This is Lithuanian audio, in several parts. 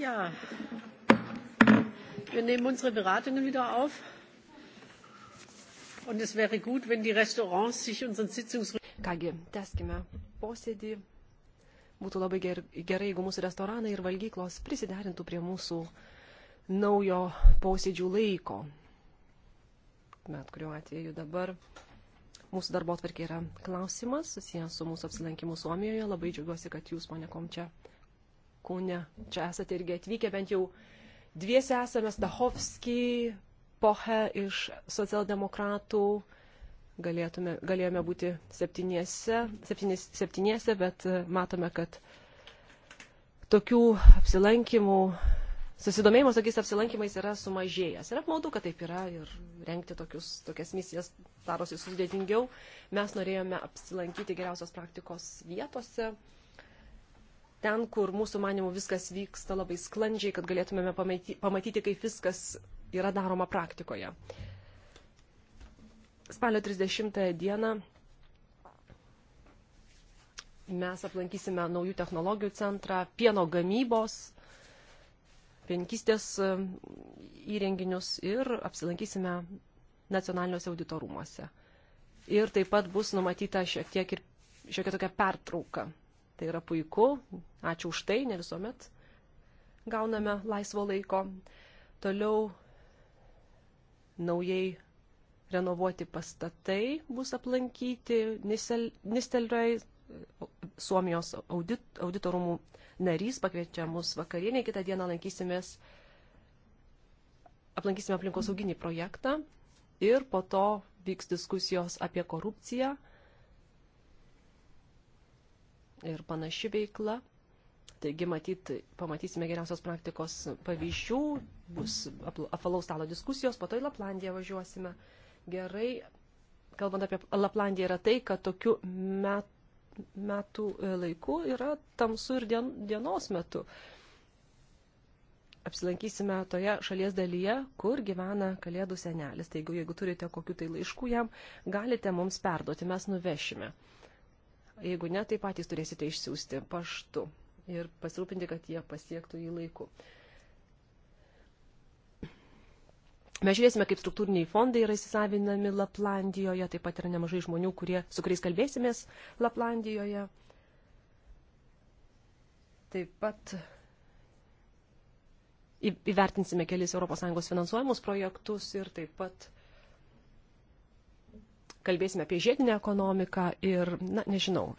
Ja, wir nehmen unsere Beratungen wieder auf. Und es wäre gut, wenn die Restaurants sich unseren Sitzungsrhythmus. Kągi, tęskime posėdį. Būtų labai gerai, jeigu mūsų restoranai ir valgyklos prisiderintų prie mūsų naujo posėdžių laiko. Bet kuriuo atveju dabar mūsų darbo atvarkė yra klausimas susijęs su mūsų apsilankimu Suomijoje. Labai džiaugiuosi, kad jūs, mane komčia, kūne. Čia esate irgi atvykę, bent jau dviesi esame Stahovski, Pohe iš socialdemokratų. Galėtume, galėjome būti septyniese, septynės, septyniese, bet e, matome, kad tokių apsilankimų, susidomėjimas tokiais apsilankimais yra sumažėjęs. Ir apmaudu, kad taip yra ir renkti tokius, tokias misijas darosi sudėtingiau. Mes norėjome apsilankyti geriausios praktikos vietose. Uh, ten, kur mūsų manimų viskas vyksta labai sklandžiai, kad galėtumėme pamatyti, kaip viskas yra daroma praktikoje. Spalio 30 dieną mes aplankysime naujų technologijų centrą, pieno gamybos, pienkystės e, įrenginius ir apsilankysime nacionaliniuose auditorumuose. Ir taip pat bus numatyta šiek tiek ir šiokia tokia pertrauka Tai yra puiku, ačiū už tai, ne visuomet gauname laisvo laiko. Toliau naujai renovuoti pastatai bus aplankyti Nistelroj, Suomijos audit, auditorumų narys pakviečia mus vakarienė, kitą dieną lankysimės, aplankysime aplinkosauginį projektą ir po to vyks diskusijos apie korupciją ir panaši veikla. Taigi, matyt, pamatysime geriausios praktikos pavyzdžių, bus apvalaus stalo diskusijos, po to į Laplandiją važiuosime. Gerai, kalbant apie Laplandiją, yra tai, kad tokiu met, metų e, laiku yra tamsu ir dien, dienos metu. Apsilankysime toje šalies dalyje, kur gyvena kalėdų senelis. Taigi, jeigu turite kokiu tai laišku jam, galite mums perduoti, mes nuvešime. Jeigu ne, tai patys turėsite išsiųsti paštu ir pasirūpinti, kad jie pasiektų jį laiku. Mes žiūrėsime, kaip struktūriniai fondai yra įsisavinami Laplandijoje, taip pat yra nemažai žmonių, kurie, su kuriais kalbėsimės Laplandijoje. Taip pat įvertinsime kelis ES finansuojamus projektus ir taip pat kalbėsime apie žiedinę ekonomiką ir, na, nežinau.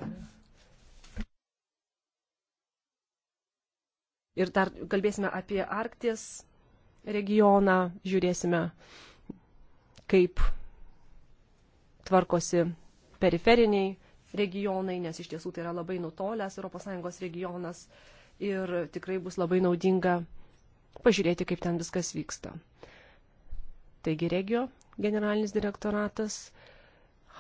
Ir dar kalbėsime apie Arkties regioną, žiūrėsime, kaip tvarkosi periferiniai regionai, nes iš tiesų tai yra labai nutolęs ES regionas ir tikrai bus labai naudinga pažiūrėti, kaip ten viskas vyksta. Taigi regio generalinis direktoratas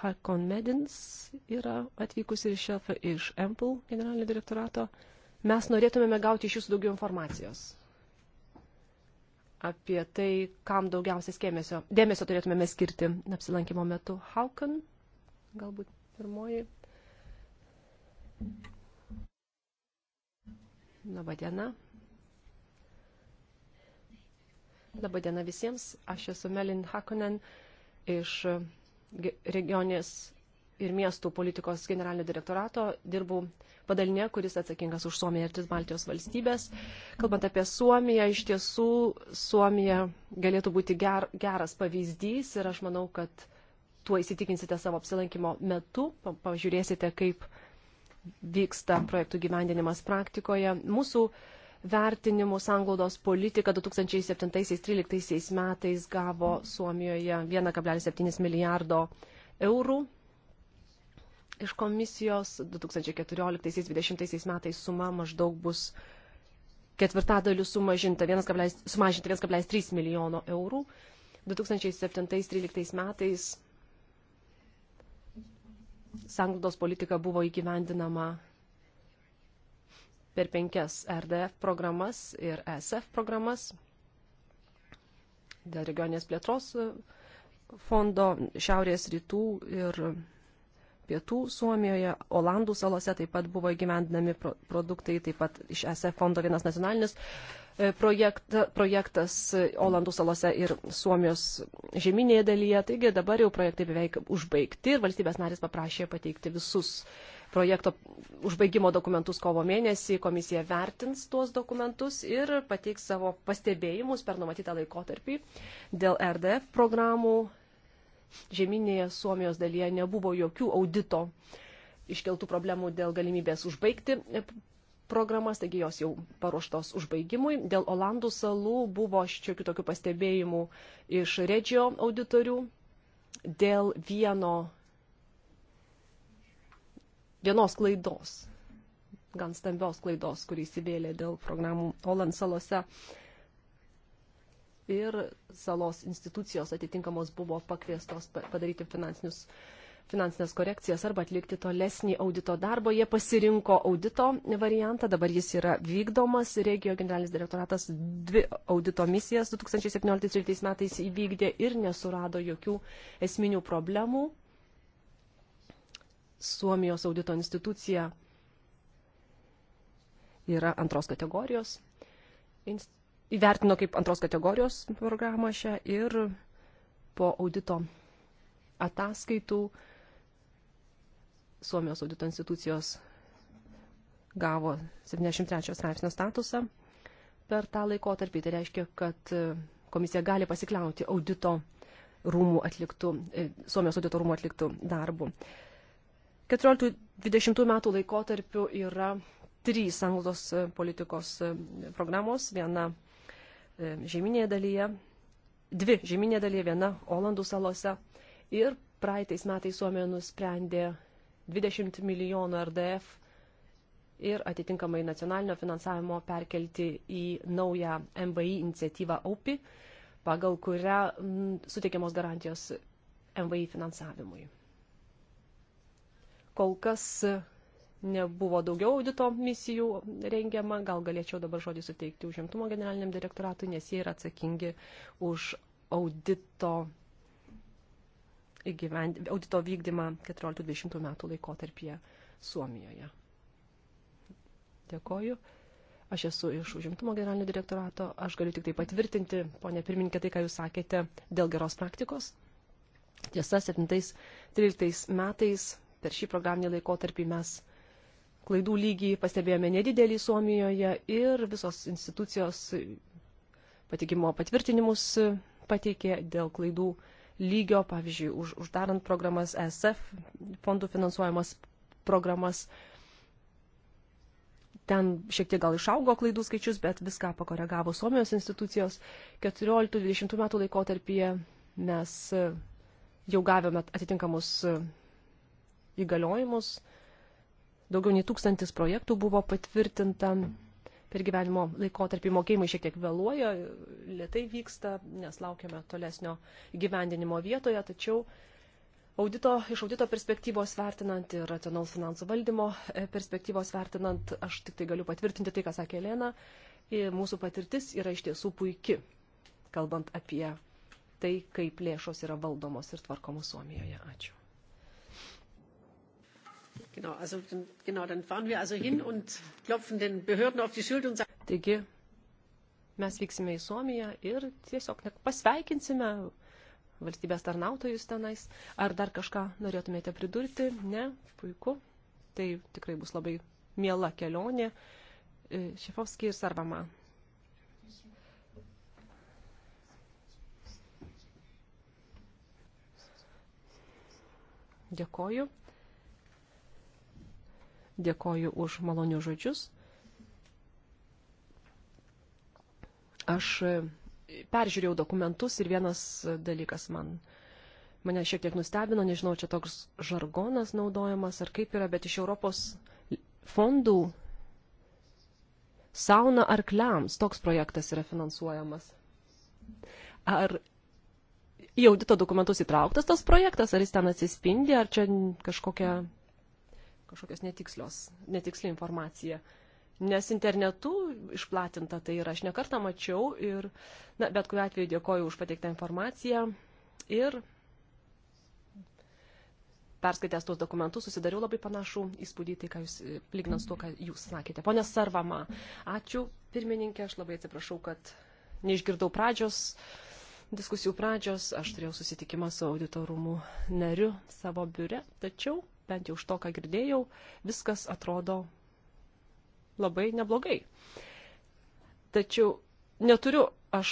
Hakon Medins yra atvykusi iš šefą iš Ample generalinio direktorato. Mes norėtumėme gauti iš jūsų daugiau informacijos apie tai, kam daugiausiai skėmėsio, dėmesio turėtumėme skirti apsilankimo metu. Haukan, galbūt pirmoji. Labadiena. Labadiena visiems. Aš esu Melin Hakonen iš regionės ir miestų politikos generalinio direktorato, dirbu padalinė, kuris atsakingas už Suomiją ir tris Baltijos valstybės. Kalbant apie Suomiją, iš tiesų Suomija galėtų būti ger, geras pavyzdys ir aš manau, kad tuo įsitikinsite savo apsilankimo metu, pažiūrėsite, kaip vyksta projektų gyvendinimas praktikoje. Mūsų uh, vertinimų sanglaudos politika 2007-2013 metais gavo Suomijoje 1,7 milijardo eurų. Iš komisijos 2014-2020 metais suma maždaug bus ketvirtadaliu sumažinta 1,3 milijono eurų. 2007-2013 metais sanglaudos politika buvo įgyvendinama per penkias RDF programas ir ESF programas dėl regioninės plėtros e, fondo šiaurės rytų ir pietų Suomijoje, Olandų salose taip pat buvo įgyvendinami produktai, taip pat iš ESF fondo vienas nacionalinis projekt, projektas Olandų salose ir Suomijos žemynėje dalyje. Taigi dabar jau projektai beveik užbaigti ir valstybės narės paprašė pateikti visus projekto užbaigimo dokumentus kovo mėnesį. Komisija vertins tuos dokumentus ir pateiks savo pastebėjimus per numatytą laikotarpį dėl RDF programų. Žemynėje Suomijos dalyje nebuvo jokių audito iškeltų problemų dėl galimybės užbaigti programas, taigi jos jau paruoštos užbaigimui. Dėl Olandų salų buvo šiokių tokių pastebėjimų iš Regio auditorių dėl vieno, vienos klaidos, gan stambios klaidos, kurį įsivėlė dėl programų Oland salose. Ir salos institucijos atitinkamos buvo pakviestos padaryti finansinius uh, finansinės korekcijas arba atlikti tolesnį audito darbą. Jie pasirinko audito variantą, dabar jis yra vykdomas. Regio generalinis direktoratas dvi audito misijas 2017 metais įvykdė ir nesurado jokių esminių problemų. Suomijos audito institucija yra antros kategorijos. Įvertino kaip antros kategorijos programą šią ir po audito ataskaitų uh, Suomijos audito institucijos gavo 73 straipsnio statusą per tą laikotarpį. Tai reiškia, kad e, komisija gali pasikliauti audito rūmų atliktų, e, Suomijos audito rūmų atliktų darbų. 14-20 metų laikotarpiu yra trys sanglaudos e, politikos programos, viena žemynėje dalyje, dvi žemynėje dalyje, viena Olandų salose. Ir praeitais metais Suomija nusprendė 20 milijonų RDF ir atitinkamai nacionalinio finansavimo perkelti į naują MVI iniciatyvą AUPI, pagal kurią suteikiamos garantijos MVI finansavimui. Kol kas nebuvo daugiau audito misijų rengiama, gal galėčiau dabar žodį suteikti užimtumo generaliniam direktoratui, nes jie yra atsakingi už audito audito vykdymą 14-20 metų laikotarpyje Suomijoje. Dėkoju. Aš esu iš užimtumo generalinio direktorato. Aš galiu tik tai patvirtinti, ponė pirmininkė, tai, ką jūs sakėte dėl geros praktikos. Tiesa, 7-13 metais per šį programinį laikotarpį mes klaidų lygį pastebėjome nedidelį Suomijoje ir visos institucijos patikimo patvirtinimus pateikė dėl klaidų lygį lygio, pavyzdžiui, už, uždarant programas ESF, fondų finansuojamas programas. Ten šiek tiek gal išaugo klaidų skaičius, bet viską pakoregavo Suomijos institucijos. 14-20 metų laikotarpyje mes e, jau gavome atitinkamus e, įgaliojimus. Daugiau nei tūkstantis projektų buvo patvirtinta. Mm per gyvenimo laikotarpį mokėjimai šiek tiek vėluoja, lietai vyksta, nes laukiame tolesnio gyvendinimo vietoje, tačiau audito, iš audito perspektyvos vertinant ir racionalų finansų valdymo e, perspektyvos vertinant, aš tik tai galiu patvirtinti tai, ką sakė Elena, mūsų patirtis yra iš tiesų puiki, kalbant apie tai, kaip lėšos yra valdomos ir tvarkomos Suomijoje. Ačiū. Genau, also, genau, dann fahren wir also hin und klopfen den Behörden auf die Schuld und sagen. Taigi, mes vyksime į Suomiją ir tiesiog pasveikinsime valstybės tarnautojus tenais. Ar dar kažką norėtumėte pridurti? Ne, puiku. Tai tikrai bus labai miela kelionė. E, Šefovskį ir Sarvama. Dėkoju. Dėkoju už malonių žodžius. Aš e, peržiūrėjau dokumentus ir vienas dalykas man mane šiek tiek nustebino, nežinau, čia toks žargonas naudojamas ar kaip yra, bet iš Europos fondų sauna arkliams toks projektas yra finansuojamas. Ar į audito dokumentus įtrauktas tas projektas, ar jis ten atsispindi, ar čia kažkokia kažkokios netikslios, netiksli informacija. Nes internetu išplatinta tai ir aš nekartą mačiau ir, na, bet kuriuo atveju dėkoju už pateiktą informaciją ir perskaitęs tuos dokumentus susidariau labai panašų įspūdį, tai ką jūs, lyginant su to, ką jūs sakėte. Pone Sarvama, ačiū pirmininkė, aš labai atsiprašau, kad neišgirdau pradžios, diskusijų pradžios, aš turėjau susitikimą su auditorumų nariu savo biure, tačiau bent jau iš to, ką girdėjau, viskas atrodo labai neblogai. Tačiau neturiu aš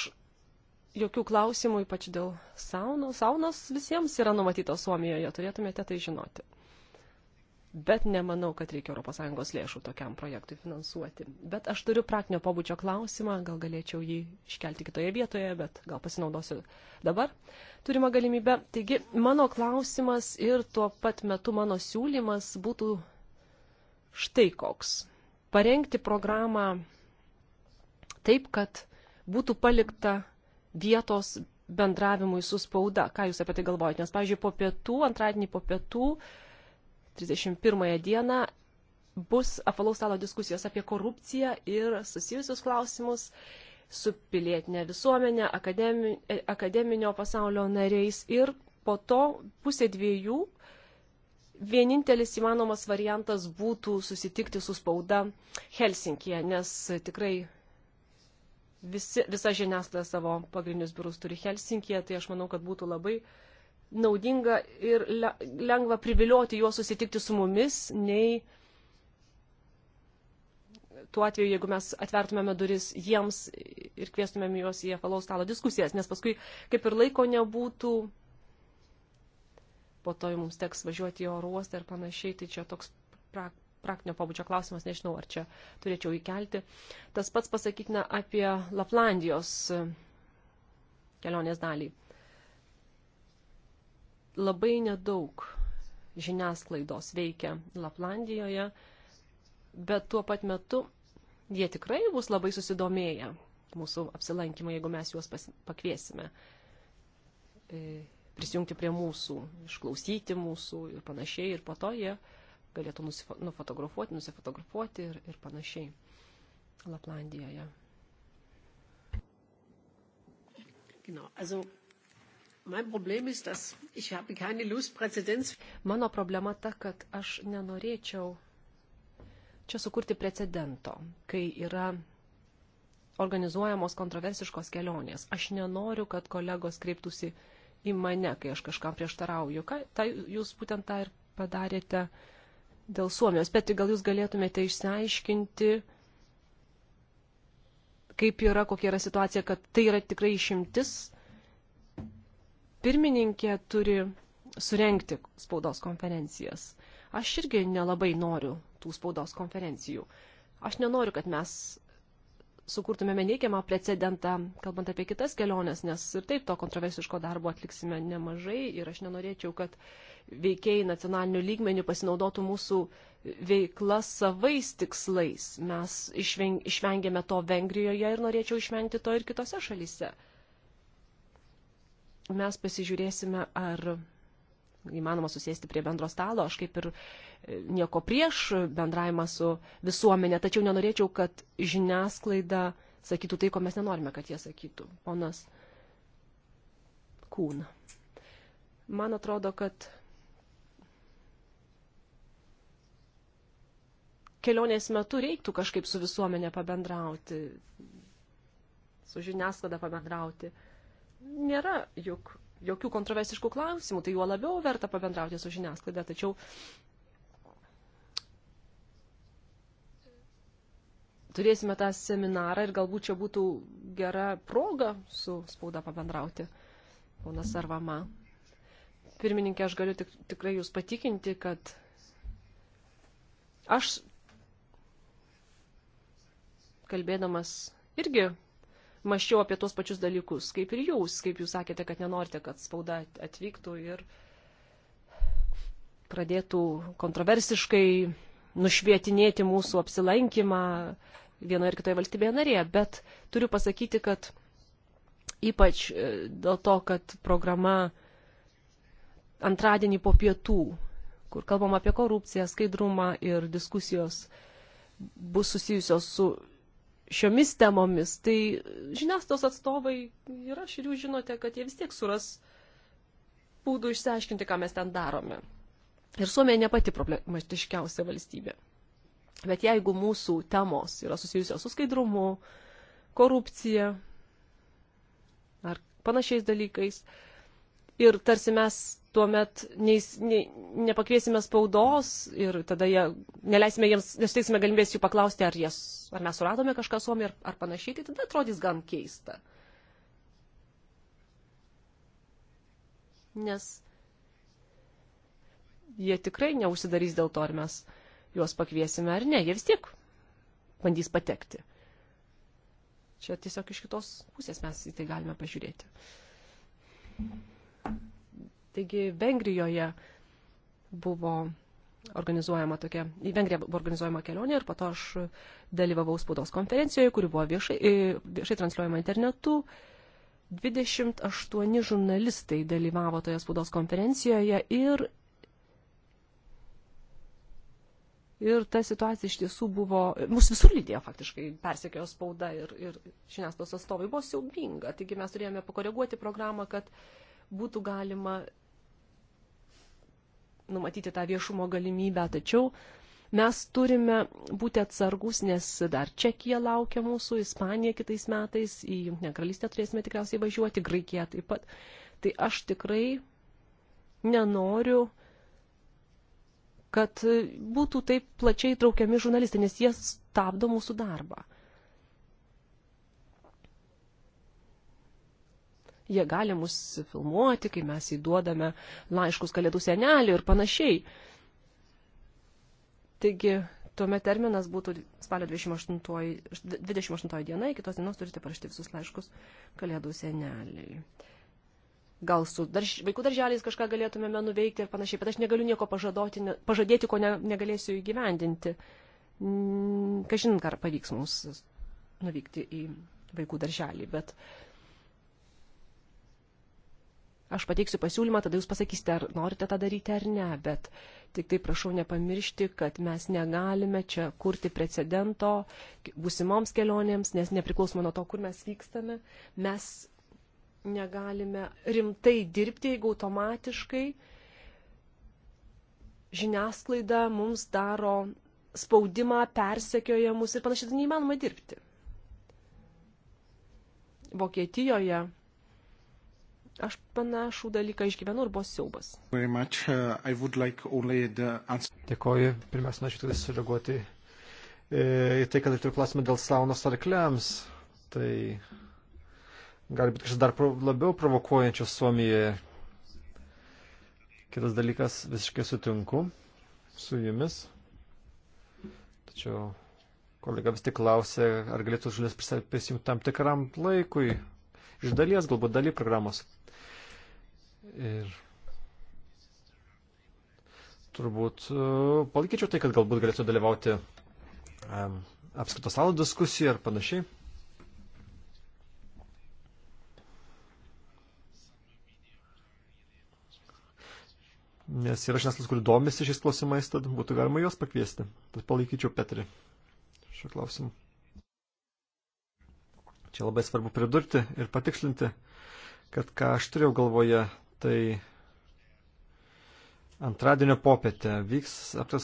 jokių klausimų, ypač dėl saunos. Saunos visiems yra numatytos Suomijoje, turėtumėte tai žinoti bet nemanau, kad reikia ES lėšų tokiam projektui finansuoti. Bet aš turiu praktinio pobūdžio klausimą, gal galėčiau jį iškelti kitoje vietoje, bet gal pasinaudosiu dabar turimą galimybę. Taigi, mano klausimas ir tuo pat metu mano siūlymas būtų štai koks. Parengti programą taip, kad būtų palikta vietos bendravimui su spauda. Ką Jūs apie tai galvojate? Nes, pavyzdžiui, po pietų, antradienį po pietų, uh, 31 dieną bus apvalaus stalo diskusijos apie korupciją ir susijusius klausimus su pilietinė visuomenė, akademi, akademinio pasaulio nariais ir po to pusė dviejų vienintelis įmanomas variantas būtų susitikti su spauda Helsinkije, nes tikrai visi, visa žiniasklaida savo pagrindinius biurus turi Helsinkije, tai aš manau, kad būtų labai uh, naudinga ir lengva privilioti juos susitikti su mumis, nei tuo atveju, jeigu mes atvertumėme duris jiems ir kvieštumėme juos į apalaus stalo diskusijas, nes paskui kaip ir laiko nebūtų, po to mums teks važiuoti į oro uostą ir panašiai, tai čia toks pra, praktinio pabudžio klausimas, nežinau, ar čia turėčiau įkelti. Tas pats pasakytina apie Laplandijos kelionės dalį. Labai nedaug žiniasklaidos veikia Laplandijoje, bet tuo pat metu jie tikrai bus labai susidomėję mūsų apsilankymą, jeigu mes juos pas, pakviesime e, prisijungti prie mūsų, išklausyti mūsų ir panašiai, ir po to jie galėtų nusifo, nufotografuoti, nusifotografuoti ir, ir panašiai Laplandijoje. Genau, also Mano problema ta, kad aš nenorėčiau čia sukurti precedento, kai yra organizuojamos kontroversiškos kelionės. Aš nenoriu, kad kolegos kreiptųsi į mane, kai aš kažkam prieštarauju. Ką, ta, jūs būtent tą ir padarėte dėl Suomijos, bet gal jūs galėtumėte išsiaiškinti, kaip yra, kokia yra situacija, kad tai yra tikrai išimtis pirmininkė turi surenkti spaudos konferencijas. Aš irgi nelabai noriu tų spaudos konferencijų. Aš nenoriu, kad mes sukurtumėme neigiamą precedentą, kalbant apie kitas keliones, nes ir taip to kontroversiško darbo atliksime nemažai ir aš nenorėčiau, kad veikiai nacionaliniu lygmeniu pasinaudotų mūsų veikla savais tikslais. Mes išvengėme to Vengrijoje ir norėčiau išvengti to ir kitose šalyse mes pasižiūrėsime, ar įmanoma susėsti prie bendro stalo. Aš kaip ir e, nieko prieš bendravimą su visuomenė, tačiau nenorėčiau, kad žiniasklaida sakytų tai, ko mes nenorime, kad jie sakytų. Ponas Kūn. Man atrodo, kad kelionės metu reiktų kažkaip su visuomenė pabendrauti, su žiniasklaida pabendrauti nėra juk jokių kontroversiškų klausimų, tai juo labiau verta pabendrauti su žiniasklaida, tačiau turėsime tą seminarą ir galbūt čia būtų gera proga su spauda pabendrauti, ponas Arvama. Pirmininkė, aš galiu tik, tikrai jūs patikinti, kad aš kalbėdamas irgi maščiau apie tuos pačius dalykus, kaip ir jūs, kaip jūs sakėte, kad nenorite, kad spauda atvyktų ir pradėtų kontroversiškai nušvietinėti mūsų apsilankymą vienoje ir kitoje valstybėje narėje, bet turiu pasakyti, kad ypač e, dėl to, kad programa antradienį po pietų, kur kalbam apie korupciją, skaidrumą ir diskusijos bus susijusios su šiomis temomis, tai žiniasklaidos atstovai yra ir jūs žinote, kad jie vis tiek suras būdų išsiaiškinti, ką mes ten darome. Ir Suomija ne pati problematiškiausia valstybė. Bet jeigu mūsų temos yra susijusios su skaidrumu, korupcija ar panašiais dalykais, ir tarsi mes tuomet neis, ne, nepakviesime spaudos ir tada jie, neleisime jiems, nesuteiksime galimybės jų paklausti, ar, jas, ar mes suradome kažką Suomijoje ar, ar panašiai, tai tada atrodys gan keista. Nes jie tikrai neužsidarys dėl to, ar mes juos pakviesime ar ne, jie vis tiek bandys patekti. Čia tiesiog iš kitos pusės mes į tai galime pažiūrėti. Thank you. Taigi Vengrijoje buvo organizuojama tokia, į Vengriją buvo organizuojama kelionė ir po to aš dalyvavau spaudos konferencijoje, kuri buvo viešai, e, viešai transliuojama internetu. 28 žurnalistai dalyvavo toje spaudos konferencijoje ir, ir ta situacija iš tiesų buvo, mus visur lydėjo faktiškai, persekiojo spauda ir, ir žiniasklaidos atstovai buvo siaubinga, taigi mes turėjome pakoreguoti programą, kad būtų galima numatyti tą viešumo galimybę, tačiau mes turime būti atsargus, nes dar Čekija laukia mūsų, Ispanija kitais metais, į Junktinę karalystę turėsime tikriausiai važiuoti, Graikija taip pat. Tai aš tikrai nenoriu, kad būtų taip plačiai traukiami žurnalistai, nes jie stabdo mūsų darbą. jie gali mus filmuoti, kai mes įduodame laiškus kalėdų senelių ir panašiai. Taigi, tuomet terminas būtų spalio 28, 28 diena, iki tos dienos turite parašyti visus laiškus kalėdų seneliui. Gal su darž, vaikų darželiais kažką galėtumėme nuveikti ir panašiai, bet aš negaliu nieko pažadoti, ne, pažadėti, ko ne, negalėsiu įgyvendinti. Kažin, ar pavyks mums nuvykti į vaikų darželį, bet uh, Aš pateiksiu pasiūlymą, tada jūs pasakysite, ar norite tą daryti ar ne, bet tik tai prašau nepamiršti, kad mes negalime čia kurti precedento būsimoms kelionėms, nes nepriklausomai nuo to, kur mes vykstame, mes negalime rimtai dirbti, jeigu automatiškai žiniasklaida mums daro spaudimą, persekioja mus ir panašiai, tai neįmanoma dirbti. Vokietijoje Aš panašų dalyką išgyvenu ir buvo siaubas. Uh, Dėkoju. Pirmiausia, norėčiau sureaguoti e, į tai, kad turiu klausimą dėl saunos arkliams. Tai gali būti kažkas dar labiau provokuojančio Suomijoje. Kitas dalykas, visiškai sutinku su jumis. Tačiau kolega vis tik klausė, ar galėtų žalias prisijungti tam tikram laikui, iš dalies galbūt dalį programos. Ir turbūt e, palaikyčiau tai, kad galbūt galėtų dalyvauti um, apskritos salo diskusijų ir panašiai. Nes yra žiniasklaidos, kuri domisi šiais klausimais, tad būtų galima juos pakviesti. Tad palaikyčiau Petri šiuo klausimu. Čia labai svarbu pridurti ir patikslinti, kad ką aš turėjau galvoje tai antradienio popietę vyks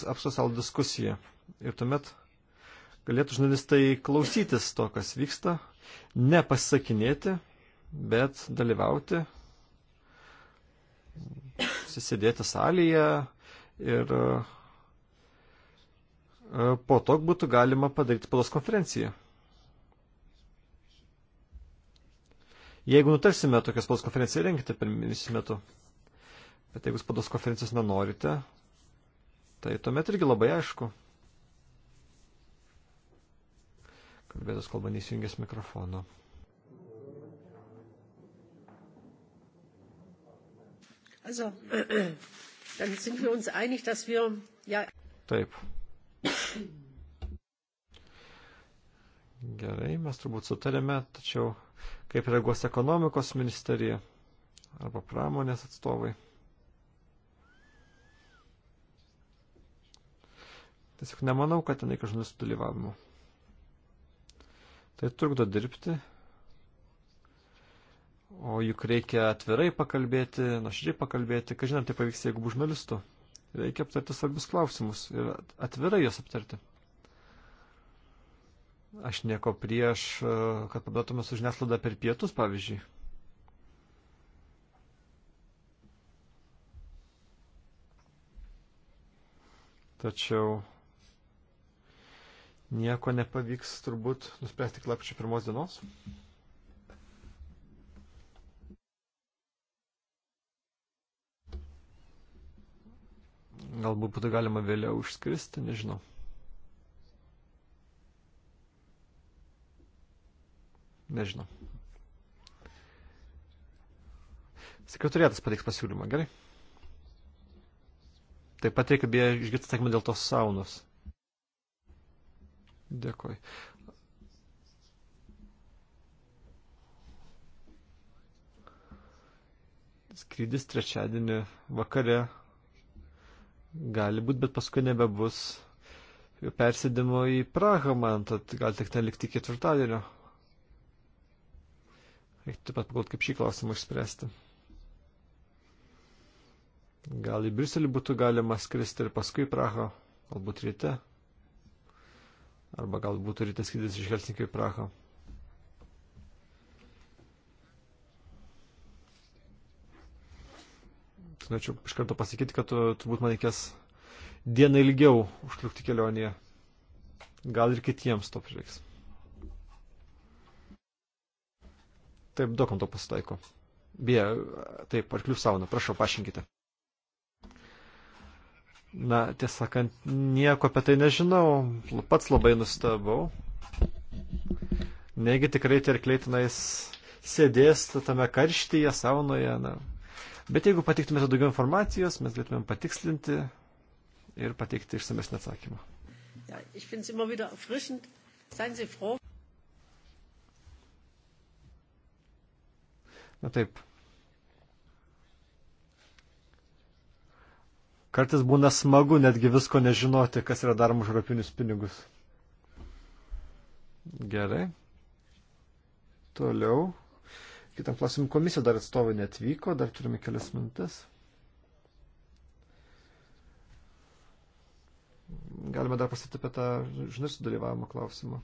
apsosal diskusija. Ir tuomet galėtų žurnalistai klausytis to, kas vyksta, nepasakinėti, bet dalyvauti, susidėti salėje ir e, po to būtų galima padaryti pados konferenciją. Jeigu nutarsime tokią spaudos konferenciją rengti per mėnesį metu, bet jeigu spaudos konferencijos nenorite, tai tuomet irgi labai aišku. Kalbėtas kalba neįsijungęs mikrofono. Also, dann sind wir uns einig, dass wir ja. Taip. Gerai, mes turbūt sutarėme, tačiau kaip reaguos ekonomikos ministerija arba pramonės atstovai. Tiesiog nemanau, kad ten reikia žurnalistų dalyvavimo. Tai trukdo dirbti, o juk reikia atvirai pakalbėti, nuoširdžiai pakalbėti, ką žinot, tai pavyks, jeigu bus žurnalistų. Reikia aptarti svarbius klausimus ir atvirai juos aptarti. Aš nieko prieš, e, kad pablatume su žiniasklaida per pietus, pavyzdžiui. Tačiau nieko nepavyks turbūt nuspręsti tik lapkričio pirmos dienos. Galbūt būtų galima vėliau užskristi, nežinau. Nežinau. Sekretorietas pateiks pasiūlymą, gerai? Taip pat reikia beje išgirti atsakymą dėl tos saunos. Dėkui. Skrydis trečiadienį vakare gali būti, bet paskui nebebus persėdimo į Prahą, man, tad gal tik ten likti ketvirtadienio. Reiktų taip pat pagalvoti, kaip šį klausimą išspręsti. Gal į Briuselį būtų galima skristi ir paskui Prahą, galbūt ryte. Arba galbūt ryte skridis iš Helsinkio į Prahą. Norėčiau iš karto pasakyti, kad turbūt man reikės dieną ilgiau užtrukti kelionėje. Gal ir kitiems to prireiks. Taip, daug kam to pasitaiko. Beje, taip, arklių sauna, prašau, pašinkite. Na, tiesąkant, nieko apie tai nežinau, pats labai nustebau. Negi tikrai tie arkliai tenais sėdės tame karštyje, saunoje, na. Bet jeigu patiktumėte daugiau informacijos, mes galėtumėm patikslinti ir pateikti išsamesnį atsakymą. Ja, ich finde es immer wieder erfrischend. Seien Sie froh. Na taip. Kartais būna smagu netgi visko nežinoti, kas yra daroma už europinius pinigus. Gerai. Toliau. Kitam klausimui komisija dar atstovai netvyko, dar turime kelias minutės. Galime dar pasakyti apie tą žinių sudalyvavimo klausimą.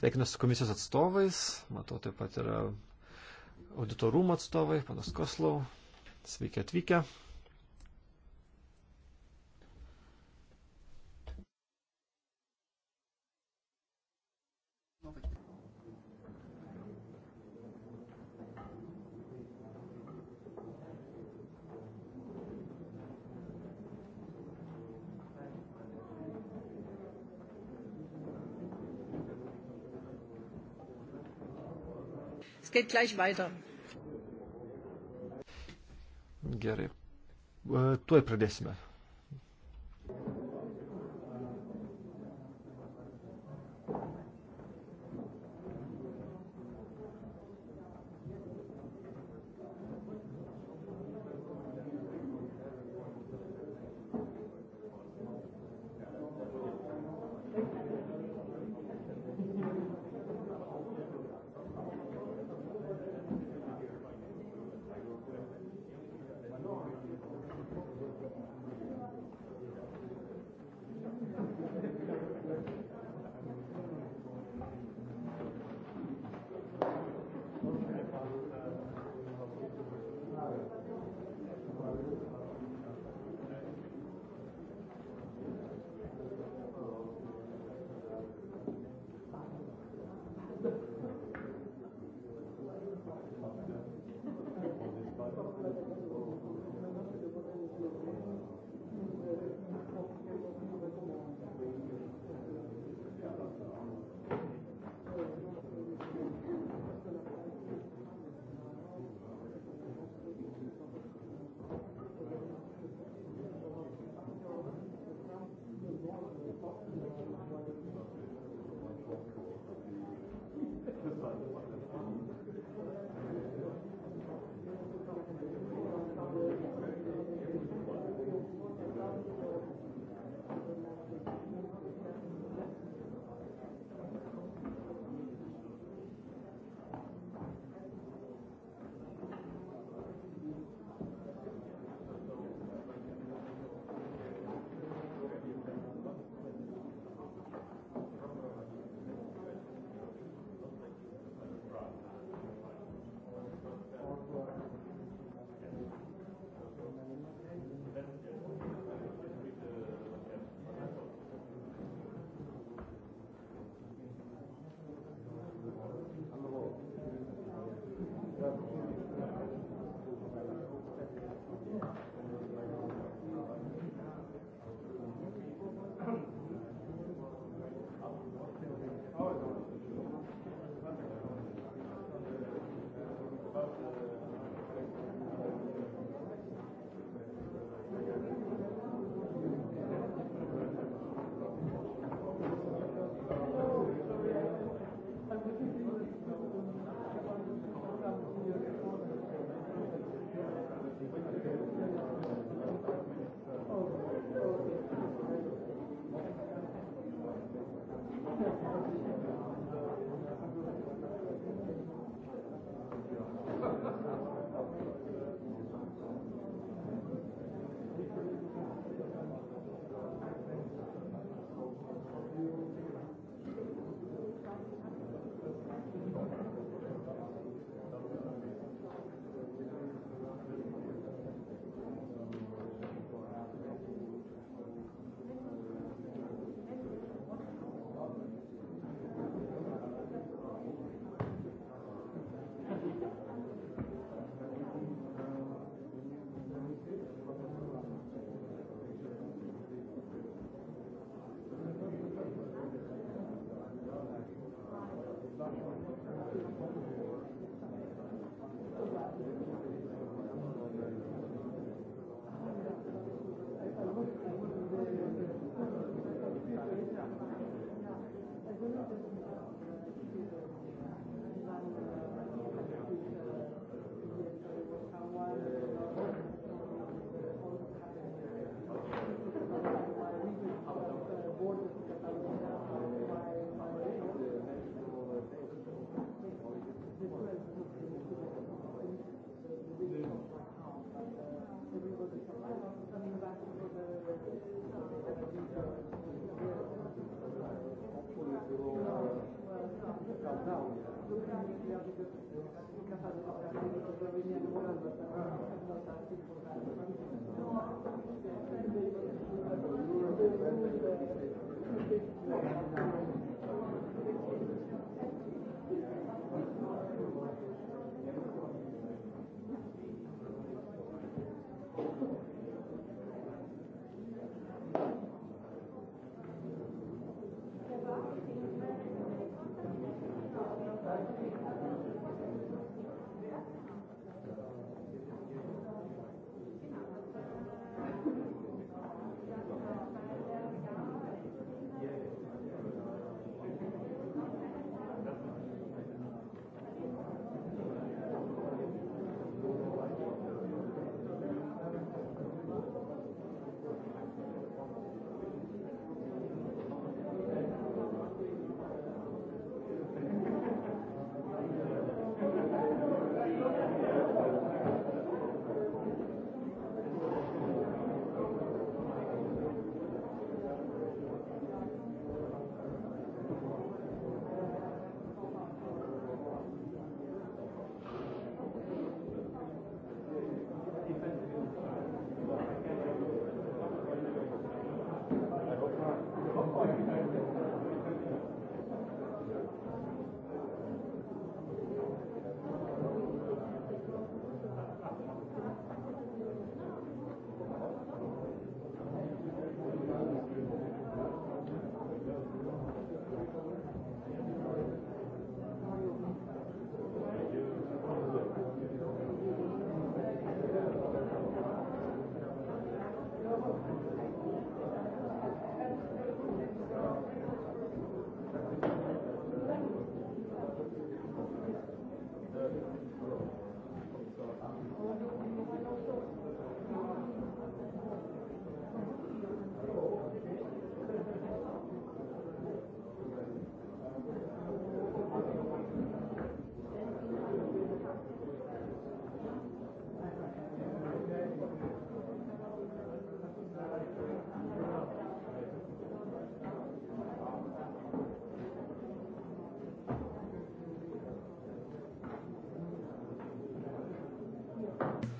Sveikinu su komisijos atstovais, matau taip pat yra auditorumo atstovai, panas Koslau, sveiki atvykę. Es geht gleich weiter. Gerai. Tuoj pradėsime.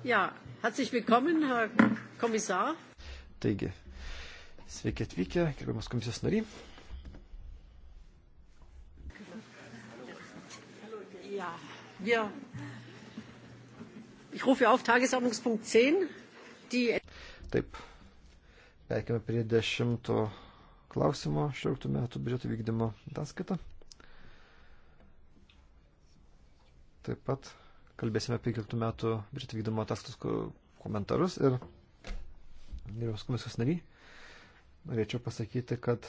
Ja, herzlich willkommen, Herr Kommissar. Taigi, sveiki atvykę, gerbiamas komisijos nariai. Ja, wir. Ich rufe auf Tagesordnungspunkt 10. Die Taip, perkime prie dešimto klausimo, 16 metų biudžeto vykdymo ataskaita. Taip pat kalbėsime apie 15 metų Britų vykdomo ataskaitos komentarus ir Gerbės komisijos nariai, norėčiau pasakyti, kad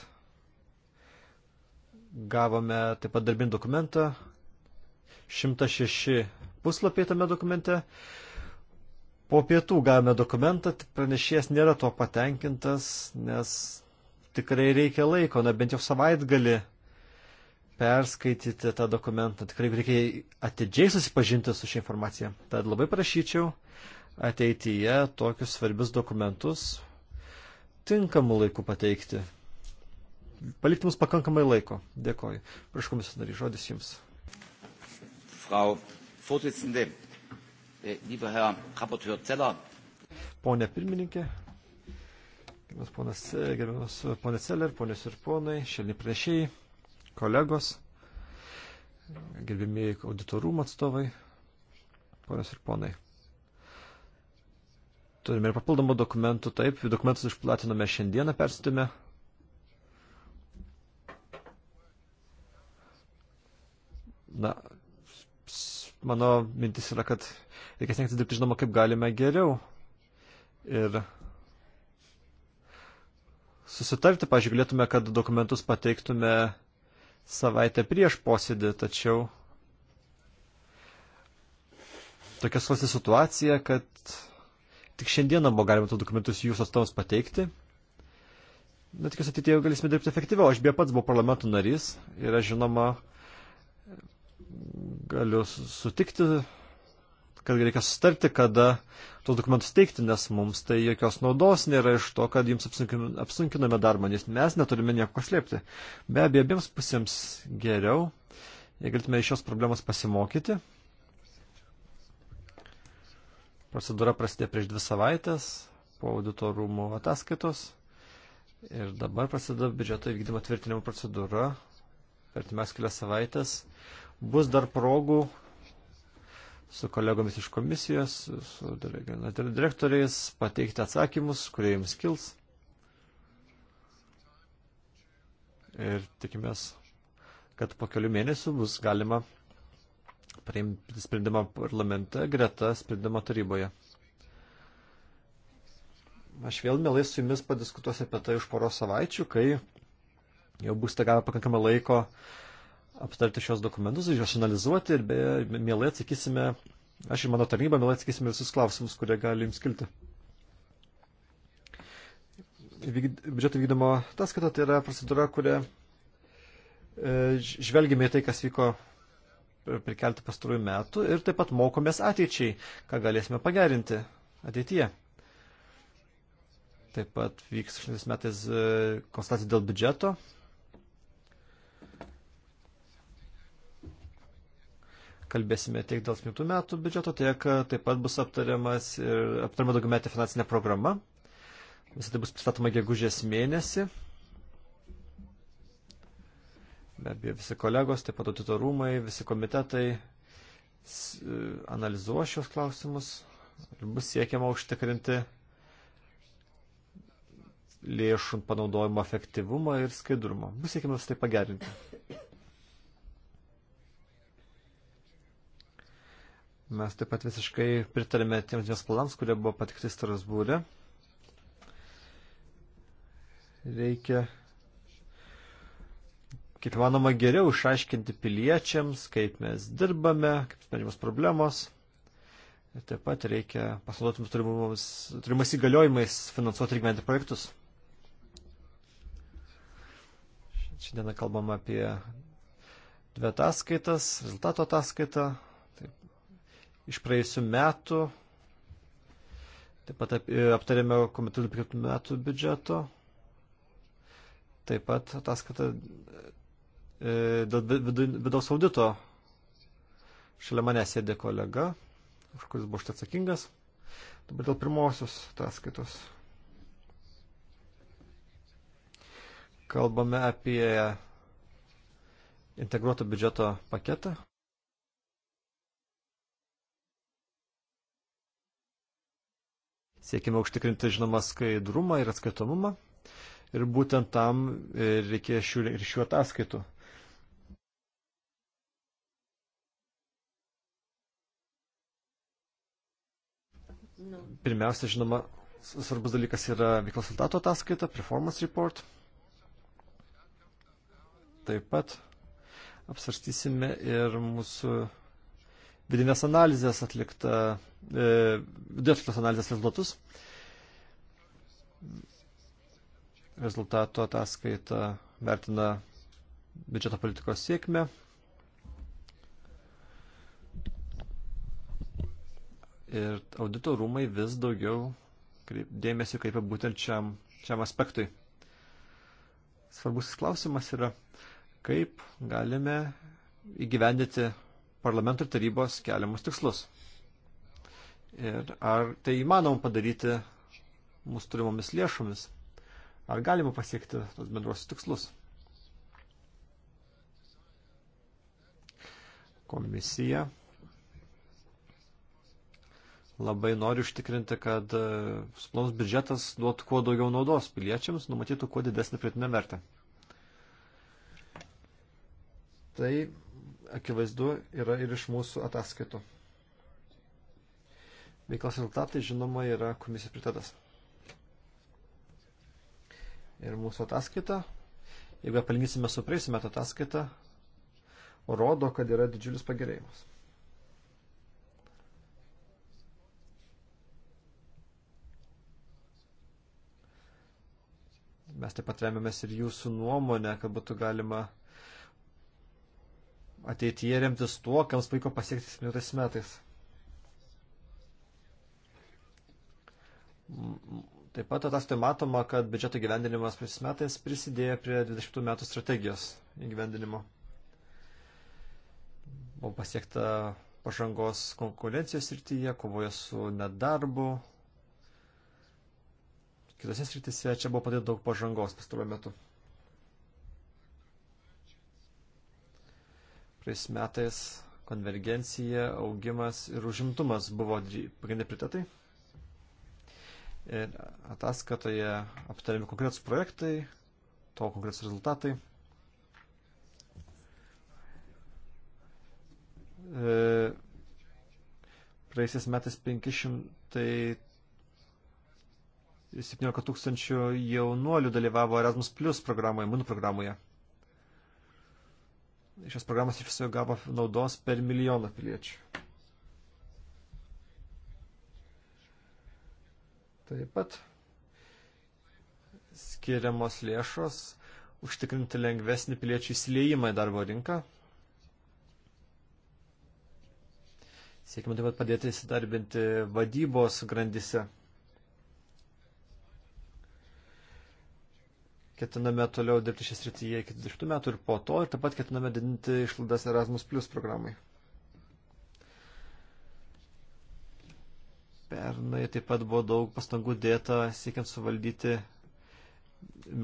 gavome taip pat darbinį dokumentą, 106 puslapiai tame dokumente. Po pietų gavome dokumentą, pranešėjas nėra to patenkintas, nes tikrai reikia laiko, na bent jau savaitgali perskaityti tą dokumentą. Tikrai reikia atidžiai susipažinti su šia informacija. Tad labai prašyčiau ateityje tokius svarbius dokumentus tinkamu laiku pateikti. Palikti mums pakankamai laiko. Dėkoju. Prašau, komisijos narys, žodis jums. Frau Vorsitzende, äh, lieber Herr Rapporteur Zeller. Pone pirmininkė, gerbiamas ponas, gerbiamas ponė Celler, ponės ir ponai, šelni pranešėjai kolegos, gerbimieji auditorumo atstovai, ponios ir ponai. Turime ir papildomų dokumentų, taip, dokumentus išplatinome šiandieną, persitėme. Na, mano mintis yra, kad reikia stengtis dirbti, žinoma, kaip galime geriau. Ir susitarti, pažiūrėtume, kad dokumentus pateiktume savaitę prieš posėdį, tačiau tokia susi situacija, kad tik šiandieną buvo galima tų dokumentus jūsų atstovams pateikti. Na, tikiuosi ateityje galėsime dirbti efektyviau. Aš beje pats buvau parlamento narys ir aš žinoma galiu sutikti kad reikia sustarti, kada tos dokumentus teikti, nes mums tai jokios naudos nėra iš to, kad jums apsunkiname darbą, nes mes neturime nieko slėpti. Be abejo, abiems pusėms geriau, jei galėtume iš šios problemos pasimokyti. Procedūra prasidėjo prieš dvi savaitės po auditorumo ataskaitos ir dabar prasideda biudžeto įvykdymo tvirtinimo procedūra per times kelias savaitės. Bus dar progų su kolegomis iš komisijos, su direktoriais, pateikti atsakymus, kurie jums kils. Ir tikimės, kad po kelių mėnesių bus galima priimti sprendimą parlamente greta sprendimo taryboje. Aš vėl mielai su jumis padiskutuosiu apie tai už poros savaičių, kai jau būsite gavę pakankamai laiko uh, aptarti šios dokumentus, juos analizuoti ir beje, mielai atsakysime, aš ir mano tarnyba mielai atsakysime visus klausimus, kurie gali jums kilti. Biudžeto vykdymo ataskaita tai yra procedūra, kuria e, žvelgime į tai, kas vyko per keltą pastarųjų metų ir taip pat mokomės ateičiai, ką galėsime pagerinti ateityje. Taip pat vyks šiandien metais e, konstatacija dėl biudžeto kalbėsime tiek dėl 7 metų biudžeto, tiek e, taip pat bus aptariamas ir aptariama daugiametė finansinė programa. Visą tai bus pristatoma gegužės mėnesį. Be abejo, visi kolegos, taip pat audito rūmai, visi komitetai e, analizuos šios klausimus ir bus siekiama užtikrinti lėšų panaudojimo efektyvumą ir skaidrumą. Bus siekiamas tai pagerinti. Mes taip pat visiškai pritarėme tiems dviems planams, kurie buvo patikti Strasbūrė. Reikia, kaip manoma, geriau išaiškinti piliečiams, kaip mes dirbame, kaip sprendžiamos problemos. Ir taip pat reikia pasinaudoti turimais įgaliojimais finansuoti ir gyventi projektus. Šiandieną kalbam apie dvi ataskaitas, rezultato ataskaitą, iš praėjusių metų. Taip pat e, aptarėme komitetų kitų metų biudžeto. Taip pat ataskaita e, dėl vidaus audito. Šalia manęs sėdė kolega, už kuris buvo štai atsakingas. Dabar dėl pirmosios ataskaitos. Kalbame apie integruoto biudžeto paketą. Siekime užtikrinti, žinoma, skaidrumą ir atskaitomumą. Ir būtent tam e, reikia šių, ir šių ataskaitų. Pirmiausia, žinoma, svarbus dalykas yra veiklos rezultato ataskaita, performance report. Taip pat apsvarstysime ir mūsų vidinės analizės atlikta, e, vidinės analizės rezultatus. Rezultato ataskaita vertina biudžeto politikos sėkmę. Ir audito rūmai vis daugiau kreip, dėmesio kreipia būtent šiam, šiam aspektui. Svarbus klausimas yra, kaip galime įgyvendyti parlamento ir tarybos keliamus tikslus. Ir ar tai įmanoma padaryti mūsų turimomis lėšomis? Ar galima pasiekti tos bendrosius tikslus? Komisija labai nori užtikrinti, kad suplaus biudžetas duotų kuo daugiau naudos piliečiams, numatytų kuo didesnį pritinę vertę. Tai akivaizdu yra ir iš mūsų ataskaitų. Veiklos rezultatai, žinoma, yra komisijos prioritetas. Ir mūsų ataskaita, jeigu palyginsime su praėjusiu metu ataskaita, rodo, kad yra didžiulis pagerėjimas. Mes taip pat remiamės ir jūsų nuomonę, kad būtų galima ateityje remtis tuo, ką mums pavyko pasiekti 17 metais. Taip pat ataskaitoje matoma, kad biudžeto gyvendinimas praeitais metais prisidėjo prie 20 metų strategijos įgyvendinimo. Buvo pasiekta pažangos konkurencijos srityje, kovoje su nedarbu. Kitose srityse čia buvo padaryta daug pažangos pastaruoju metu. Praeis metais konvergencija, augimas ir užimtumas buvo pagrindiniai prioritetai. Ir ataskatoje aptariami konkretus projektai, to konkretus rezultatai. E, Praeisiais metais 517 tūkstančių jaunuolių dalyvavo Erasmus Plus programoje, MUN programoje šios programos iš viso gavo naudos per milijoną piliečių. Taip pat skiriamos lėšos užtikrinti lengvesnį piliečių įsileimą į darbo rinką. Siekime taip pat padėti įsidarbinti vadybos grandise. ketiname toliau dirbti šią srityje iki 20 metų ir po to, ir taip pat ketiname didinti išlaidas Erasmus Plus programai. Pernai taip pat buvo daug pastangų dėta siekiant suvaldyti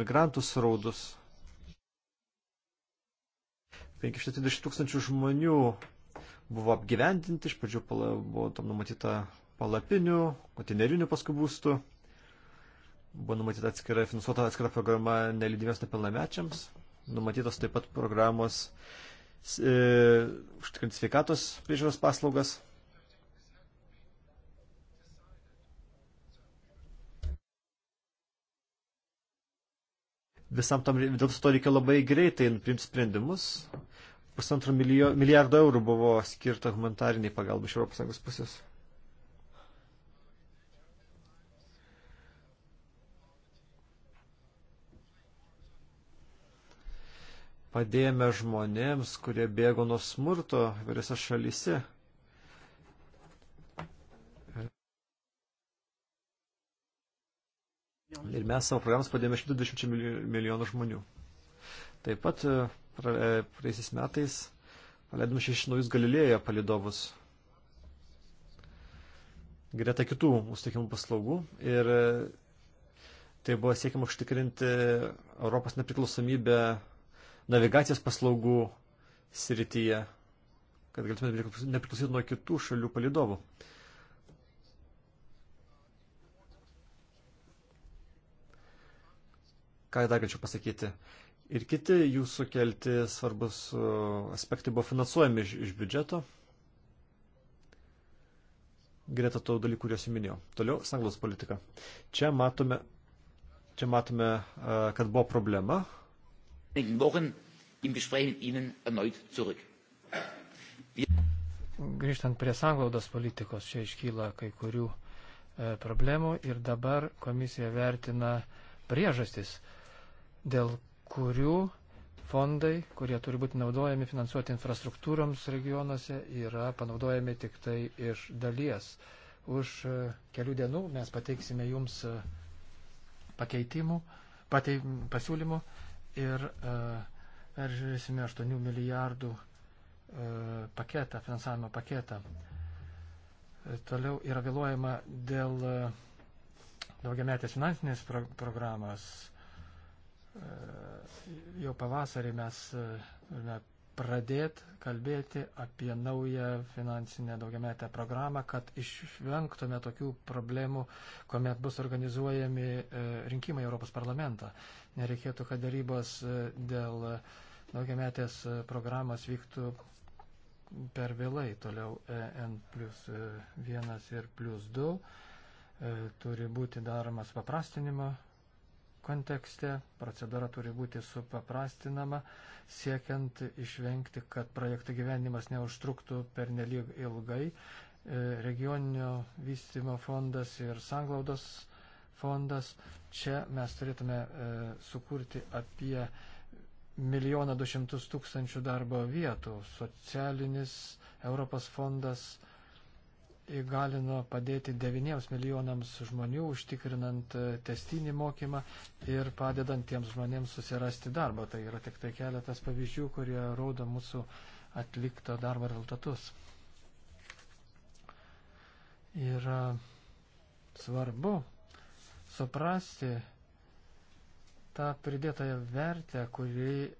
migrantų sraudus. 520 tūkstančių žmonių buvo apgyvendinti, iš pradžių buvo tam numatyta palapinių, kontinerinių paskui būstų. Buvo numatyta atskira, finansuota atskira programa nelydimiems nepilnamečiams. Numatytos taip pat programos e, užtikrinti sveikatos priežiūros paslaugas. Visam tam, dėl to reikia labai greitai priimti sprendimus. Pusantro milijardo eurų buvo skirta humanitariniai pagalba iš ES pusės. padėjome žmonėms, kurie bėgo nuo smurto vėliose šalyse. Ir mes savo programas padėjome 120 milijonų žmonių. Taip pat e, praeisiais metais paleidome šešis naujus Galilėjo palidovus. Greta kitų mūsų teikimų paslaugų. Ir e, tai buvo siekiama užtikrinti Europos nepriklausomybę navigacijos paslaugų srityje, kad galėtume nepriklausyti nuo kitų šalių palidovų. Ką dar galėčiau pasakyti? Ir kiti jūsų kelti svarbus uh, aspektai buvo finansuojami iš, iš biudžeto. Greta to dalykų, kuriuos jau minėjau. Toliau, sanglos politika. Čia matome, čia matome, uh, kad buvo problema, wenigen Wochen im Gespräch mit Ihnen erneut zurück. Grįžtant prie sanglaudos politikos, čia iškyla kai kurių e, problemų ir dabar komisija vertina priežastis, dėl kurių fondai, kurie turi būti naudojami finansuoti infrastruktūroms regionuose, yra panaudojami tik tai iš dalies. Už e, kelių dienų mes pateiksime jums e, pakeitimų, patei, pasiūlymų ir e, peržiūrėsime 8 milijardų e, paketą, finansavimo paketą. E, toliau yra vėluojama dėl daugiametės finansinės pro programos. Jau pavasarį mes turime pradėti kalbėti apie naują finansinę daugiametę programą, kad išvengtume tokių problemų, kuomet bus organizuojami rinkimai Europos parlamentą. Nereikėtų, kad darybos e, dėl e, daugiametės e, programos vyktų per vėlai. Toliau N plus 1 ir plus 2 turi būti daromas paprastinimo kontekste, procedūra turi būti supaprastinama, siekiant išvengti, kad projektų gyvenimas neužtruktų per nelyg ilgai. Regioninio vystimo fondas ir sanglaudos fondas. Čia mes turėtume e, sukurti apie milijoną du šimtus tūkstančių darbo vietų. Socialinis Europos fondas įgalino padėti 9 milijonams žmonių, užtikrinant e, testinį mokymą ir padedant tiems žmonėms susirasti darbą. Tai yra tik tai keletas pavyzdžių, kurie rodo mūsų atlikto darbo rezultatus. Yra svarbu suprasti tą pridėtąją vertę, kuri e,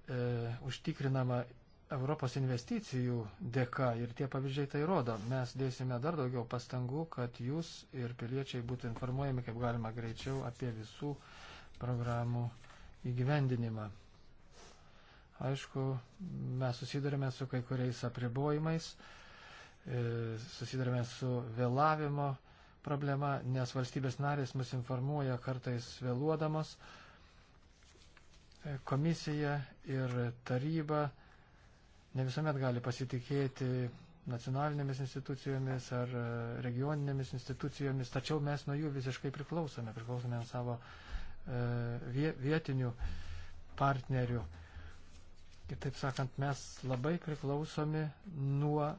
užtikrinama Europos investicijų dėka ir tie pavyzdžiai tai rodo. Mes dėsime dar daugiau pastangų, kad jūs ir piliečiai būtų informuojami kaip galima greičiau apie visų programų įgyvendinimą. Aišku, mes susidurime su kai kuriais apribojimais, e, susidurime su vėlavimo, e, problema, nes valstybės narės mus informuoja kartais vėluodamas. Komisija ir taryba ne visuomet gali pasitikėti nacionalinėmis institucijomis ar e, regioninėmis institucijomis, tačiau mes nuo jų visiškai priklausome, priklausome ant savo e, vietinių partnerių. Kitaip sakant, mes labai priklausomi nuo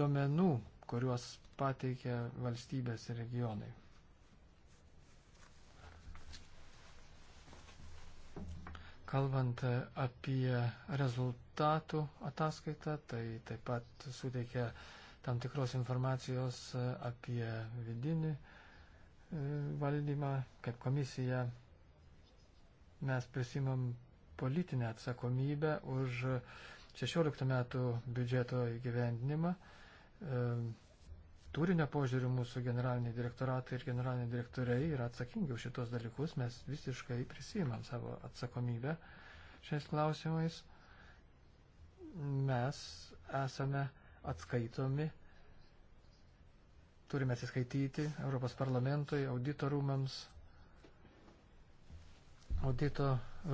duomenų kuriuos pateikia valstybės ir regionai. Kalbant apie rezultatų ataskaitą, tai taip pat suteikia tam tikros informacijos apie vidinį e, valdymą, kaip komisija mes prisimam politinę atsakomybę už 16 metų biudžeto įgyvendinimą E, turinio požiūrių mūsų generaliniai direktoratai ir generaliniai direktoriai yra atsakingi už šitos dalykus, mes visiškai prisimam savo atsakomybę šiais klausimais. Mes esame atskaitomi, turime atsiskaityti Europos parlamentui, auditorumams. Audito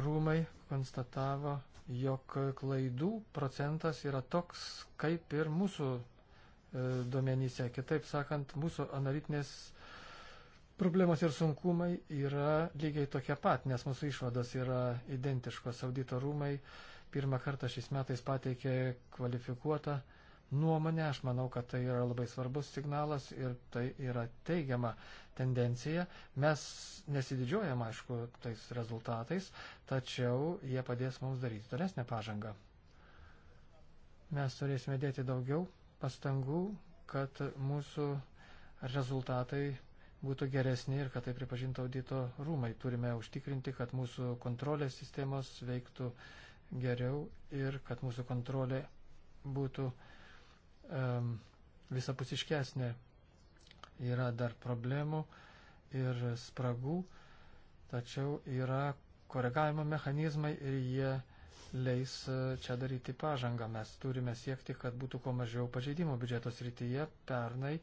rūmai konstatavo, jog klaidų procentas yra toks, kaip ir mūsų E, duomenyse. Kitaip sakant, mūsų analitinės problemos ir sunkumai yra lygiai tokie pat, nes mūsų išvados yra identiškos. Audito rūmai pirmą kartą šiais metais pateikė kvalifikuotą nuomonę. Aš manau, kad tai yra labai svarbus signalas ir tai yra teigiama tendencija. Mes nesididžiuojam, aišku, tais rezultatais, tačiau jie padės mums daryti tolesnę pažangą. Mes turėsime dėti daugiau pastangų, kad mūsų rezultatai būtų geresni ir kad tai pripažintų audito rūmai. Turime užtikrinti, kad mūsų kontrolės sistemos veiktų geriau ir kad mūsų kontrolė būtų um, visapusiškesnė. Yra dar problemų ir spragų, tačiau yra koregavimo mechanizmai ir jie leis e, čia daryti pažangą. Mes turime siekti, kad būtų kuo mažiau pažeidimų biudžeto srityje. Pernai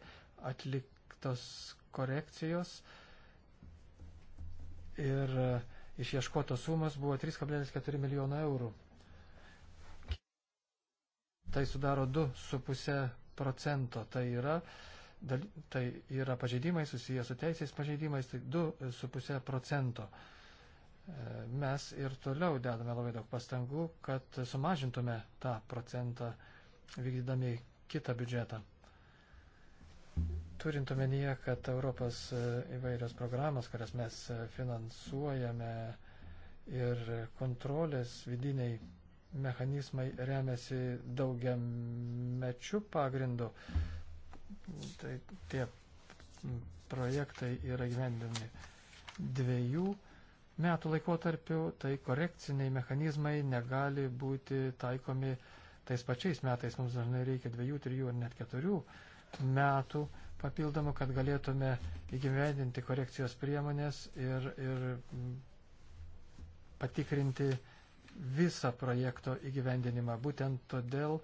atliktos korekcijos ir e, išieškotos sumas buvo 3,4 milijono eurų. Tai sudaro 2,5 procento. Tai yra tai yra pažeidimai susiję su teisės pažeidimais, tai 2,5 procento mes ir toliau dedame labai daug pastangų, kad sumažintume tą procentą vykdydami kitą biudžetą. Turint omenyje, kad Europos e, įvairios programos, kurias mes e, finansuojame ir kontrolės vidiniai mechanizmai remiasi daugiamečių pagrindų, tai tie projektai yra gyvendami dviejų metų laikotarpiu, tai korekciniai mechanizmai negali būti taikomi tais pačiais metais. Mums dažnai reikia dviejų, trijų ar net keturių metų papildomų, kad galėtume įgyvendinti korekcijos priemonės ir, ir patikrinti visą projekto įgyvendinimą. Būtent todėl e,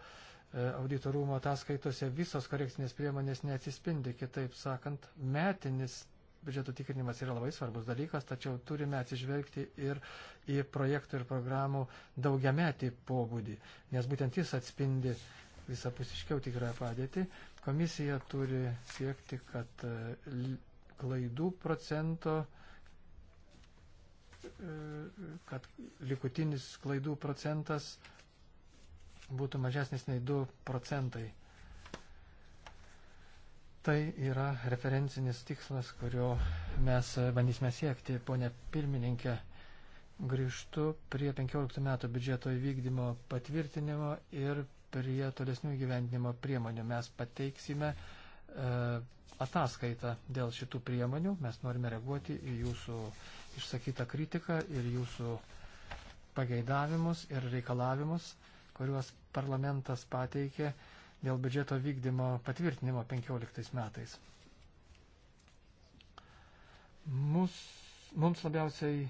auditorumo ataskaitose visos korekcinės priemonės neatsispindi. Kitaip sakant, metinis biudžeto tikrinimas yra labai svarbus dalykas, tačiau turime atsižvelgti ir į projektų ir programų daugiametį pobūdį, nes būtent jis atspindi visapusiškiau tikrąją padėtį. Komisija turi siekti, kad e, klaidų procento e, kad likutinis klaidų procentas būtų mažesnis nei 2 procentai. Tai yra referencinis tikslas, kurio mes bandysime siekti. Pone pirmininkė, grįžtu prie 15 metų biudžeto įvykdymo patvirtinimo ir prie tolesnių gyvendinimo priemonių. Mes pateiksime e, ataskaitą dėl šitų priemonių. Mes norime reaguoti į jūsų išsakytą kritiką ir jūsų pageidavimus ir reikalavimus, kuriuos parlamentas pateikė dėl biudžeto vykdymo patvirtinimo 15 metais. Mus, mums labiausiai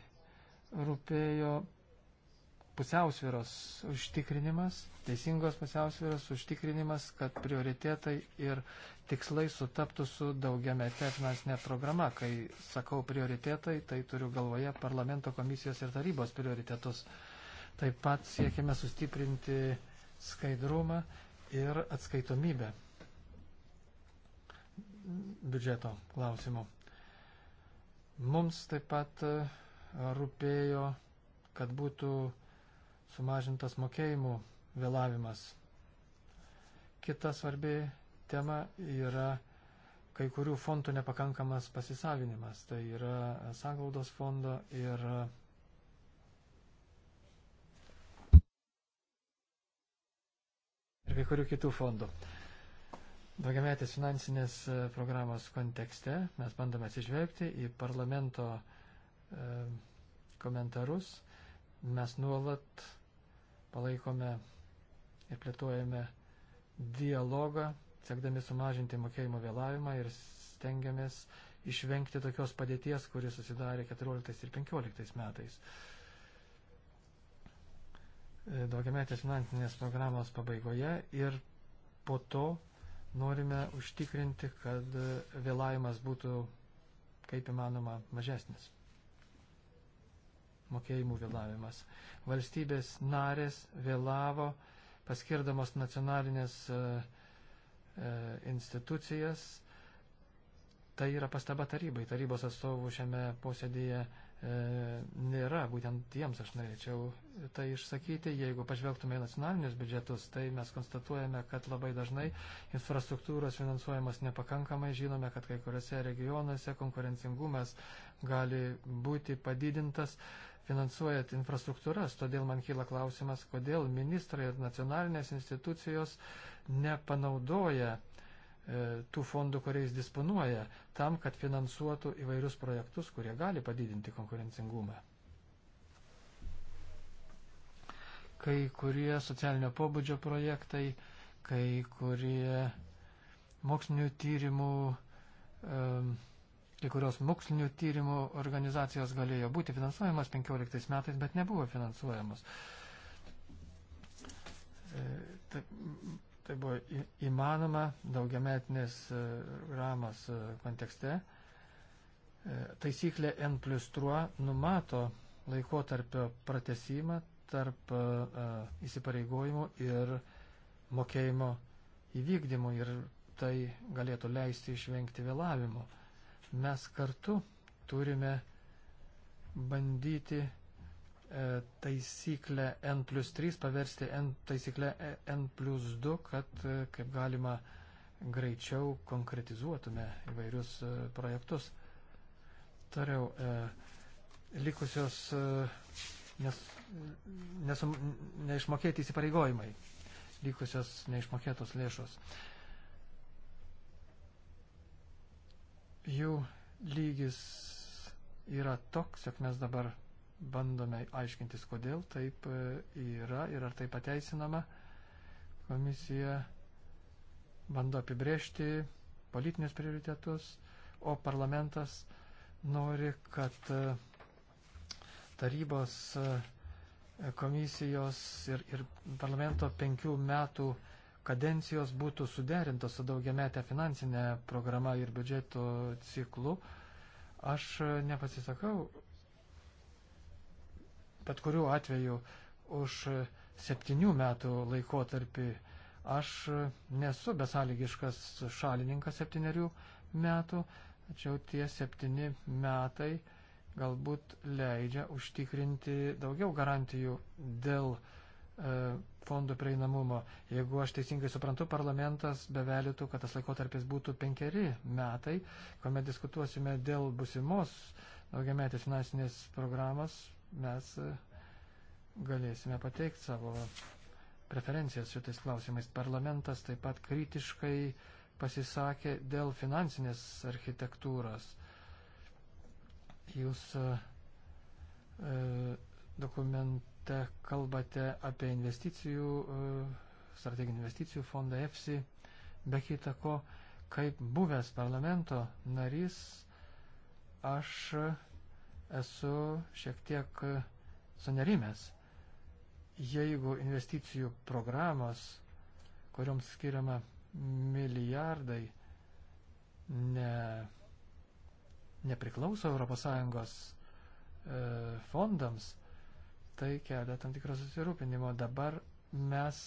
rūpėjo pusiausviros užtikrinimas, teisingos pusiausviros užtikrinimas, kad prioritetai ir tikslai sutaptų su daugiamete finansinė programa. Kai sakau prioritetai, tai turiu galvoje parlamento komisijos ir tarybos prioritetus. Taip pat siekime sustiprinti skaidrumą ir atskaitomybę biudžeto klausimų. Mums taip pat e, rūpėjo, kad būtų sumažintas mokėjimų vėlavimas. Kita svarbi tema yra kai kurių fondų nepakankamas pasisavinimas. Tai yra sanglaudos fondo ir ir kai kurių kitų fondų. Daugiametės finansinės e, programos kontekste mes bandome atsižvelgti į parlamento e, komentarus. Mes nuolat palaikome ir plėtojame dialogą, siekdami sumažinti mokėjimo vėlavimą ir stengiamės išvengti tokios padėties, kuri susidarė 14 ir 15 metais. E, daugiametės finansinės programos pabaigoje ir po to norime užtikrinti, kad vėlavimas būtų kaip įmanoma mažesnis. Mokėjimų vėlavimas. Valstybės narės vėlavo, paskirdamos nacionalinės e, e, institucijas. Tai yra pastaba tarybai. Tarybos atstovų šiame posėdėje E, nėra. Būtent jiems aš norėčiau tai išsakyti. Jeigu pažvelgtume į nacionalinius biudžetus, tai mes konstatuojame, kad labai dažnai infrastruktūros finansuojamas nepakankamai. Žinome, kad kai kuriuose regionuose konkurencingumas gali būti padidintas finansuojant infrastruktūras. Todėl man kyla klausimas, kodėl ministrai ir nacionalinės institucijos nepanaudoja E, tų fondų, kuriais disponuoja, tam, kad finansuotų įvairius projektus, kurie gali padidinti konkurencingumą. Kai kurie socialinio pobūdžio projektai, kai kurie mokslinių tyrimų, e, kai kurios mokslinių tyrimų organizacijos galėjo būti finansuojamas 15 metais, bet nebuvo finansuojamas. E, Taip, tai buvo įmanoma daugiametinės e, ramos e, kontekste. E, taisyklė N plus 3 numato laikotarpio pratesimą tarp įsipareigojimų ir mokėjimo įvykdymų ir tai galėtų leisti išvengti vėlavimo. Mes kartu turime bandyti E, taisyklę N plus 3 paversti N taisyklę e, N plus 2, kad e, kaip galima greičiau konkretizuotume įvairius projektus. Tariau, likusios nes, nesum, neišmokėti įsipareigojimai, likusios neišmokėtos lėšos. Jų lygis yra toks, jog mes dabar bandome aiškintis, kodėl taip e, yra ir ar tai pateisinama. Komisija bando apibriežti politinės prioritetus, o parlamentas nori, kad e, tarybos e, komisijos ir, ir parlamento penkių metų kadencijos būtų suderintos su daugiametė finansinė programa ir biudžeto ciklu. Aš nepasisakau bet kuriuo atveju už septynių metų laikotarpį aš nesu besąlygiškas šalininkas septyniarių metų, tačiau tie septyni metai galbūt leidžia užtikrinti daugiau garantijų dėl e, fondų prieinamumo. Jeigu aš teisingai suprantu, parlamentas bevelytų, kad tas laikotarpis būtų penkeri metai, kuomet diskutuosime dėl busimos daugiametės finansinės programos mes e, galėsime pateikti savo preferencijas šitais klausimais. Parlamentas taip pat kritiškai pasisakė dėl finansinės architektūros. Jūs e, e, dokumente kalbate apie investicijų, strateginių investicijų fondą EFSI, be kitako, kaip buvęs parlamento narys, aš esu šiek tiek sunerimęs. Jeigu investicijų programos, kuriuoms skiriama milijardai, ne, nepriklauso ES e, fondams, tai kelia tam tikrą susirūpinimo. Dabar mes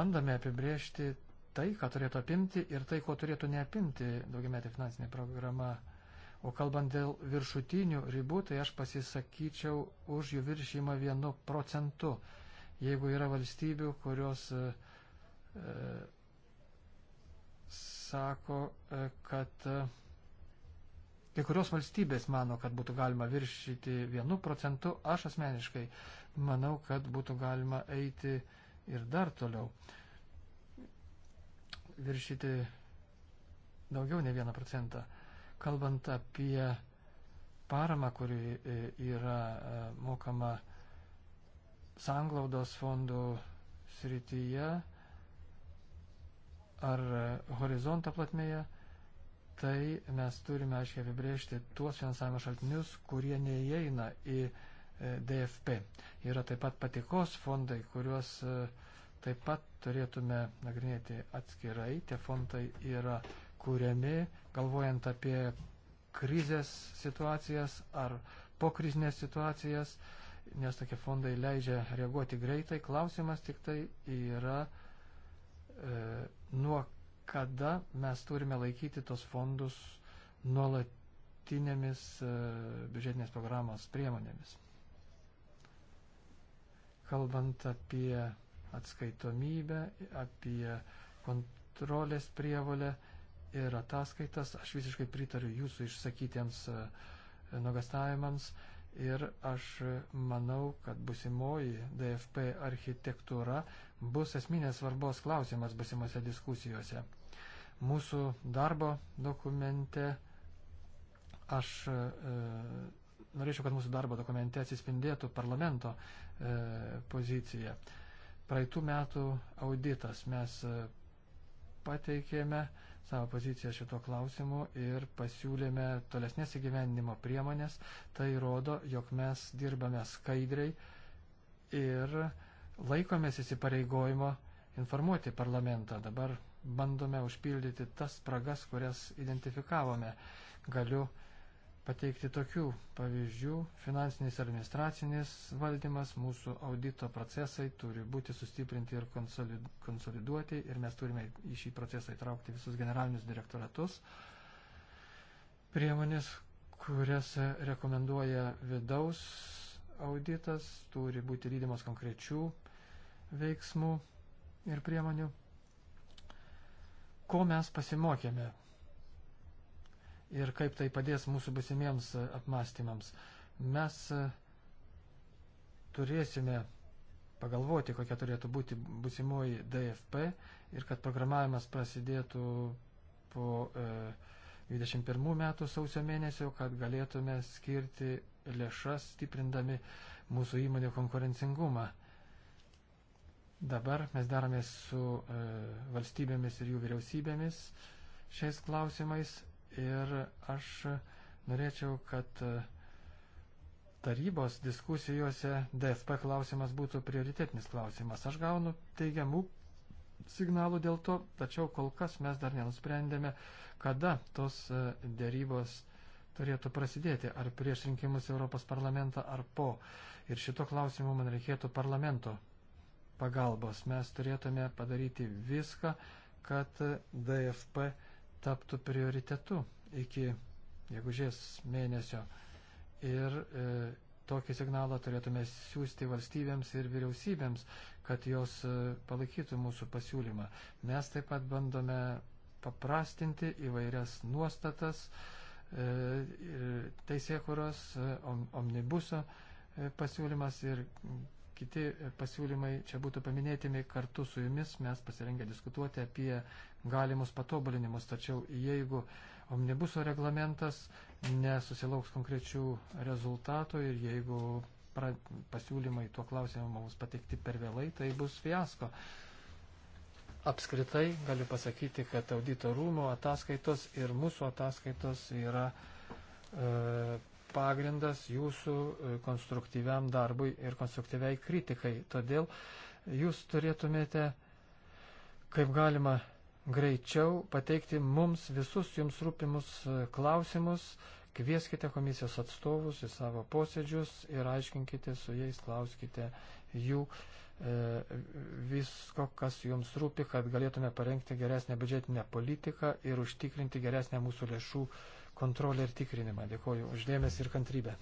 bandome apibriežti tai, ką turėtų apimti ir tai, ko turėtų neapimti daugiametė finansinė programa. O kalbant dėl viršutinių ribų, tai aš pasisakyčiau už jų viršymą vienu procentu. Jeigu yra valstybių, kurios e, e sako, e, kad e, kai kurios valstybės mano, kad būtų galima viršyti vienu procentu, aš asmeniškai manau, kad būtų galima eiti ir dar toliau. Viršyti daugiau ne vieną procentą. Kalbant apie paramą, kuri e, yra e, mokama sanglaudos fondų srityje ar e, horizonto platmėje, tai mes turime aiškiai apibrėžti tuos finansavimo šaltinius, kurie neįeina į DFP. Yra taip pat patikos fondai, kuriuos taip pat turėtume nagrinėti atskirai. Tie fondai yra kuriami, galvojant apie krizės situacijas ar pokrizinės situacijas, nes tokie fondai leidžia reaguoti greitai. Klausimas tik tai yra, e, nuo kada mes turime laikyti tos fondus nuolatinėmis e, biudžetinės programos priemonėmis. Kalbant apie atskaitomybę, apie kontrolės prievolę ir ataskaitas. Aš visiškai pritariu jūsų išsakytiems e, nuogastavimams ir aš manau, kad busimoji DFP architektūra bus esminės svarbos klausimas busimose diskusijose. Mūsų darbo dokumente aš e, norėčiau, kad mūsų darbo dokumente atsispindėtų parlamento e, pozicija. Praeitų metų auditas mes e, pateikėme e, savo poziciją šito klausimu ir pasiūlėme tolesnės įgyvendinimo priemonės. Tai rodo, jog mes dirbame skaidriai ir laikomės įsipareigojimo informuoti parlamentą. Dabar bandome užpildyti tas spragas, kurias identifikavome. Galiu pateikti tokių pavyzdžių. Finansinis administracinis valdymas, mūsų audito procesai turi būti sustiprinti ir konsoliduoti ir mes turime į šį procesą įtraukti visus generalinius direktoratus. Priemonės, kurias rekomenduoja vidaus auditas, turi būti lydimas konkrečių veiksmų ir priemonių. Ko mes pasimokėme ir kaip tai padės mūsų busimiems e, apmąstymams. Mes e, turėsime pagalvoti, kokia turėtų būti busimoji DFP ir kad programavimas prasidėtų po e, 21 metų sausio mėnesio, kad galėtume skirti lėšas stiprindami mūsų įmonių konkurencingumą. Dabar mes daromės su e, valstybėmis ir jų vyriausybėmis šiais klausimais ir aš norėčiau, kad e, tarybos diskusijose DFP klausimas būtų prioritetinis klausimas. Aš gaunu teigiamų signalų dėl to, tačiau kol kas mes dar nenusprendėme, kada tos e, dėrybos turėtų prasidėti, ar prieš rinkimus Europos parlamentą, ar po. Ir šito klausimu man reikėtų parlamento pagalbos. Mes turėtume padaryti viską, kad e, DFP taptų prioritetu iki gegužės mėnesio. Ir e, tokį signalą turėtume siūsti valstybėms ir vyriausybėms, kad jos e, palaikytų mūsų pasiūlymą. Mes taip pat bandome paprastinti įvairias nuostatas e, teisėkuros, e, omnibuso e, pasiūlymas ir kiti pasiūlymai čia būtų paminėtimi kartu su jumis. Mes pasirengę diskutuoti apie galimus patobulinimus, tačiau jeigu omnibuso reglamentas nesusilauks konkrečių rezultatų ir jeigu pra, pasiūlymai tuo klausimu mums pateikti per vėlai, tai bus fiasko. Apskritai galiu pasakyti, kad audito rūmų ataskaitos ir mūsų ataskaitos yra e, pagrindas jūsų e, konstruktyviam darbui ir konstruktyviai kritikai. Todėl jūs turėtumėte kaip galima greičiau pateikti mums visus jums rūpimus e, klausimus, kvieskite komisijos atstovus į savo posėdžius ir aiškinkite su jais, klauskite jų e, visko, kas jums rūpi, kad galėtume parengti geresnę biudžetinę politiką ir užtikrinti geresnę mūsų lėšų kontrolę ir tikrinimą. Dėkuoju uždėmesi ir kantrybę.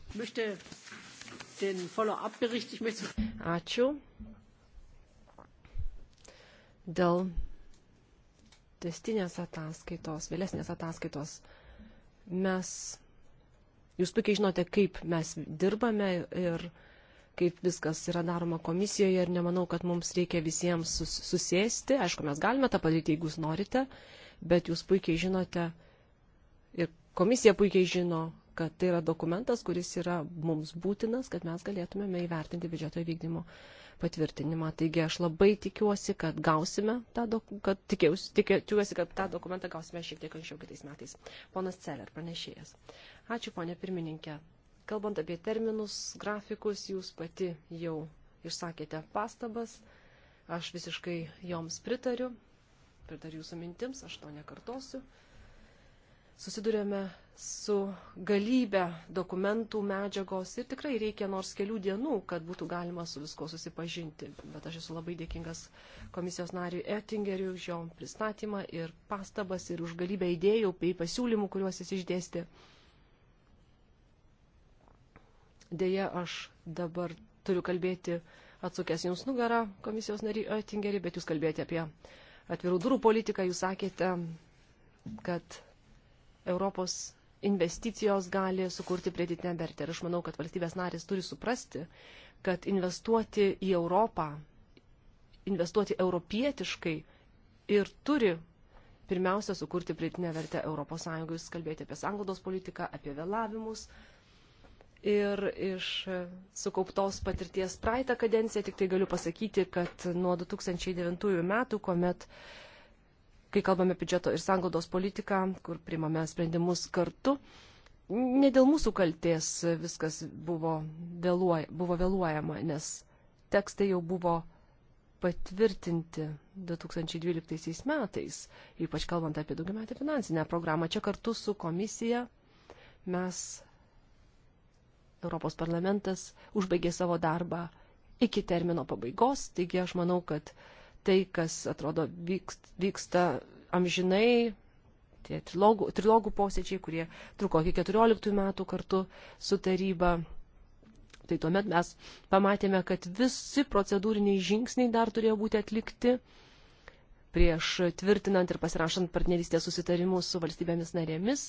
Ačiū. Dėl testinės ataskaitos, vėlesnės ataskaitos, mes, jūs puikiai žinote, kaip mes dirbame ir kaip viskas yra daroma komisijoje ir nemanau, kad mums reikia visiems sus, susėsti. Aišku, mes galime tą padaryti, jeigu jūs norite, bet jūs puikiai žinote ir komisija puikiai žino, kad tai yra dokumentas, kuris yra mums būtinas, kad mes galėtumėme įvertinti biudžeto įvykdymo patvirtinimą. Taigi aš labai tikiuosi, kad gausime tą, kad tikėjusi, tikiuosi, kad tą dokumentą gausime šiek tiek anksčiau kitais metais. Ponas Celer, pranešėjas. Ačiū, ponė pirmininkė. Kalbant apie terminus, grafikus, jūs pati jau išsakėte pastabas. Aš visiškai joms pritariu. Pritariu jūsų mintims, aš to nekartosiu susidurėme su galybė dokumentų, medžiagos ir tikrai reikia nors kelių dienų, kad būtų galima su visko susipažinti. Bet aš esu labai dėkingas komisijos nariui Ettingeriui už jo pristatymą ir pastabas ir už galybę idėjų bei pasiūlymų, kuriuos jis išdėstė. Deja, aš dabar turiu kalbėti atsukęs jums nugarą komisijos narį Ettingerį, bet jūs kalbėjote apie atvirų durų politiką, jūs sakėte, kad Europos investicijos gali sukurti pridėtinę vertę. Ir aš manau, kad valstybės narės turi suprasti, kad investuoti į Europą, investuoti europietiškai ir turi pirmiausia sukurti pridėtinę vertę ES, jūs kalbėjote apie sanglaudos politiką, apie vėlavimus. Ir iš sukauptos patirties praeitą kadenciją tik tai galiu pasakyti, kad nuo 2009 metų, kuomet kai kalbame biudžeto ir sanglaudos politiką, kur primame sprendimus kartu. Ne dėl mūsų kalties viskas buvo, vėluoja, buvo vėluojama, nes tekstai jau buvo patvirtinti 2012 metais, ypač kalbant apie daugiametę finansinę programą. Čia kartu su komisija mes, Europos parlamentas, užbaigė savo darbą iki termino pabaigos, taigi aš manau, kad uh, tai, kas atrodo vyksta amžinai, tie trilogų, trilogų posėdžiai, kurie truko iki 14 metų kartu su taryba. Tai tuomet mes pamatėme, kad visi procedūriniai žingsniai dar turėjo būti atlikti prieš tvirtinant ir pasirašant partnerystės susitarimus su valstybėmis narėmis.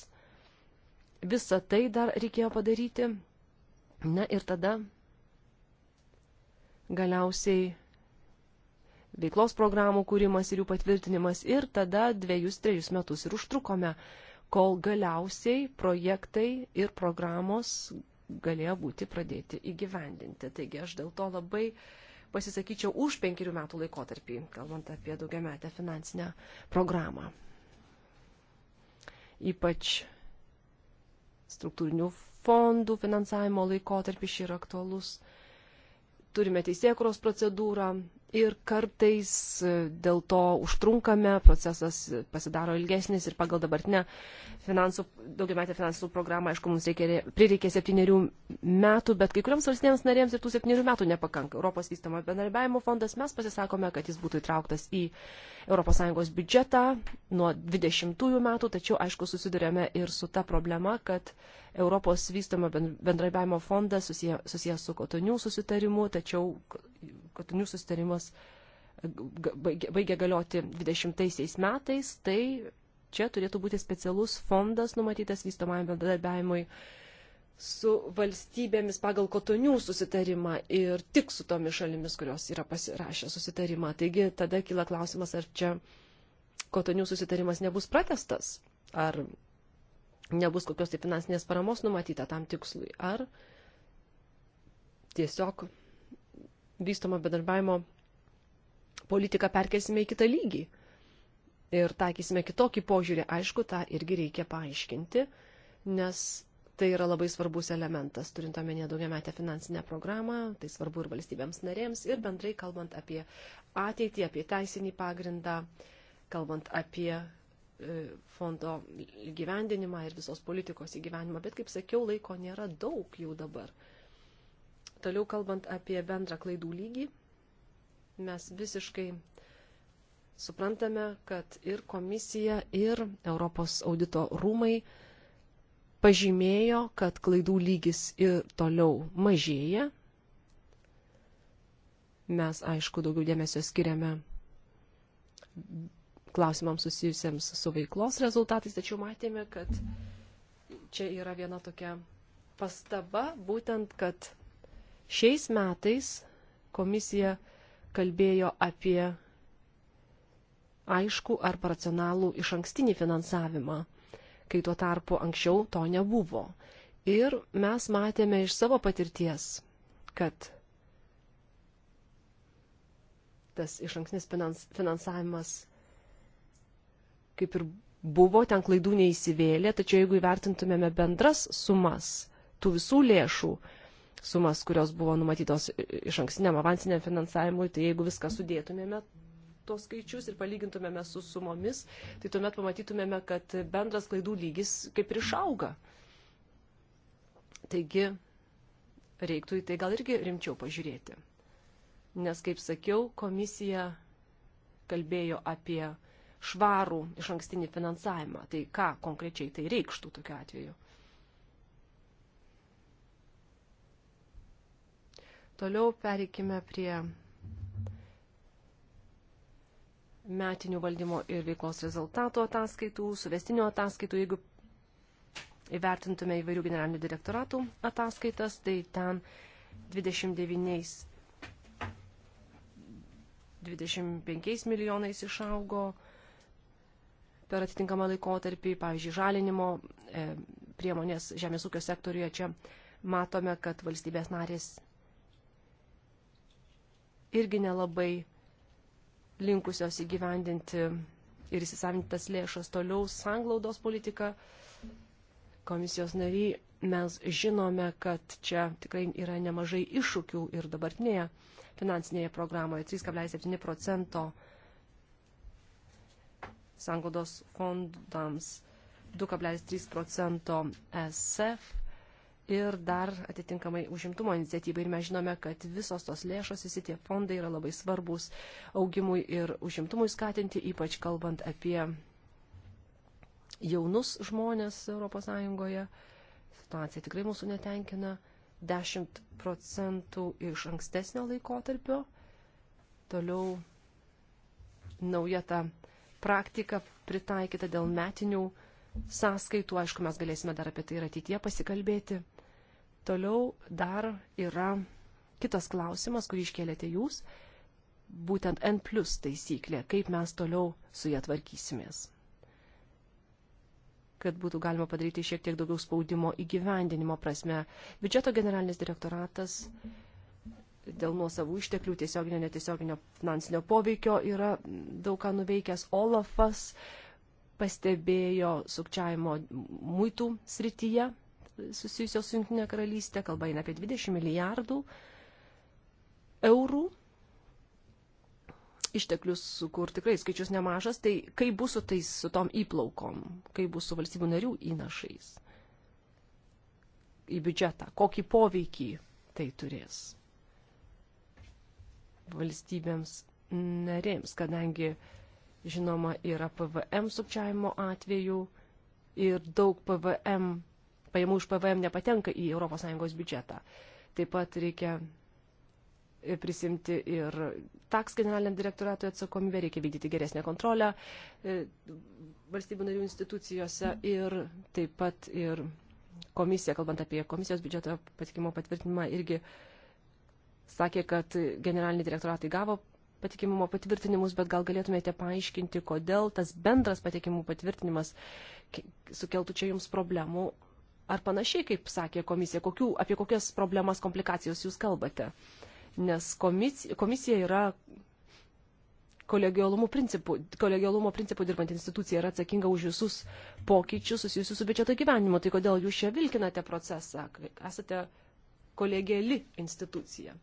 Visą tai dar reikėjo padaryti. Na ir tada galiausiai veiklos programų kūrimas ir jų patvirtinimas ir tada dviejus, trejus metus ir užtrukome, kol galiausiai projektai ir programos galėjo būti pradėti įgyvendinti. Taigi aš dėl to labai pasisakyčiau už penkerių metų laikotarpį, kalbant apie daugiametę finansinę programą. Ypač struktūrinių fondų finansavimo laikotarpis yra aktualus. Turime teisėkros procedūrą, ir kartais e, dėl to užtrunkame, procesas pasidaro ilgesnis ir pagal dabartinę finansų, daugiametę finansų programą, aišku, mums reikia, prireikė septyniarių metų, bet kai kuriams valstybėms narėms ir tų septyniarių metų nepakanka. Europos vystamo bendarbiavimo fondas mes pasisakome, kad jis būtų įtrauktas į ES biudžetą nuo 20 metų, tačiau, aišku, susidurėme ir su ta problema, kad Europos vystamo bendradarbiavimo fondas susijęs susiję su kotonių susitarimu, tačiau kotinių sustarimas e, baigia galioti 20 metais, tai čia turėtų būti specialus fondas numatytas vystomajam bendradarbiavimui su valstybėmis pagal kotonių susitarimą ir tik su tomis šalimis, kurios yra pasirašę susitarimą. Taigi tada kyla klausimas, ar čia kotonių susitarimas nebus pratestas, ar nebus kokios tai finansinės paramos numatyta tam tikslui, ar tiesiog vystomą bedarbiavimo politiką perkelsime į kitą lygį ir taikysime kitokį požiūrį. Aišku, tą irgi reikia paaiškinti, nes tai yra labai svarbus elementas, turint omenyje daugiametę finansinę programą, tai svarbu ir valstybėms narėms ir bendrai kalbant apie ateitį, apie teisinį pagrindą, kalbant apie e, fondo įgyvendinimą ir visos politikos įgyvendinimą, bet kaip sakiau, laiko nėra daug jau dabar. Toliau kalbant apie bendrą klaidų lygį, mes visiškai suprantame, kad ir komisija, ir Europos audito rūmai pažymėjo, kad klaidų lygis ir toliau mažėja. Mes, aišku, daugiau dėmesio skiriame klausimams susijusiems su veiklos rezultatais, tačiau matėme, kad čia yra viena tokia pastaba, būtent, kad Šiais metais komisija kalbėjo apie aišku ar racionalų iš ankstinį finansavimą, kai tuo tarpu anksčiau to nebuvo. Ir mes matėme iš savo patirties, kad tas iš ankstinis finansavimas kaip ir buvo, ten klaidų neįsivėlė, tačiau jeigu įvertintumėme bendras sumas tų visų lėšų, sumas, kurios buvo numatytos iš ankstiniam avansiniam finansavimui, tai jeigu viską sudėtumėme tos skaičius ir palygintumėme su sumomis, tai tuomet pamatytumėme, kad bendras klaidų lygis kaip ir išauga. Taigi, reiktų į tai gal irgi rimčiau pažiūrėti. Nes, kaip sakiau, komisija kalbėjo apie švarų iš ankstinį finansavimą. Tai ką konkrečiai tai reikštų tokiu atveju? Toliau pereikime prie metinių valdymo ir veiklos rezultatų ataskaitų, suvestinių ataskaitų. Jeigu įvertintume įvairių generalinių direktoratų ataskaitas, tai ten 29 25 milijonais išaugo per atitinkamą laikotarpį, pavyzdžiui, žalinimo e, priemonės žemės ūkio sektoriuje čia matome, kad valstybės narės irgi nelabai linkusios įgyvendinti ir įsisavinti tas lėšas toliau sanglaudos politiką. Komisijos nariai, mes žinome, kad čia tikrai yra nemažai iššūkių ir dabartinėje finansinėje programoje 3,7 procento sanglaudos fondams 2,3 procento SF e ir dar atitinkamai užimtumo iniciatyvai. Ir mes žinome, kad visos tos lėšos, visi tie fondai yra labai svarbus augimui ir užimtumui skatinti, ypač kalbant apie jaunus žmonės ES. Situacija tikrai mūsų netenkina. 10 procentų iš ankstesnio laikotarpio. Toliau nauja ta praktika pritaikyta dėl metinių sąskaitų. Aišku, mes galėsime dar apie tai ir ateityje pasikalbėti. Toliau dar yra kitas klausimas, kurį iškėlėte jūs, būtent N plus taisyklė, kaip mes toliau su ją tvarkysimės. Kad būtų galima padaryti šiek tiek daugiau spaudimo įgyvendinimo prasme. Biudžeto generalinis direktoratas dėl nuosavų išteklių tiesioginio, netiesioginio finansinio poveikio yra daug ką nuveikęs Olafas pastebėjo sukčiavimo muitų srityje susijusios su Junktinė karalystė, kalba eina apie 20 milijardų eurų išteklius, kur tikrai skaičius nemažas, tai kaip bus su, tais, su tom įplaukom, kaip bus su valstybių narių įnašais į biudžetą, kokį poveikį tai turės valstybėms narėms, kadangi, žinoma, yra PVM sukčiavimo atvejų ir daug PVM pajamų iš PVM nepatenka į ES biudžetą. Taip pat reikia prisimti ir taks generaliniam direktoratui atsakomybę, reikia vykdyti geresnę kontrolę e, valstybių narių institucijose ir taip pat ir komisija, kalbant apie komisijos biudžeto patikimo patvirtinimą, irgi sakė, kad generaliniai direktoratai gavo patikimumo patvirtinimus, bet gal galėtumėte paaiškinti, kodėl tas bendras patikimų patvirtinimas sukeltų čia jums problemų, ar panašiai, kaip sakė komisija, kokių, apie kokias problemas komplikacijos jūs kalbate. Nes komisija, komisija yra kolegialumo principų, kolegialumo principų dirbant institucija yra atsakinga už visus pokyčius susijusius su biudžeto gyvenimu. Tai kodėl jūs čia vilkinate procesą? Esate kolegiali institucija.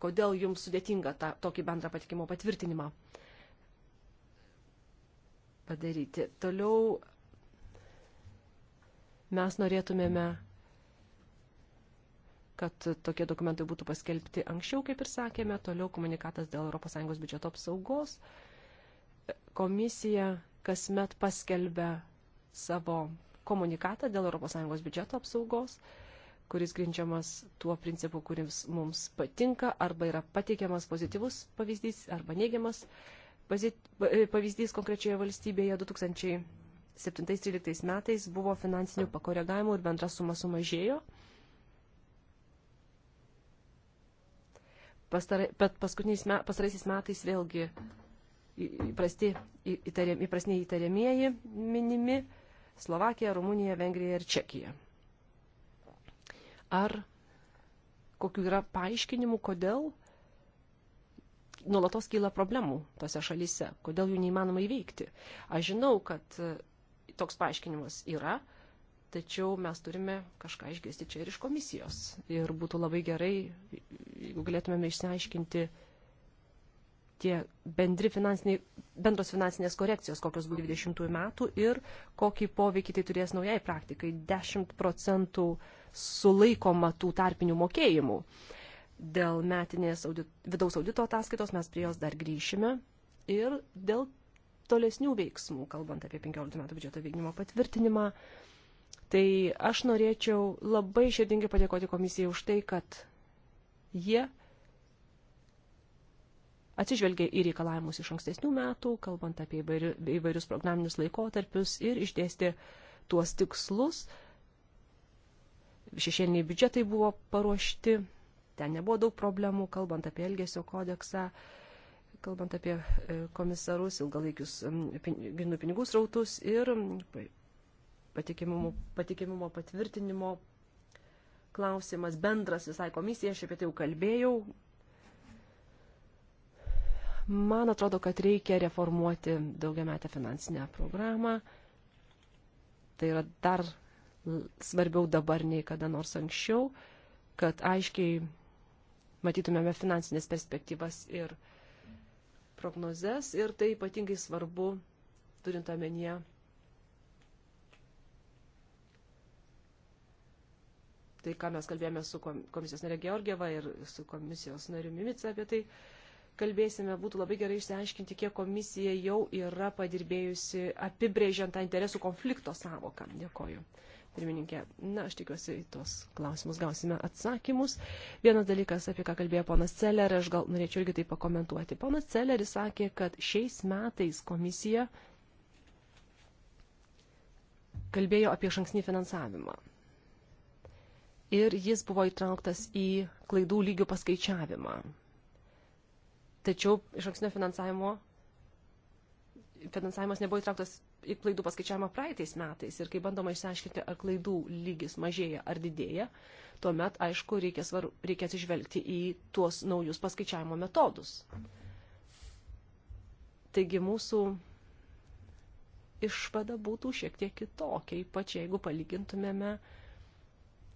Kodėl jums sudėtinga tą, tokį bendrą patikimo patvirtinimą padaryti? Toliau Mes norėtumėme, kad tokie dokumentai būtų paskelbti anksčiau, kaip ir sakėme, toliau komunikatas dėl ES biudžeto apsaugos. Komisija kasmet paskelbia savo komunikatą dėl ES biudžeto apsaugos kuris grindžiamas tuo principu, kuris mums patinka, arba yra pateikiamas pozityvus pavyzdys, arba neigiamas e, pavyzdys konkrečioje valstybėje 2000. 2007-2013 metais buvo finansinių pakoregavimų ir bendra suma sumažėjo. Pastarai, bet me, pastaraisiais metais vėlgi įprasti, įtariam, įprasniai įtariamieji minimi Slovakija, Rumunija, Vengrija ir Čekija. Ar kokiu yra paaiškinimu, kodėl nuolatos kyla problemų tose šalyse, kodėl jų neįmanoma įveikti. Aš žinau, kad toks paaiškinimas yra, tačiau mes turime kažką išgirsti čia ir iš komisijos. Ir būtų labai gerai, jeigu galėtumėme išsiaiškinti tie bendri finansiniai, bendros finansinės korekcijos, kokios buvo 20 metų ir kokį poveikį tai turės naujai praktikai. 10 procentų sulaikoma tų tarpinių mokėjimų. Dėl metinės audit, vidaus audito ataskaitos mes prie jos dar grįšime ir dėl tolesnių veiksmų, kalbant apie 15 metų biudžeto vykdymo patvirtinimą. Tai aš norėčiau labai širdingai padėkoti komisijai už tai, kad jie atsižvelgia į reikalavimus iš ankstesnių metų, kalbant apie įvairius programinius laikotarpius ir išdėstė tuos tikslus. Šešėliniai biudžetai buvo paruošti, ten nebuvo daug problemų, kalbant apie Elgesio kodeksą, uh, kalbant apie e, komisarus, ilgalaikius grinų pinigų srautus ir patikimumo, patikimumo patvirtinimo klausimas bendras visai komisijai, aš apie tai jau kalbėjau. Man atrodo, kad reikia reformuoti daugiametę finansinę programą. Tai yra dar svarbiau dabar nei kada nors anksčiau, kad aiškiai matytumėme finansinės perspektyvas ir uh, prognozes ir tai ypatingai svarbu, turint omenyje tai, ką mes kalbėjome su komisijos narė Georgieva ir su komisijos nariu Mimica apie tai, kalbėsime, būtų labai gerai išsiaiškinti, kiek komisija jau yra padirbėjusi apibrėžiant tą interesų konflikto savoką. Dėkoju pirmininkė. Na, aš tikiuosi, į tuos klausimus gausime atsakymus. Vienas dalykas, apie ką kalbėjo ponas Celer, aš gal norėčiau irgi tai pakomentuoti. Ponas Celeris sakė, kad šiais metais komisija kalbėjo apie šanksnį finansavimą. Ir jis buvo įtrauktas į klaidų lygių paskaičiavimą. Tačiau iš ankstinio finansavimo finansavimas nebuvo įtrauktas į klaidų paskaičiavimą praeitais metais ir kai bandoma išsiaiškinti, ar klaidų lygis mažėja ar didėja, tuomet, aišku, reikia, svar, reikia atsižvelgti į tuos naujus paskaičiavimo metodus. Taigi mūsų išvada būtų šiek tiek kitokia, ypač jeigu palygintumėme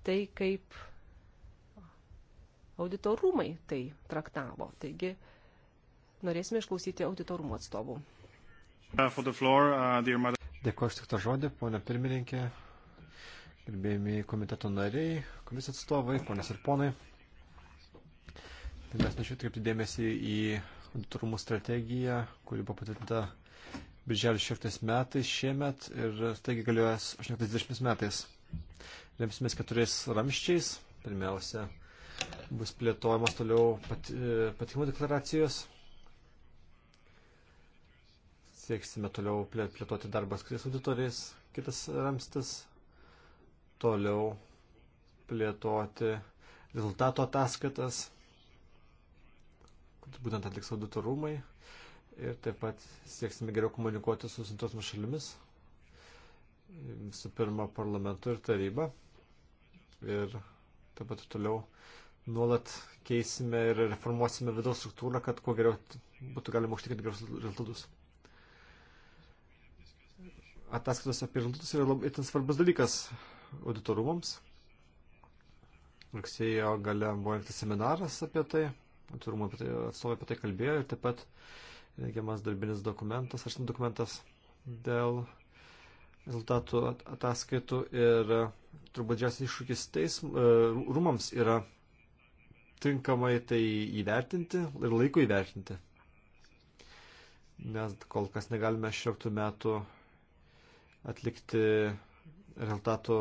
tai, kaip auditorumai tai traktavo. Taigi norėsime išklausyti auditorumų atstovų. Uh, uh, Dėkuoju aš tik tą žodį, ponia pirmininkė, gerbėjami komiteto nariai, komisijos atstovai, ponės ir ponai. Tai mes norėčiau atkreipti dėmesį į auditorumų strategiją, kuri buvo patvirtinta birželio 16 metais šiemet ir taigi galioja 18-20 metais. Remsimės keturiais ramščiais. Pirmiausia, bus plėtojamos toliau pat, e, patikimo deklaracijos. Sieksime toliau plėtoti darbą skris auditoriais, kitas ramstis, toliau plėtoti rezultato ataskaitas, būtent atliks audito rūmai ir taip pat sieksime geriau komunikuoti su sintosomis šalimis, visų pirma parlamentu ir taryba. Ir taip pat toliau nuolat keisime ir reformuosime vidaus struktūrą, kad kuo geriau būtų galima užtikrinti gerus rezultatus ataskaitos apie rezultatus yra labai itin svarbus dalykas auditorumams. Rugsėjo gale buvo rengtas seminaras apie tai, authorumo tai, atstovai apie tai kalbėjo ir taip pat rengiamas darbinis dokumentas, aštuntas dokumentas dėl rezultatų ataskaitų ir e, turbūt džiausias iššūkis teism, e, rūmams yra tinkamai tai įvertinti ir laiku įvertinti. Nes kol kas negalime šioktų metų atlikti rezultatų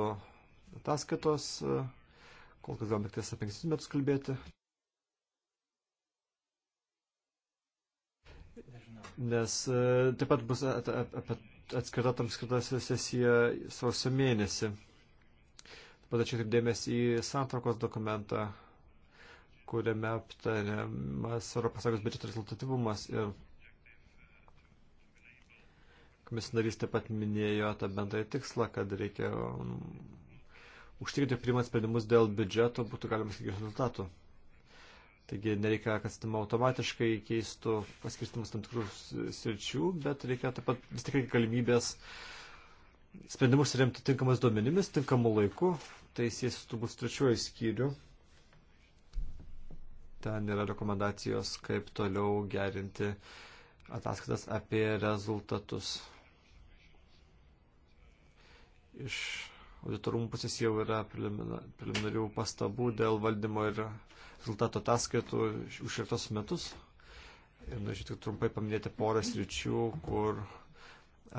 ataskaitos, kol kas galime tik apie 5 metus kalbėti. Nes e, taip pat bus atskirta tam skirta sesija sausio mėnesį. Taip pat ačiū kaip dėmesį į santraukos dokumentą, kuriame aptariamas ES biudžeto rezultatyvumas ir Komisijos narys taip pat minėjo tą bendrąjį tikslą, kad reikia um, užtikrinti priimant sprendimus dėl biudžeto būtų galima siekti rezultatų. Taigi nereikia, kad sistema automatiškai keistų paskirstimus tam tikrus sričių, bet reikia taip pat vis tik galimybės sprendimus remti tinkamas duomenimis, tinkamu laiku. Tai siejasi su turbūt trečiuoju skyriu. Ten yra rekomendacijos, kaip toliau gerinti ataskaitas apie rezultatus. Iš auditorumų pusės jau yra preliminarių pastabų dėl valdymo ir rezultato ataskaitų už šeštus metus. Ir norėčiau tik trumpai paminėti porą sričių, kur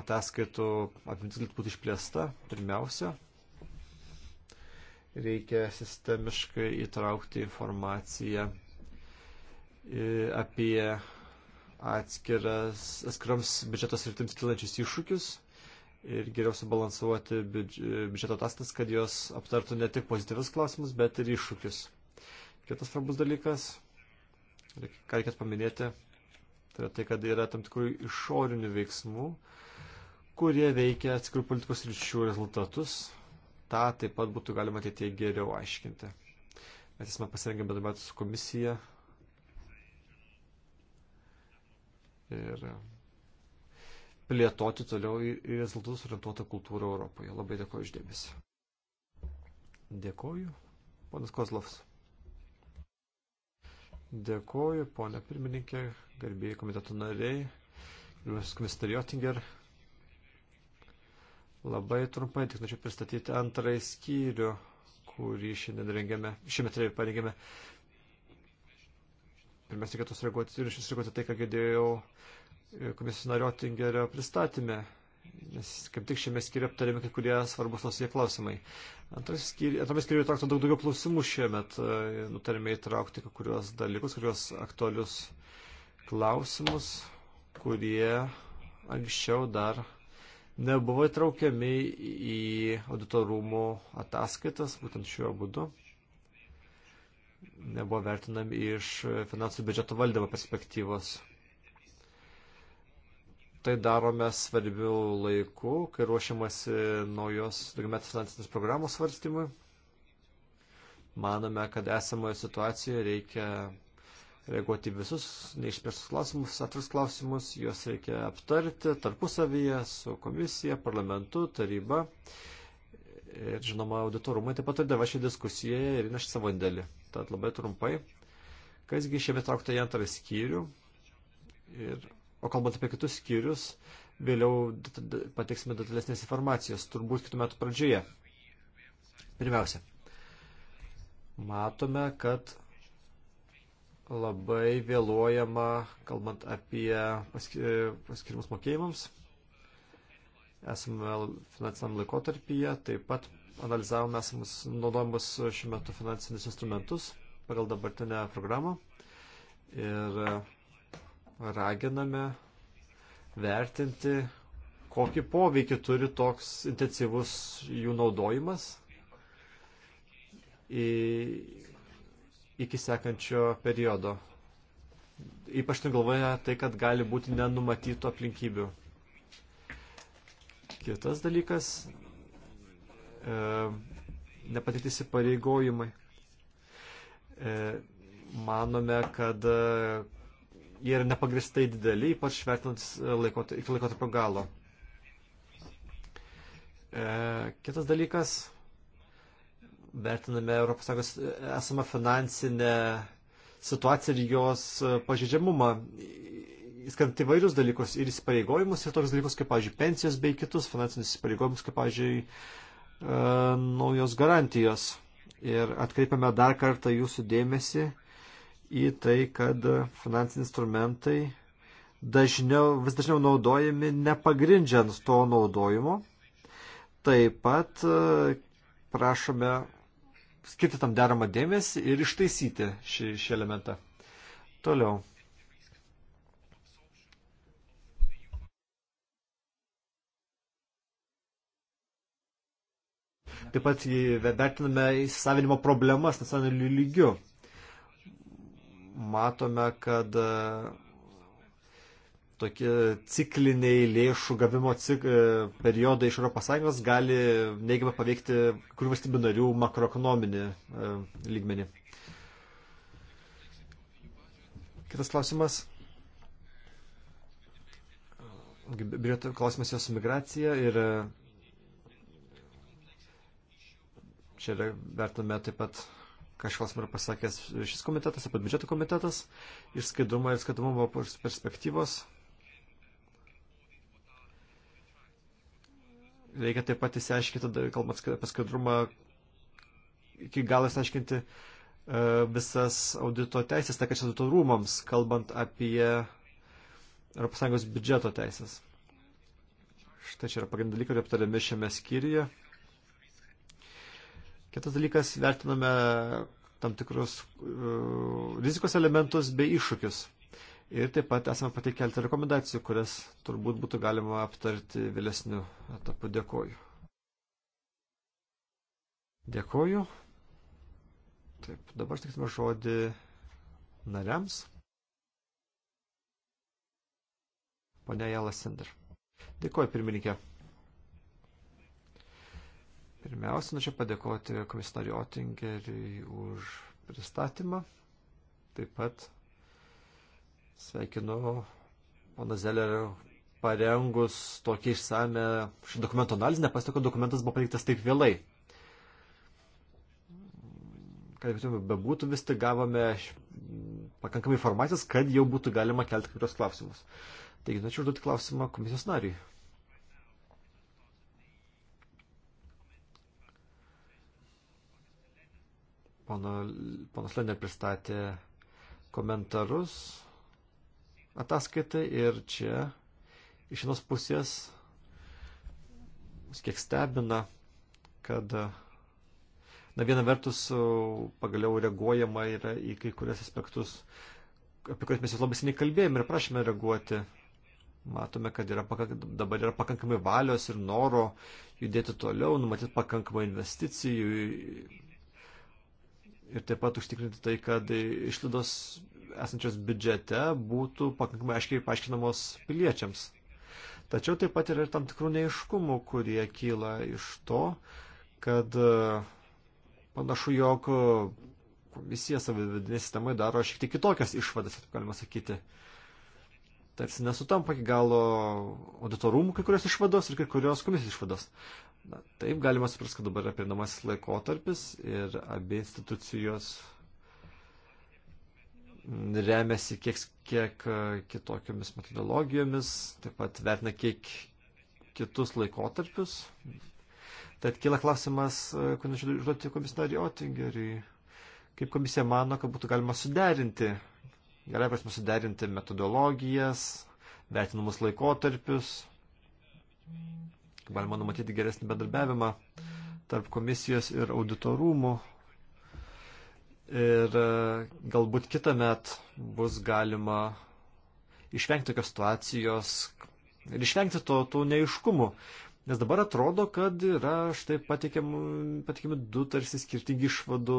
ataskaitų apimtis galėtų būti išplėsta. Pirmiausia, reikia sistemiškai įtraukti informaciją e, apie atskiras, atskirams biudžetos rytims kilančius iššūkius ir geriau subalansuoti biudžeto tastas, kad jos aptartų ne tik pozityvius klausimus, bet ir iššūkius. Kitas svarbus dalykas, ką reikėtų paminėti, tai yra tai, kad yra tam tikrų išorinių veiksmų, kurie veikia atskirų politikos ryčių rezultatus. Ta taip pat būtų galima ateitie geriau aiškinti. Mes esame pasirengę bendrauti su komisija. Ir plėtoti toliau į rezultatus orientuotą kultūrą Europoje. Labai dėkoju išdėmesi. Dėkoju, ponas Kozlovs. Dėkoju, ponė pirmininkė, garbėjai komiteto nariai, gerbiamas komisarė Jotinger. Labai trumpai tik norėčiau pristatyti antrąjį skyrių, kurį šiandien rengiame, šiemet parengėme. Pirmiausia, reikėtų sureaguoti ir išreaguoti tai, ką girdėjau komisijos nario Tingerio pristatymė, nes kaip tik šiame skyriuje aptarėme kai kurie svarbus tos jie klausimai. Skyri, antrame skyriuje įtraukta daug daugiau klausimų šiemet, e, nutarėme įtraukti kai kurios dalykus, kurios aktualius klausimus, kurie anksčiau dar nebuvo įtraukiami į auditorumų ataskaitas, būtent šiuo būdu. Nebuvo vertinami iš finansų biudžeto valdymo perspektyvos tai darome svarbių laikų, kai ruošiamasi naujos daugiametės finansinės programos svarstymui. Manome, kad esamoje situacijoje reikia reaguoti visus neišspręstus klausimus, atvirus klausimus, juos reikia aptarti tarpusavyje su komisija, parlamentu, taryba. Ir žinoma, auditorumai taip pat dalyvavo šioje diskusijoje ir įneš savo indėlį. Tad labai trumpai, kasgi šiame traukta į antrą skyrių ir O kalbant apie kitus skyrius, vėliau pateiksime detalesnės informacijos, turbūt kitų metų pradžioje. Pirmiausia, matome, kad labai vėluojama, kalbant apie paskirimus mokėjimams. Esame finansiniam laikotarpyje, taip pat analizavome esamus naudojimus šiuo metu finansinius instrumentus pagal dabartinę programą. Ir raginame vertinti, kokį poveikį turi toks intensyvus jų naudojimas į, iki sekančio periodo. Ypač ten galvoja tai, kad gali būti nenumatytų aplinkybių. Kitas dalykas e, - nepatikti įsipareigojimai. E, manome, kad ir nepagristai dideli, ypač vertinant e, laikotarpio, iki laikotarpio galo. E, kitas dalykas, vertiname ES e, esamą finansinę situaciją ir jos e, pažeidžiamumą, įskant įvairius dalykus ir įsipareigojimus ir tokius dalykus kaip, pavyzdžiui, pensijos bei kitus finansinius įsipareigojimus, kaip, pavyzdžiui, e, naujos garantijos. Ir atkreipiame dar kartą jūsų dėmesį į tai, kad finansiniai instrumentai dažniau, vis dažniau naudojami nepagrindžiant to naudojimo. Taip pat e, prašome skirti tam deramą dėmesį ir ištaisyti šį, šį elementą. Toliau. Taip pat vertiname įsisavinimo problemas nacionaliniu lygiu matome, kad e, tokie cikliniai lėšų gavimo cik, e, periodai iš ES gali neigiamai paveikti kurių valstybių narių makroekonominį e, lygmenį. Kitas klausimas. Biurėtų klausimas jos migracija ir čia vertame taip pat kažkas man pasakęs šis komitetas, apie biudžeto komitetas, iš skaidrumo ir skaidrumo perspektyvos. Reikia taip pat įsiaiškinti, kalbant apie skaidrumą, iki galo įsiaiškinti e, visas audito teisės, tai kad čia audito rūmams, kalbant apie ES biudžeto teisės. Štai čia yra pagrindų dalykai, kurie aptariami šiame skyriuje. Kitas dalykas, vertiname tam tikrus uh, rizikos elementus bei iššūkius. Ir taip pat esame pateikę keletą rekomendacijų, kurias turbūt būtų galima aptarti vėlesniu etapu. Dėkoju. Dėkoju. Taip, dabar tiksime žodį nariams. Pane Jalas Sender. Dėkoju, pirmininkė. Pirmiausia, norėčiau padėkoti komisariu Otingeriui už pristatymą. Taip pat sveikinu pana Zellerio parengus tokį išsame šį dokumento analizę, nepasitiko, dokumentas buvo pateiktas taip vėlai. Kad bebūtų, vis tik gavome pakankamai informacijos, kad jau būtų galima kelti kai kurios klausimus. Taigi, norėčiau užduoti klausimą komisijos nariui. Panas Lenė pristatė komentarus ataskaitai ir čia iš vienos pusės kiek stebina, kad na viena vertus pagaliau reaguojama yra į kai kurias aspektus, apie kuriuos mes jau labai seniai kalbėjome ir prašėme reaguoti. Matome, kad yra pakank, dabar yra pakankamai valios ir noro judėti toliau, numatyti pakankamai investicijų, ir taip pat užtikrinti tai, kad išlaidos esančios biudžete būtų pakankamai aiškiai paaiškinamos piliečiams. Tačiau taip pat yra ir tam tikrų neiškumų, kurie kyla iš to, kad e, panašu, jog komisija savividinė sistema daro šiek tiek kitokias išvadas, taip galima sakyti. Tarsi nesutampa iki galo auditorumų kai kurios išvados ir kai kurios komisijos išvados. Na, taip, galima suprasti, kad dabar yra prinamasis laikotarpis ir abi institucijos remiasi kiek, kiek kitokiamis metodologijomis, taip pat vertina kiek kitus laikotarpius. Tad kyla klausimas, kurį norėčiau užduoti komisarį Otingeriui. Kaip komisija mano, kad būtų galima suderinti, gerai prasme, suderinti metodologijas, vertinamus laikotarpius. Mm galima numatyti geresnį bendarbiavimą tarp komisijos ir auditorumų. Ir e, galbūt kitą met bus galima išvengti tokios situacijos ir išvengti to, tų neiškumų. Nes dabar atrodo, kad yra štai pateikiami, pateikiami du tarsi skirtingi išvadų,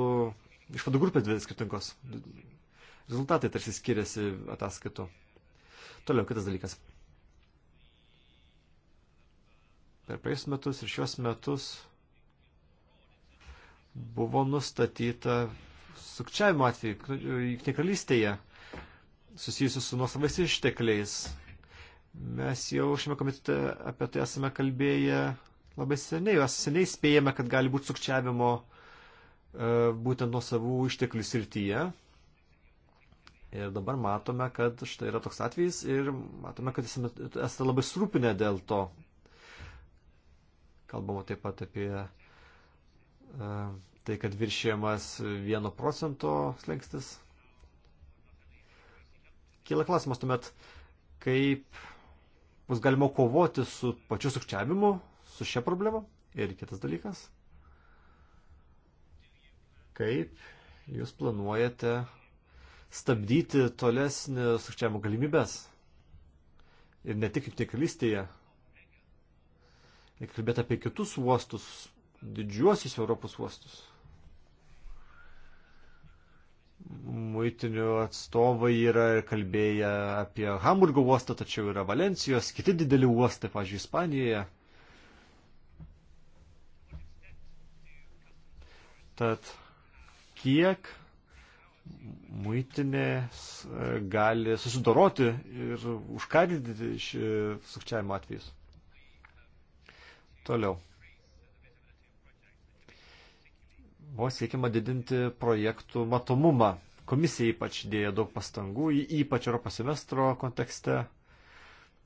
išvadų grupės dvi skirtingos. Rezultatai tarsi skiriasi ataskaitų. Toliau kitas dalykas. per praeis metus ir šios metus buvo nustatyta sukčiavimo atveju, jungtinė karalystėje, susijusiu su nuosavais ištekliais. Mes jau šiame komitete apie tai esame kalbėję labai seniai, mes seniai spėjame, kad gali būti sukčiavimo e, būtent nuosavų išteklių srityje. Ir dabar matome, kad štai yra toks atvejis ir matome, kad esame, esate labai surūpinę dėl to, Kalbama taip pat apie e, tai, kad viršėjamas 1 procento slengstis. Kyla klausimas tuomet, kaip bus galima kovoti su pačiu sukčiavimu, su šia problema. Ir kitas dalykas, kaip jūs planuojate stabdyti tolesnį sukčiavimo galimybės. Ir ne tik tik listėje, Reikia kalbėti apie kitus uostus, didžiuosius Europos uostus. Muitinių atstovai yra kalbėję apie Hamburgo uostą, tačiau yra Valencijos, kiti dideli uostai, pažiūrėjau, Ispanijoje. Tad kiek muitinės e, gali susidoroti ir užkardyti sukčiavimo atvejus? Toliau. Buvo siekiama didinti projektų matomumą. Komisija ypač dėjo daug pastangų, ypač Europos semestro kontekste,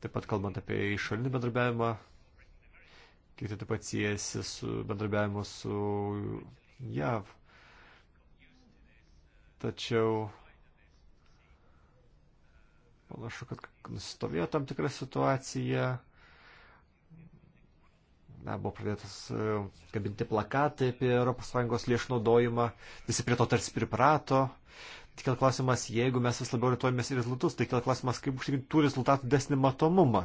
taip pat kalbant apie išorinį bendradarbiavimą, kiti taip pat siejasi su bendradarbiavimu su JAV. Tačiau panašu, kad nusistovėjo tam tikrą situaciją na, buvo pradėtas e, kabinti plakatai apie ES lėšų naudojimą, visi prie to tarsi priprato. Tik kėl klausimas, jeigu mes vis labiau orientuojamės į rezultatus, tai kėl klausimas, kaip užtikrinti tų rezultatų desnį matomumą.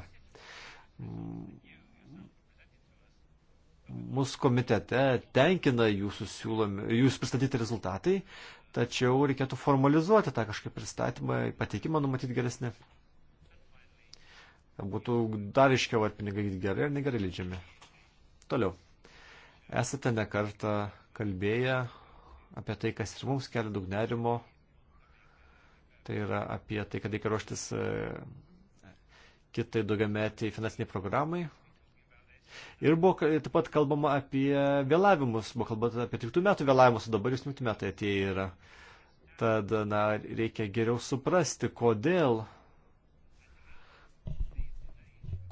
Mūsų komitete tenkina jūsų siūlomi, jūs pristatyti rezultatai, tačiau reikėtų formalizuoti tą kažkaip pristatymą, pateikimą numatyti geresnį. Būtų dar iškiau, ar pinigai gerai ar negerai leidžiami. Toliau. Esate nekartą kalbėję apie tai, kas ir mums kelia daug nerimo. Tai yra apie tai, kad reikia ruoštis e, kitai daugiametiai finansiniai programai. Ir buvo taip pat kalbama apie vėlavimus, buvo kalbama apie 13 metų vėlavimus, o dabar 17 metai atėjo yra. Tad, na, reikia geriau suprasti, kodėl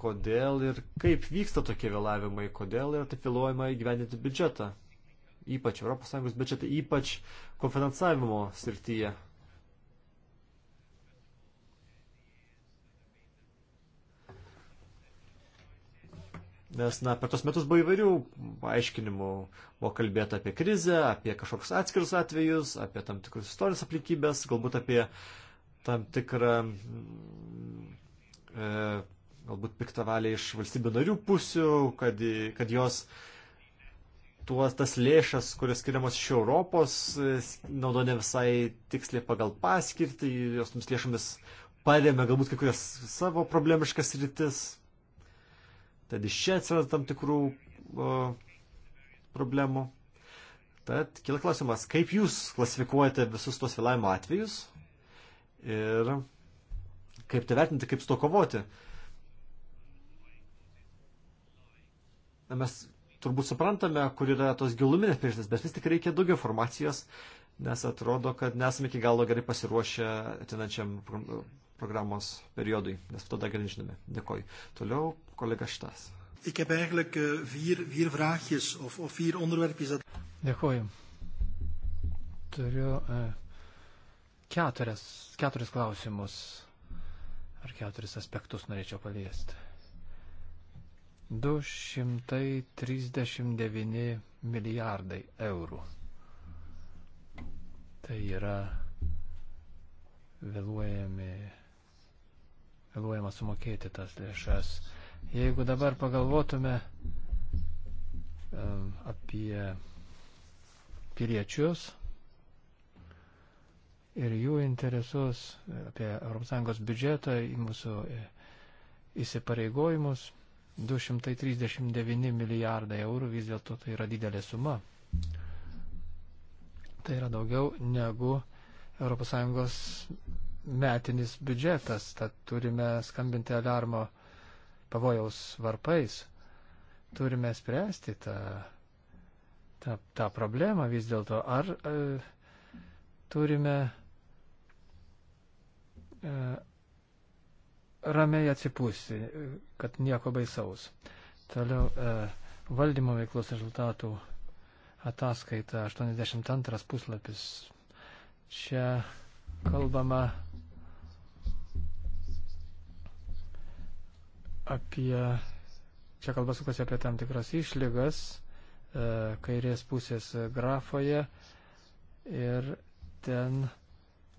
kodėl ir kaip vyksta tokie vėlavimai, kodėl yra taip vėluojama įgyvendinti biudžetą, ypač ES biudžetą, ypač kofinansavimo srityje. Nes, na, per tos metus buvo įvairių aiškinimų. Buvo kalbėta apie krizę, apie kažkoks atskirus atvejus, apie tam tikrus istorinės aplinkybės, galbūt apie tam tikrą mm, e, galbūt piktavaliai iš valstybių narių pusių, kad, kad jos tuos tas lėšas, kurios skiriamos iš Europos, e, naudo ne visai tiksliai pagal paskirtį, jos toms lėšomis paremia galbūt kai kurias savo problemiškas rytis. Tad iš čia atsiranda tam tikrų o, problemų. Tad kila klausimas, kaip jūs klasifikuojate visus tos vėlavimo atvejus ir kaip tai vertinti, kaip su to kovoti. Na, mes turbūt suprantame, kur yra tos giluminės priežastys, bet vis tik reikia daugiau informacijos, nes atrodo, kad nesame iki galo gerai pasiruošę atinančiam programos periodui, nes tada gerai žinome. Dėkoju. Toliau kolega Štas. Ik heb eigenlijk uh, vier, vier vraagjes of, of vier onderwerpjes. Dat... Dėkoju. Turiu uh, keturias, keturis klausimus ar keturis aspektus norėčiau paliesti. 239 milijardai eurų. Tai yra vėluojami, vėluojama sumokėti tas lėšas. Jeigu dabar pagalvotume um, apie piliečius ir jų interesus, apie ES biudžetą, į mūsų e, įsipareigojimus, 239 milijardai eurų vis dėlto tai yra didelė suma. Tai yra daugiau negu ES metinis biudžetas, tad turime skambinti alarmo pavojaus varpais. Turime spręsti tą, tą, tą problemą vis dėlto. Ar e, turime. E, ramiai atsipūsti, kad nieko baisaus. Toliau e, valdymo veiklos rezultatų ataskaita 82 puslapis. Čia kalbama apie, čia kalba sukasi apie tam tikras išlygas e, kairės pusės grafoje ir ten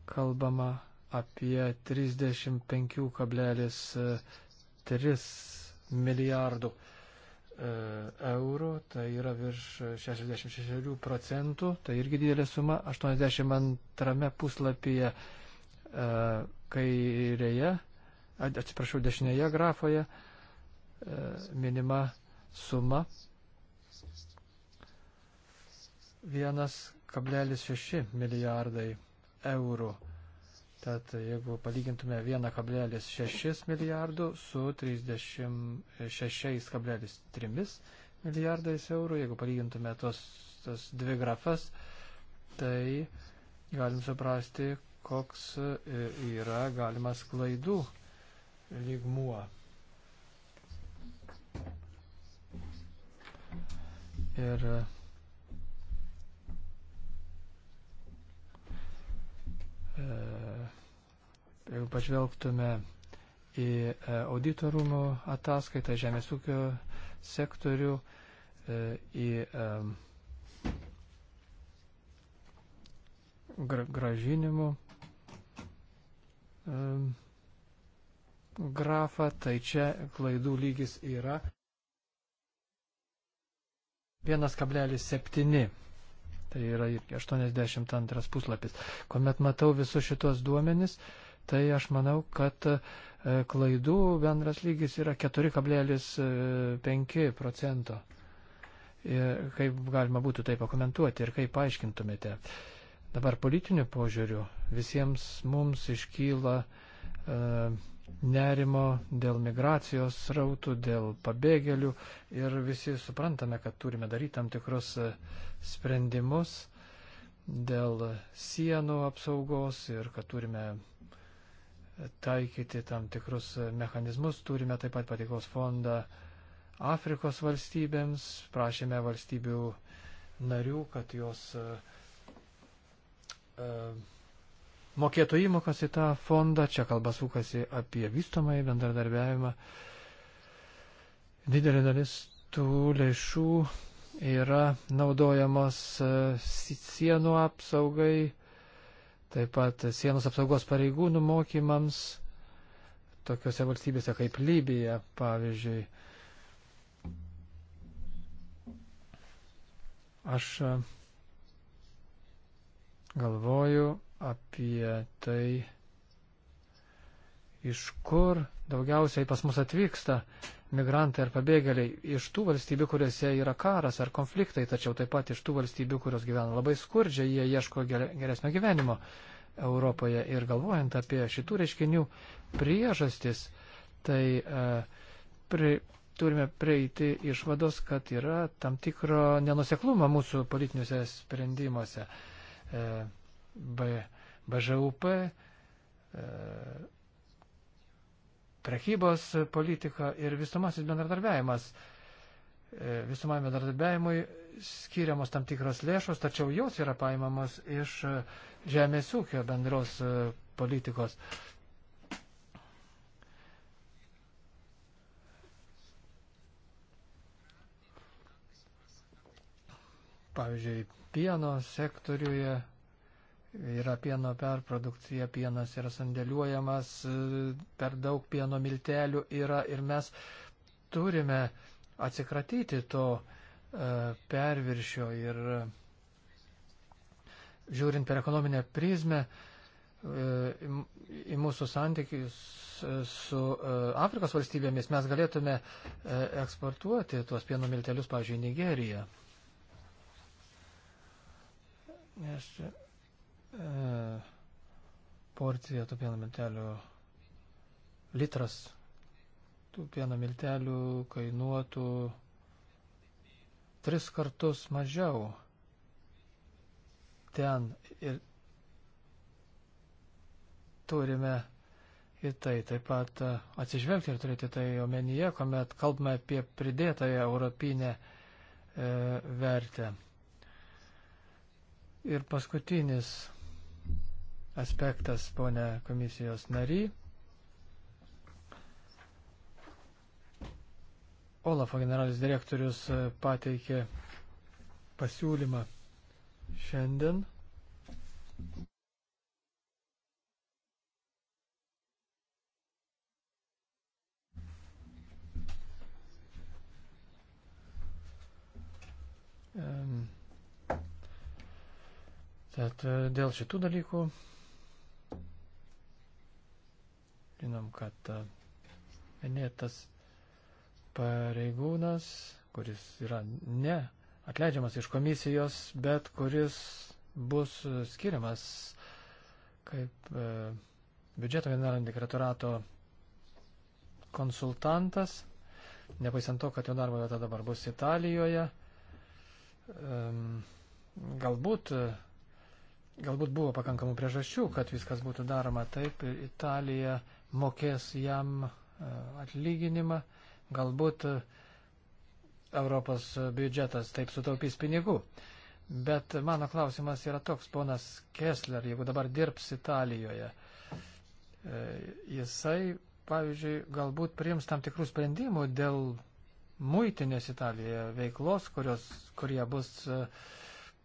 kalbama apie 35,3 milijardų e, eurų, tai yra virš 66 procentų, tai irgi didelė suma, 82 puslapyje e, kairėje, atsiprašau, dešinėje grafoje e, minima suma 1,6 milijardai eurų. Tad jeigu palygintume 1,6 milijardų su 36,3 milijardais eurų, jeigu palygintume tos, tos dvi grafas, tai galim suprasti, koks e, yra galimas klaidų lygmuo. Ir E, jeigu pažvelgtume į e, auditorumų ataskaitą, žemės ūkio sektorių, e, į gražinimų grafą, tai čia klaidų lygis yra 1,7 Tai yra 82 puslapis. Komet matau visus šitos duomenis, tai aš manau, kad e, klaidų bendras lygis yra 4,5 procento. Ir e, kaip galima būtų tai pakomentuoti ir kaip paaiškintumėte. Dabar politiniu požiūriu visiems mums iškyla e, nerimo, dėl migracijos srautų, dėl pabėgėlių ir visi suprantame, kad turime daryti tam tikrus e, sprendimus dėl sienų apsaugos ir kad turime taikyti tam tikrus e, mechanizmus. Turime taip pat patikos fondą Afrikos valstybėms, prašėme valstybių narių, kad jos uh, mokėtų įmokas į tą fondą, čia kalba sukasi apie vystomą į bendradarbiavimą. Didelė dalis tų lėšų yra naudojamos e, sienų apsaugai, taip pat sienos apsaugos pareigūnų mokymams, tokiuose valstybėse kaip Libija, pavyzdžiui. Aš e, galvoju, apie tai, iš kur daugiausiai pas mus atvyksta migrantai ar pabėgėliai iš tų valstybių, kuriuose yra karas ar konfliktai, tačiau taip pat iš tų valstybių, kurios gyvena labai skurdžiai, jie ieško geresnio gyvenimo Europoje. Ir galvojant apie šitų reiškinių priežastis, tai e, pri, turime prieiti išvados, kad yra tam tikro nenuseklumo mūsų politiniuose sprendimuose. E, B, BŽUP, e, prekybos politika ir visumasis bendradarbiavimas. E, visumam bendradarbiavimui skiriamos tam tikros lėšos, tačiau jos yra paimamos iš e, žemės ūkio bendros politikos. Pavyzdžiui, pieno sektoriuje yra pieno perprodukcija, pienas yra sandėliuojamas, per daug pieno miltelių yra ir mes turime atsikratyti to e, perviršio ir žiūrint per ekonominę prizmę e, į mūsų santykius su e, Afrikos valstybėmis mes galėtume eksportuoti tuos pieno miltelius, pavyzdžiui, į Nigeriją. Nes E, porcija tų pieno miltelių, litras tų pieno miltelių kainuotų tris kartus mažiau ten ir turime į tai taip pat e, atsižvelgti ir turėti tai omenyje, kuomet kalbame apie pridėtąją europinę e, vertę. Ir paskutinis aspektas, ponė komisijos nary. Olafo generalinis direktorius pateikė pasiūlymą šiandien. Tad dėl šitų dalykų Žinom, kad minėtas e, pareigūnas, kuris yra ne atleidžiamas iš komisijos, bet kuris bus skiriamas kaip e, biudžeto generalinio dekretorato konsultantas, nepaisant to, kad jo darbo vieta dabar bus Italijoje. E, galbūt galbūt buvo pakankamų priežasčių, kad viskas būtų daroma taip. Italija mokės jam e, atlyginimą, galbūt e, Europos biudžetas taip sutaupys pinigų. Bet mano klausimas yra toks, ponas Kessler, jeigu dabar dirbs Italijoje, e, jisai, pavyzdžiui, galbūt priims tam tikrų sprendimų dėl muitinės Italijoje veiklos, kurios, kurie bus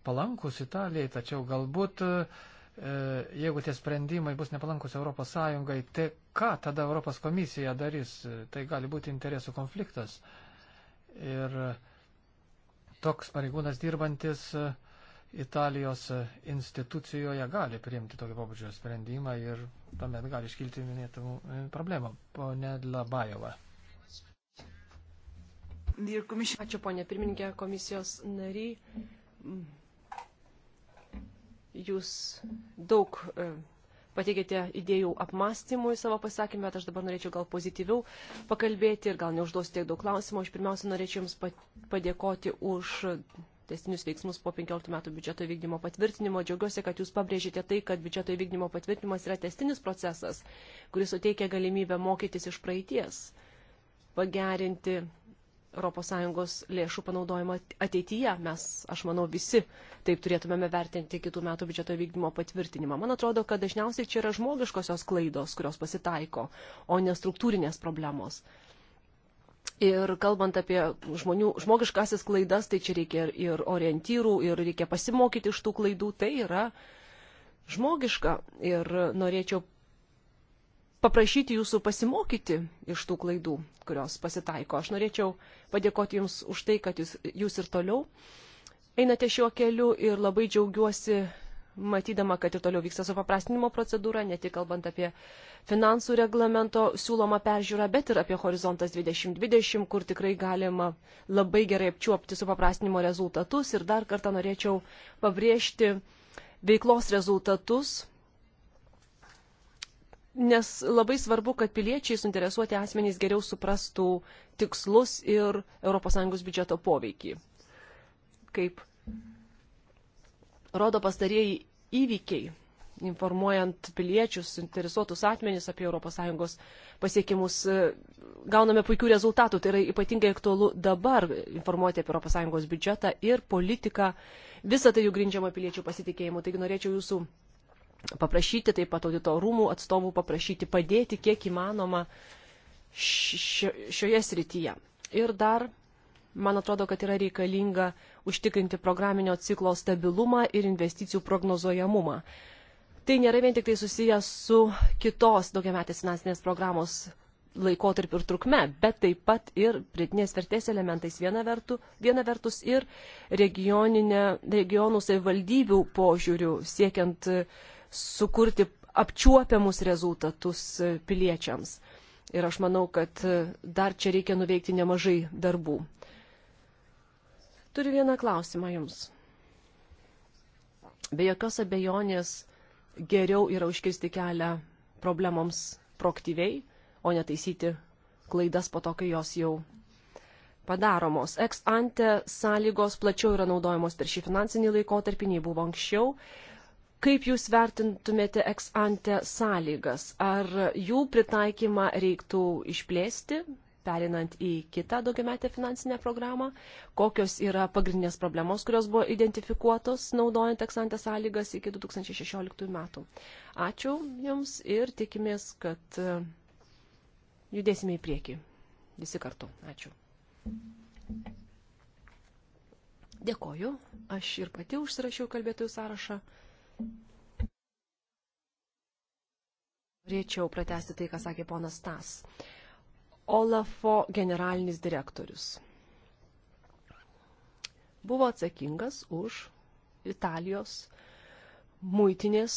palankus Italijai, tačiau galbūt uh, E, jeigu tie sprendimai bus nepalankus Europos Sąjungai, tai ką tada Europos komisija darys? Tai gali būti interesų konfliktas. Ir toks pareigūnas dirbantis Italijos institucijoje gali priimti tokį pobūdžio sprendimą ir tuomet gali iškilti minėtų e, problemų. Pone Labajova. Ačiū, ponė pirmininkė, komisijos nariai Jūs daug e, pateikėte idėjų apmąstymui savo pasakymę, bet aš dabar norėčiau gal pozityviau pakalbėti ir gal neužduosiu tiek daug klausimų. Aš pirmiausia norėčiau Jums padėkoti už testinius veiksmus po 15 metų biudžeto įvykdymo patvirtinimo. Džiaugiuosi, kad Jūs pabrėžėte tai, kad biudžeto įvykdymo patvirtinimas yra testinis procesas, kuris suteikia galimybę mokytis iš praeities, pagerinti ES lėšų panaudojimą ateityje. Mes, aš manau, visi taip turėtumėme vertinti kitų metų biudžeto vykdymo patvirtinimą. Man atrodo, kad dažniausiai čia yra žmogiškosios klaidos, kurios pasitaiko, o ne struktūrinės problemos. Ir kalbant apie žmonių, žmogiškasis klaidas, tai čia reikia ir orientyrų, ir reikia pasimokyti iš tų klaidų. Tai yra žmogiška. Ir norėčiau paprašyti jūsų pasimokyti iš tų klaidų, kurios pasitaiko. Aš norėčiau padėkoti Jums už tai, kad Jūs, jūs ir toliau einate šiuo keliu ir labai džiaugiuosi matydama, kad ir toliau vyksta supaprastinimo procedūra, ne tik kalbant apie finansų reglamento siūlomą peržiūrą, bet ir apie horizontas 2020, kur tikrai galima labai gerai apčiuopti supaprastinimo rezultatus. Ir dar kartą norėčiau pabrėžti veiklos rezultatus nes labai svarbu, kad piliečiai suinteresuoti asmenys geriau suprastų tikslus ir ES biudžeto poveikį. Kaip rodo pastarieji įvykiai, informuojant piliečius, interesuotus atmenys apie ES pasiekimus, gauname puikių rezultatų. Tai yra ypatingai aktualu dabar informuoti apie ES biudžetą ir politiką. Visą tai jų grindžiama piliečių pasitikėjimu. Taigi norėčiau jūsų paprašyti taip pat audito rūmų atstovų paprašyti padėti kiek įmanoma šioje srityje. Ir dar, man atrodo, kad yra reikalinga užtikrinti programinio ciklo stabilumą ir investicijų prognozojamumą. Tai nėra vien tik tai susijęs su kitos daugiametės finansinės programos laikotarpiu ir trukme, bet taip pat ir pridinės vertės elementais viena, vertu, viena vertus ir regionų savivaldybių požiūrių siekiant uh, sukurti apčiuopiamus rezultatus piliečiams. Ir aš manau, kad dar čia reikia nuveikti nemažai darbų. Turiu vieną klausimą jums. Be jokios abejonės geriau yra užkirsti kelią problemoms proaktyviai, o netaisyti klaidas po to, kai jos jau padaromos. Ex ante sąlygos plačiau yra naudojamos per šį finansinį laikotarpį, nei buvo anksčiau. Kaip jūs vertintumėte ex ante sąlygas? Ar jų pritaikymą reiktų išplėsti, perinant į kitą daugiametę finansinę programą? Kokios yra pagrindinės problemos, kurios buvo identifikuotos naudojant ex ante sąlygas iki 2016 metų? Ačiū Jums ir tikimės, kad e, judėsime į priekį. Visi kartu. Ačiū. Dėkoju. Aš ir pati užsirašiau kalbėtojų sąrašą. Norėčiau pratesti tai, ką sakė ponas Tas. Olafo generalinis direktorius buvo atsakingas už Italijos muitinės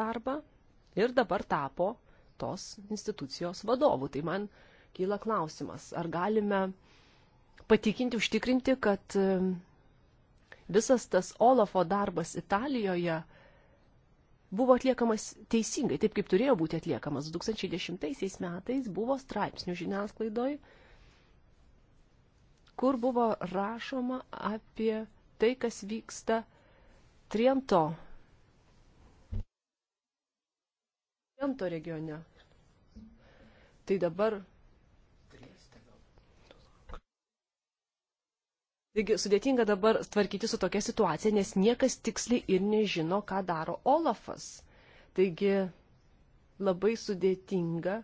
darbą ir dabar tapo tos institucijos vadovu. Tai man kyla klausimas, ar galime patikinti, užtikrinti, kad visas tas Olafo darbas Italijoje buvo atliekamas teisingai, taip kaip turėjo būti atliekamas. 2010 metais buvo straipsnių žiniasklaidoj, kur buvo rašoma apie tai, kas vyksta Triento. Triento regione. Tai dabar Taigi sudėtinga dabar tvarkyti su tokia situacija, nes niekas tiksliai ir nežino, ką daro Olafas. Taigi labai sudėtinga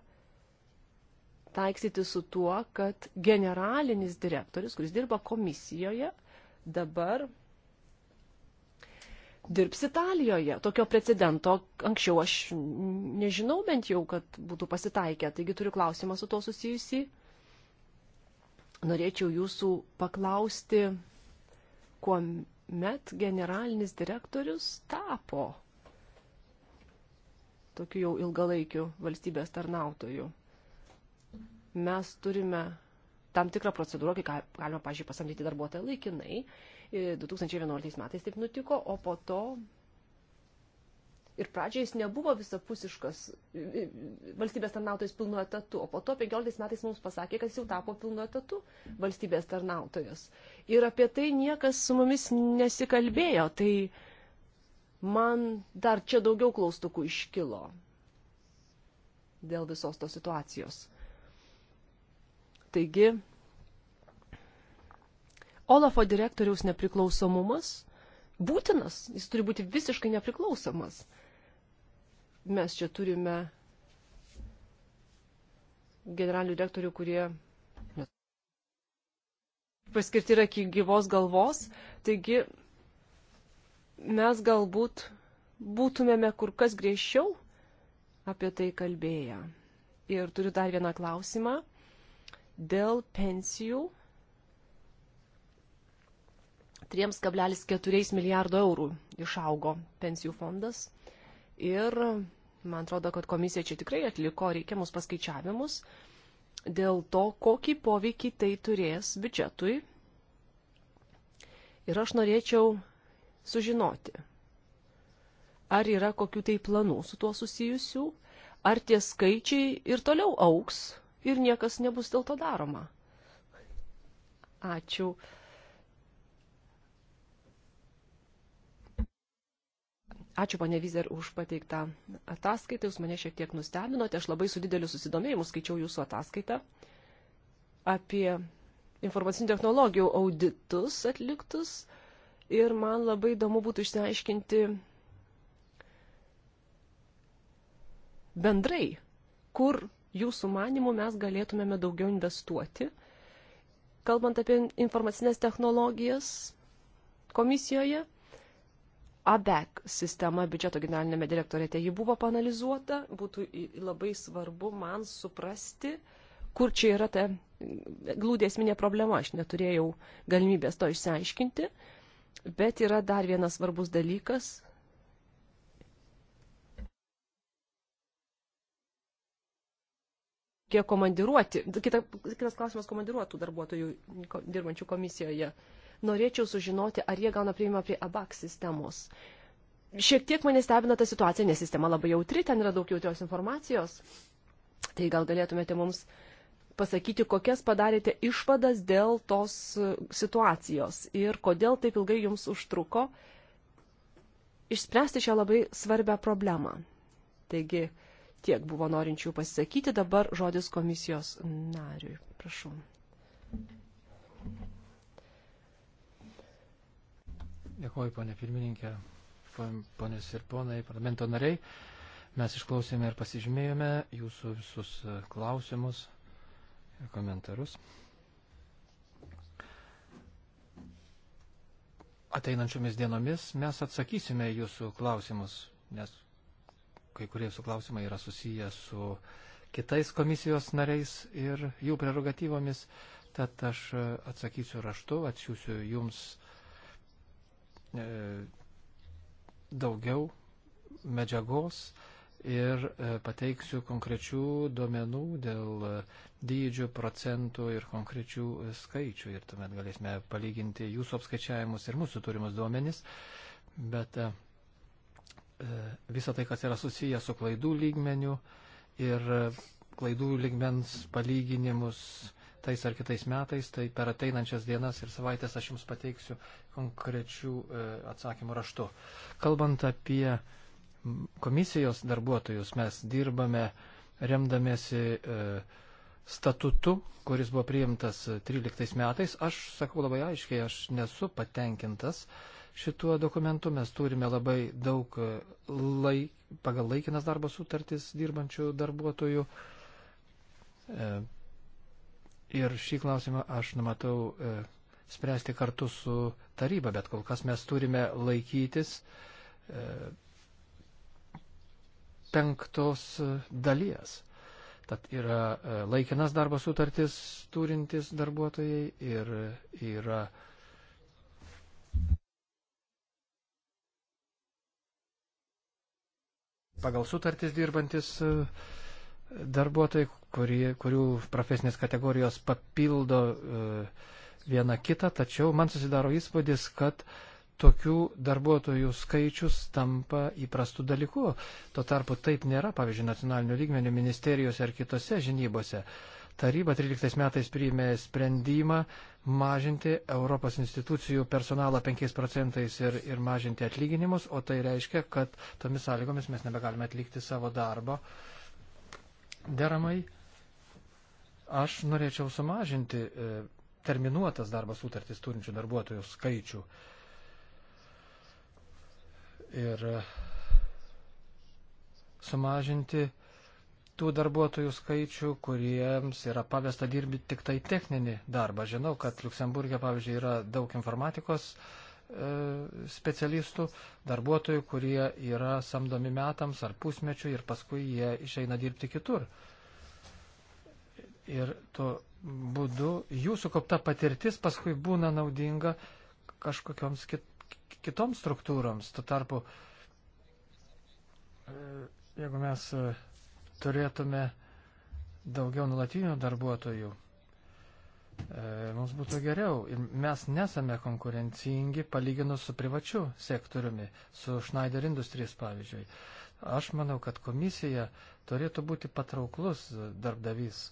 taiksyti su tuo, kad generalinis direktorius, kuris dirba komisijoje, dabar dirbs Italijoje. Tokio precedento anksčiau aš nežinau bent jau, kad būtų pasitaikę. Taigi turiu klausimą su to susijusi norėčiau jūsų paklausti, kuomet generalinis direktorius tapo tokiu jau ilgalaikiu valstybės tarnautoju. Mes turime tam tikrą procedūrą, kai galima, pažiūrėjau, pasamdyti darbuotoją laikinai. 2011 metais taip nutiko, o po to Ir pradžiai jis nebuvo visapusiškas valstybės tarnautojas pilnu etatu, o po to 15 metais mums pasakė, kad jis jau tapo pilnu etatu valstybės tarnautojas. Ir apie tai niekas su mumis nesikalbėjo, tai man dar čia daugiau klaustukų iškilo dėl visos tos situacijos. Taigi, Olafo direktoriaus nepriklausomumas būtinas, jis turi būti visiškai nepriklausomas mes čia turime generalinių direktorių, kurie paskirti yra iki gyvos galvos. Taigi mes galbūt būtumėme kur kas griežčiau apie tai kalbėję. Ir turiu dar vieną klausimą dėl pensijų 3,4 milijardo eurų išaugo pensijų fondas. Ir Man atrodo, kad komisija čia tikrai atliko reikiamus paskaičiavimus dėl to, kokį poveikį tai turės biudžetui. Ir aš norėčiau sužinoti, ar yra kokių tai planų su tuo susijusių, ar tie skaičiai ir toliau auks ir niekas nebus dėl to daroma. Ačiū. Ačiū, ponė Vizer, už pateiktą ataskaitą. Jūs mane šiek tiek nustebinote. Aš labai su dideliu susidomėjimu skaičiau jūsų ataskaitą apie informacinių technologijų auditus atliktus. Ir man labai įdomu būtų išsiaiškinti bendrai, kur jūsų manimų mes galėtumėme daugiau investuoti. Kalbant apie informacinės technologijas komisijoje, ABEC sistema biudžeto generalinėme direktorėte, ji buvo panalizuota, būtų labai svarbu man suprasti, kur čia yra ta glūdė esminė problema, aš neturėjau galimybės to išsiaiškinti, bet yra dar vienas svarbus dalykas. Komandiruoti. Kita, kitas klausimas komandiruotų darbuotojų dirbančių komisijoje. Uh, norėčiau sužinoti, ar jie gauna prieimą prie ABAC sistemos. Šiek tiek mane stebina ta situacija, nes sistema labai jautri, ten yra daug jautrios informacijos. Tai gal galėtumėte mums pasakyti, kokias padarėte išvadas dėl tos e, situacijos ir kodėl taip ilgai jums užtruko išspręsti šią labai svarbią problemą. Taigi tiek buvo norinčių pasisakyti, dabar žodis komisijos nariui. Prašau. Dėkuoju, ponė pirmininkė, ponės ir ponai, parlamento nariai. Mes išklausėme ir pasižymėjome jūsų visus e, klausimus ir komentarus. Ateinančiomis dienomis mes atsakysime jūsų klausimus, nes kai kurie jūsų klausimai yra susiję su kitais komisijos nariais ir jų prerogatyvomis. Tad aš e, atsakysiu raštu, atsiųsiu jums E, daugiau medžiagos ir e, pateiksiu konkrečių duomenų dėl dydžių, procentų ir konkrečių e, skaičių. Ir tuomet galėsime palyginti jūsų apskaičiavimus ir mūsų turimus duomenis. Bet visą tai, kas yra susiję su klaidų lygmeniu ir klaidų lygmens palyginimus tais ar kitais metais, tai per ateinančias dienas ir savaitės aš jums pateiksiu konkrečių e, atsakymų raštu. Kalbant apie komisijos darbuotojus, mes dirbame remdamėsi e, statutu, kuris buvo priimtas 13 metais. Aš sakau labai aiškiai, aš nesu patenkintas šituo dokumentu. Mes turime labai daug e, laik, pagal laikinas darbo sutartis dirbančių darbuotojų. Ir šį klausimą aš numatau spręsti kartu su taryba, bet kol kas mes turime laikytis e, penktos dalies. Tad yra e, laikinas darbo sutartis turintys darbuotojai ir yra. Pagal sutartis dirbantis e, darbuotojai, kurie, kurių profesinės kategorijos papildo uh, viena kitą, tačiau man susidaro įspūdis, kad tokių darbuotojų skaičius tampa įprastų dalykų. Tuo tarpu taip nėra, pavyzdžiui, nacionalinių lygmenių ministerijose ar kitose žinybose. Taryba 13 metais priėmė sprendimą mažinti Europos institucijų personalą 5 procentais ir, ir mažinti atlyginimus, o tai reiškia, kad tomis sąlygomis mes nebegalime atlikti savo darbo deramai. Aš norėčiau sumažinti e, terminuotas darbo sutartis turinčių darbuotojų skaičių. Ir e, sumažinti tų darbuotojų skaičių, kuriems yra pavesta dirbti tik tai techninį darbą. Žinau, kad Luksemburgė, pavyzdžiui, yra daug informatikos e, specialistų, darbuotojų, kurie yra samdomi metams ar pusmečių ir paskui jie išeina dirbti kitur. Ir tuo būdu jūsų kopta patirtis paskui būna naudinga kažkokioms kit, kitoms struktūroms. Tuo tarpu, e, jeigu mes e, turėtume daugiau nulatinių darbuotojų, e, mums būtų geriau. Ir mes nesame konkurencingi palyginus su privačiu sektoriumi, su Schneider Industries pavyzdžiui. Aš manau, kad komisija turėtų būti patrauklus darbdavys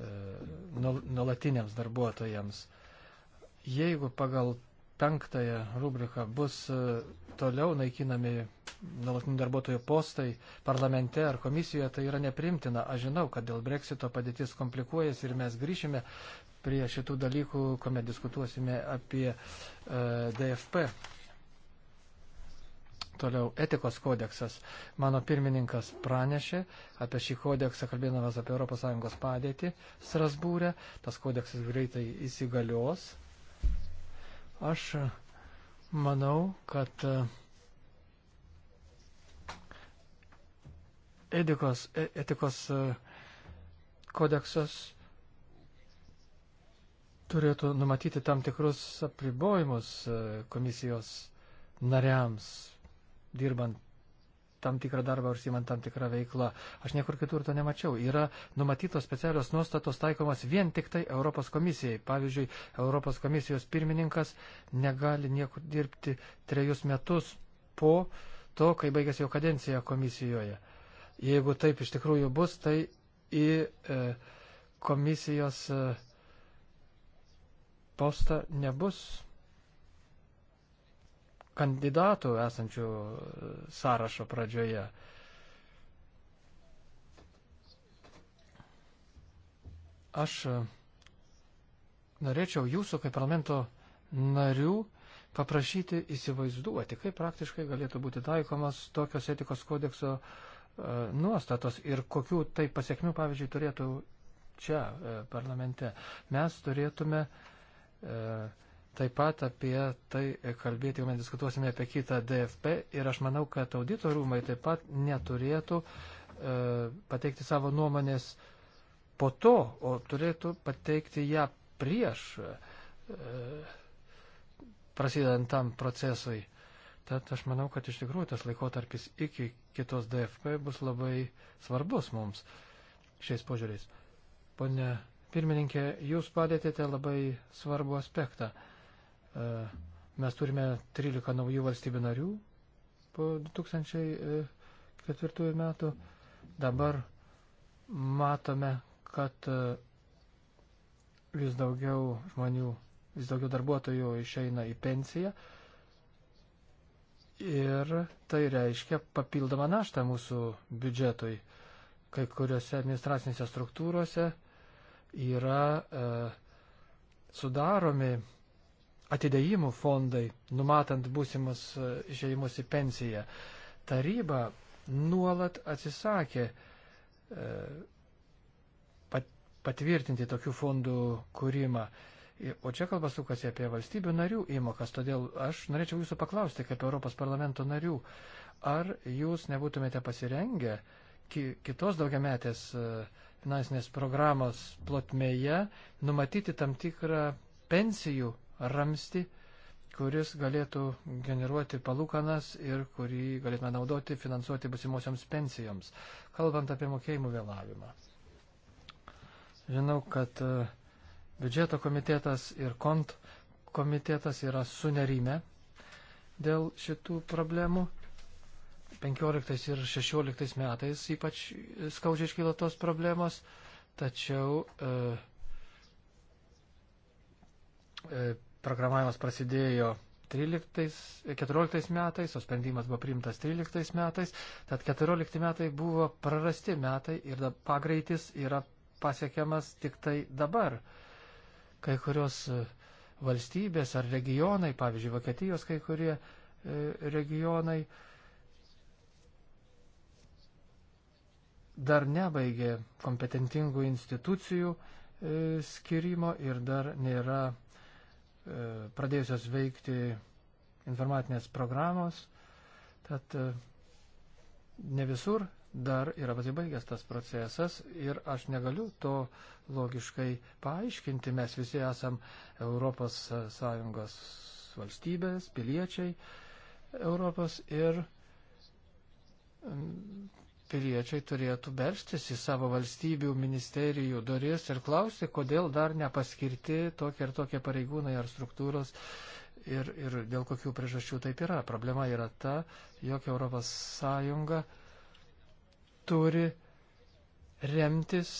E, nuolatiniams darbuotojams. Jeigu pagal penktąją rubriką bus e, toliau naikinami nuolatinių darbuotojų postai parlamente ar komisijoje, tai yra neprimtina. Aš žinau, kad dėl breksito padėtis komplikuojasi ir mes grįšime prie šitų dalykų, kuomet diskutuosime apie e, DFP Toliau etikos kodeksas. Mano pirmininkas pranešė apie šį kodeksą, kalbėdamas apie ES padėtį Strasbūrė. Tas kodeksas greitai įsigalios. Aš e, manau, kad e, etikos, e, etikos kodeksas turėtų numatyti tam tikrus apribojimus komisijos nariams dirbant tam tikrą darbą, užsimant tam tikrą veiklą. Aš niekur kitur to nemačiau. Yra numatytos specialios nuostatos taikomas vien tik tai Europos komisijai. Pavyzdžiui, Europos komisijos pirmininkas negali niekur dirbti trejus metus po to, kai baigėsi jo kadencija komisijoje. Jeigu taip iš tikrųjų bus, tai į e, komisijos e, postą nebus kandidatų esančių sąrašo pradžioje. Aš norėčiau jūsų kaip parlamento narių paprašyti įsivaizduoti, kaip praktiškai galėtų būti taikomas tokios etikos kodekso e, nuostatos ir kokių tai pasiekmių, pavyzdžiui, turėtų čia e, parlamente. Mes turėtume uh, Taip pat apie tai kalbėti, jau mes diskutuosime apie kitą DFP ir aš manau, kad audito rūmai taip pat neturėtų e, pateikti savo nuomonės po to, o turėtų pateikti ją prieš e, prasidedant tam procesui. Tad aš manau, kad iš tikrųjų tas laikotarpis iki kitos DFP bus labai svarbus mums šiais požiūriais. Pone pirmininkė, jūs padėtėte labai svarbų aspektą. E, mes turime 13 naujų valstybių narių po 2004 e, metų. Dabar matome, kad e, vis daugiau žmonių, vis daugiau darbuotojų išeina į pensiją. Ir tai reiškia papildomą naštą mūsų biudžetui. Kai kuriuose administracinėse struktūrose yra e, sudaromi atidėjimų fondai, numatant būsimus e, išėjimus į pensiją. Taryba nuolat atsisakė e, patvirtinti tokių fondų kūrimą. O čia kalba sukasi apie valstybių narių įmokas, todėl aš norėčiau jūsų paklausti, kaip Europos parlamento narių, ar jūs nebūtumėte pasirengę kitos daugiametės e, finansinės programos plotmėje numatyti tam tikrą pensijų ramsti, kuris galėtų generuoti palūkanas ir kurį galėtume naudoti finansuoti busimuosiams pensijoms, kalbant apie mokėjimų vėlavimą. Žinau, kad e, biudžeto komitetas ir kont komitetas yra sunerime dėl šitų problemų. 15 ir 16 metais ypač skaudžiai iškyla tos problemos, tačiau e, E, programavimas prasidėjo 13, 14 metais, o sprendimas buvo priimtas 13 metais, tad 14 metai buvo prarasti metai ir pagreitis yra pasiekiamas tik tai dabar. Kai kurios e, valstybės ar regionai, pavyzdžiui, Vokietijos kai kurie e, regionai dar nebaigė kompetentingų institucijų skirimo ir dar nėra E, pradėjusios veikti informatinės programos, tad e, ne visur dar yra pasibaigęs tas procesas ir aš negaliu to logiškai paaiškinti. Mes visi esam ES valstybės, piliečiai Europos ir piliečiai turėtų berstis į savo valstybių ministerijų duris ir klausti, kodėl dar nepaskirti tokie ir tokie pareigūnai ar struktūros ir, ir dėl kokių priežasčių taip yra. Problema yra ta, jog ES turi remtis,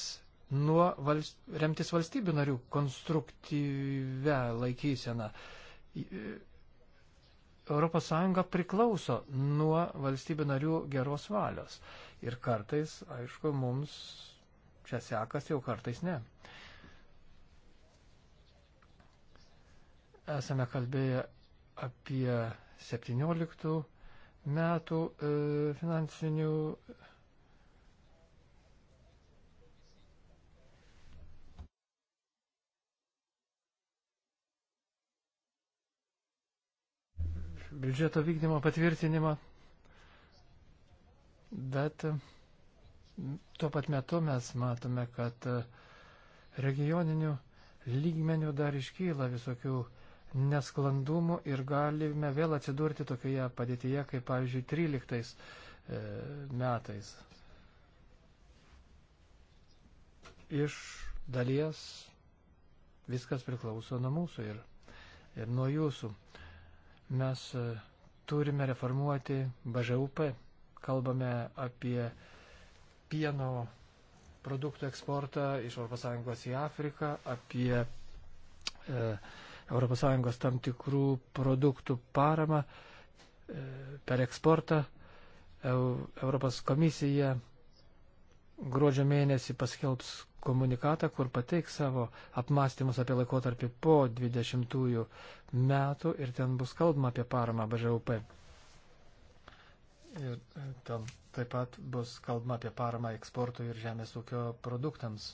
nuo, valst, remtis valstybių narių konstruktyvę laikyseną ES priklauso nuo valstybių narių geros valios. Ir kartais, aišku, mums čia sekasi, o kartais ne. Esame kalbėję apie 17 metų e, finansinių biudžeto vykdymo patvirtinimą, bet tuo pat metu mes matome, kad e, regioninių lygmenių dar iškyla visokių nesklandumų ir galime vėl atsidurti tokioje padėtyje, kaip pavyzdžiui, 13 e, metais. Iš dalies viskas priklauso nuo mūsų ir, ir nuo jūsų. Mes e, turime reformuoti BŽUP, kalbame apie pieno produktų eksportą iš ES į Afriką, apie e, ES tam tikrų produktų paramą e, per eksportą. E, Europos komisija gruodžio mėnesį paskelbs komunikatą, kur pateik savo apmąstymus apie laikotarpį po 20 metų ir ten bus kalbama apie paramą BŽUP. Ir e, ten taip pat bus kalbama apie paramą eksportui ir žemės ūkio produktams.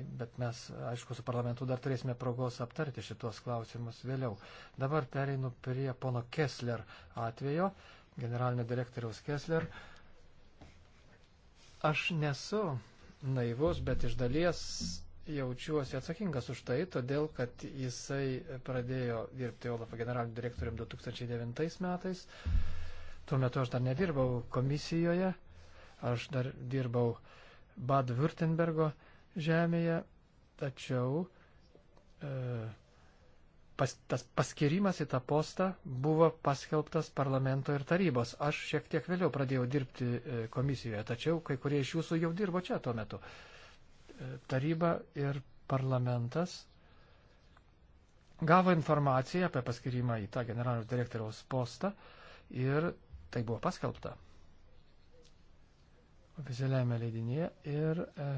Bet mes, aišku, su parlamentu dar turėsime progos aptarti šitos klausimus vėliau. Dabar pereinu prie pono Kessler atvejo, generalinio direktoriaus Kessler. Aš nesu naivus, bet iš dalies jaučiuosi atsakingas už tai, todėl kad jisai pradėjo dirbti Olafo generaliniu direktoriumi 2009 metais. Tuo metu aš dar nedirbau komisijoje, aš dar dirbau Bad Württembergo žemėje, tačiau e, pas, tas paskirimas į tą postą buvo paskelbtas parlamento ir tarybos. Aš šiek tiek vėliau pradėjau dirbti e, komisijoje, tačiau kai kurie iš jūsų jau dirbo čia tuo metu. E, taryba ir parlamentas gavo informaciją apie paskirimą į tą generalinio direktoriaus postą ir tai buvo paskelbta oficialiame leidinėje ir e,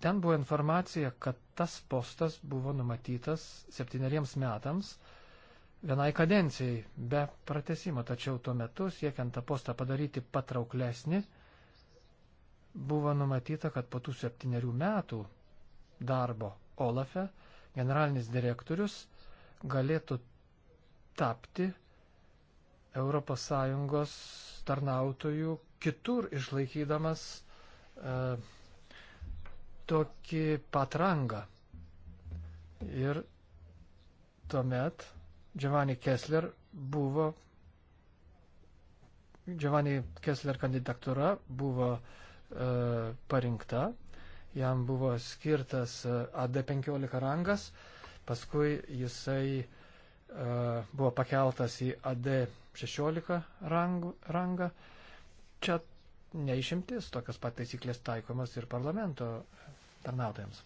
Ten buvo informacija, kad tas postas buvo numatytas septyneriems metams vienai kadencijai be pratesimo, tačiau tuo metu, siekiant tą postą padaryti patrauklesnį, buvo numatyta, kad po tų septyniarių metų darbo Olafe generalinis direktorius galėtų tapti ES tarnautojų kitur išlaikydamas uh, e, tokį patrangą. Ir tuomet Giovanni Kessler buvo, Giovanni Kessler kandidatūra buvo e, parinkta, jam buvo skirtas e, AD15 rangas, paskui jisai e, buvo pakeltas į AD16 rangų, rangą. Čia neišimtis, tokios pat taisyklės taikomas ir parlamento tarnautojams.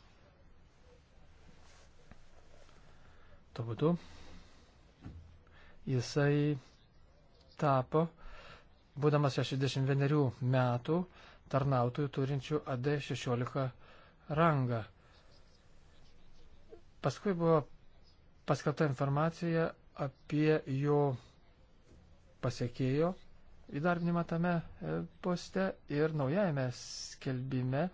Tuo būdu jisai tapo, būdamas 61 metų, tarnautojų turinčių AD16 rangą. Paskui buvo paskelbta informacija apie jo pasiekėjo įdarbinimą tame e, poste ir naujajame skelbime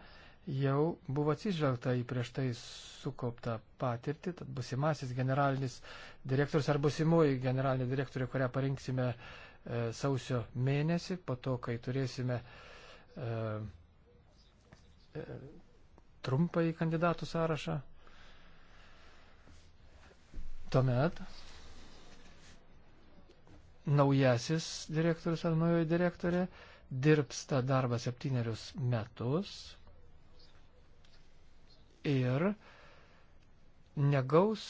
jau buvo atsižvelgta į prieš tai sukauptą patirtį, tad busimasis generalinis direktorius ar busimoji generalinė direktorė, kurią parinksime e, sausio mėnesį, po to, kai turėsime e, e, trumpą į kandidatų sąrašą. Tuomet naujasis direktorius ar naujoji direktorė dirbs tą darbą septynerius metus ir negaus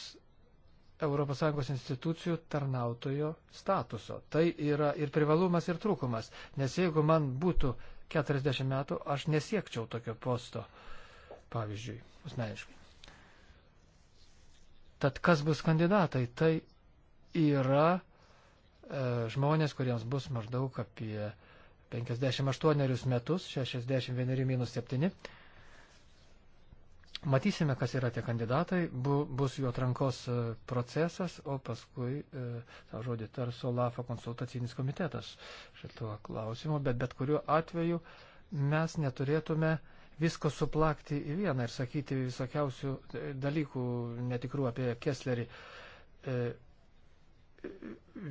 ES institucijų tarnautojo statuso. Tai yra ir privalumas, ir trūkumas, nes jeigu man būtų 40 metų, aš nesiekčiau tokio posto, pavyzdžiui, asmeniškai. Tad kas bus kandidatai? Tai yra e, žmonės, kuriems bus maždaug apie 58 metus, 61 minus 7. Matysime, kas yra tie kandidatai, bu, bus jų atrankos e, procesas, o paskui, e, tą žodį tars Olafo konsultacinis komitetas šituo klausimu, bet bet kuriuo atveju mes neturėtume visko suplakti į vieną ir sakyti visokiausių e, dalykų netikrų apie Kesslerį. E,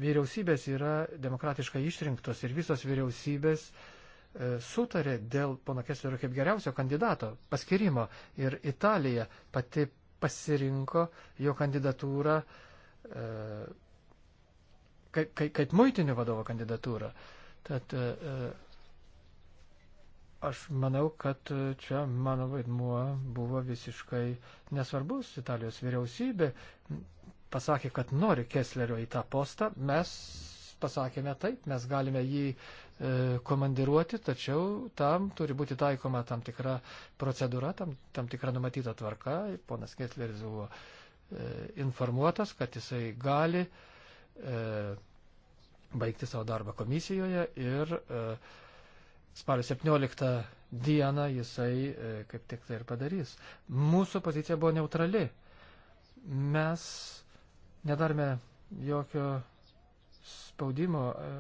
vyriausybės yra demokratiškai išrinktos ir visos vyriausybės e, E, sutarė dėl pono Keslerio kaip geriausio kandidato paskirimo ir Italija pati pasirinko jo kandidatūrą e, kaip, kaip, kaip muitinių vadovo kandidatūrą. Tad e, e, aš manau, kad čia mano vaidmuo buvo visiškai nesvarbus. Italijos vyriausybė pasakė, kad nori Keslerio į tą postą. Mes pasakėme taip, mes galime jį e, komandiruoti, tačiau tam turi būti taikoma tam tikra procedūra, tam, tam tikra numatyta tvarka. Ponas Ketleris buvo e, informuotas, kad jisai gali e, baigti savo darbą komisijoje ir e, spalio 17 dieną jisai e, kaip tik tai ir padarys. Mūsų pozicija buvo neutrali. Mes nedarme jokio spaudimo e,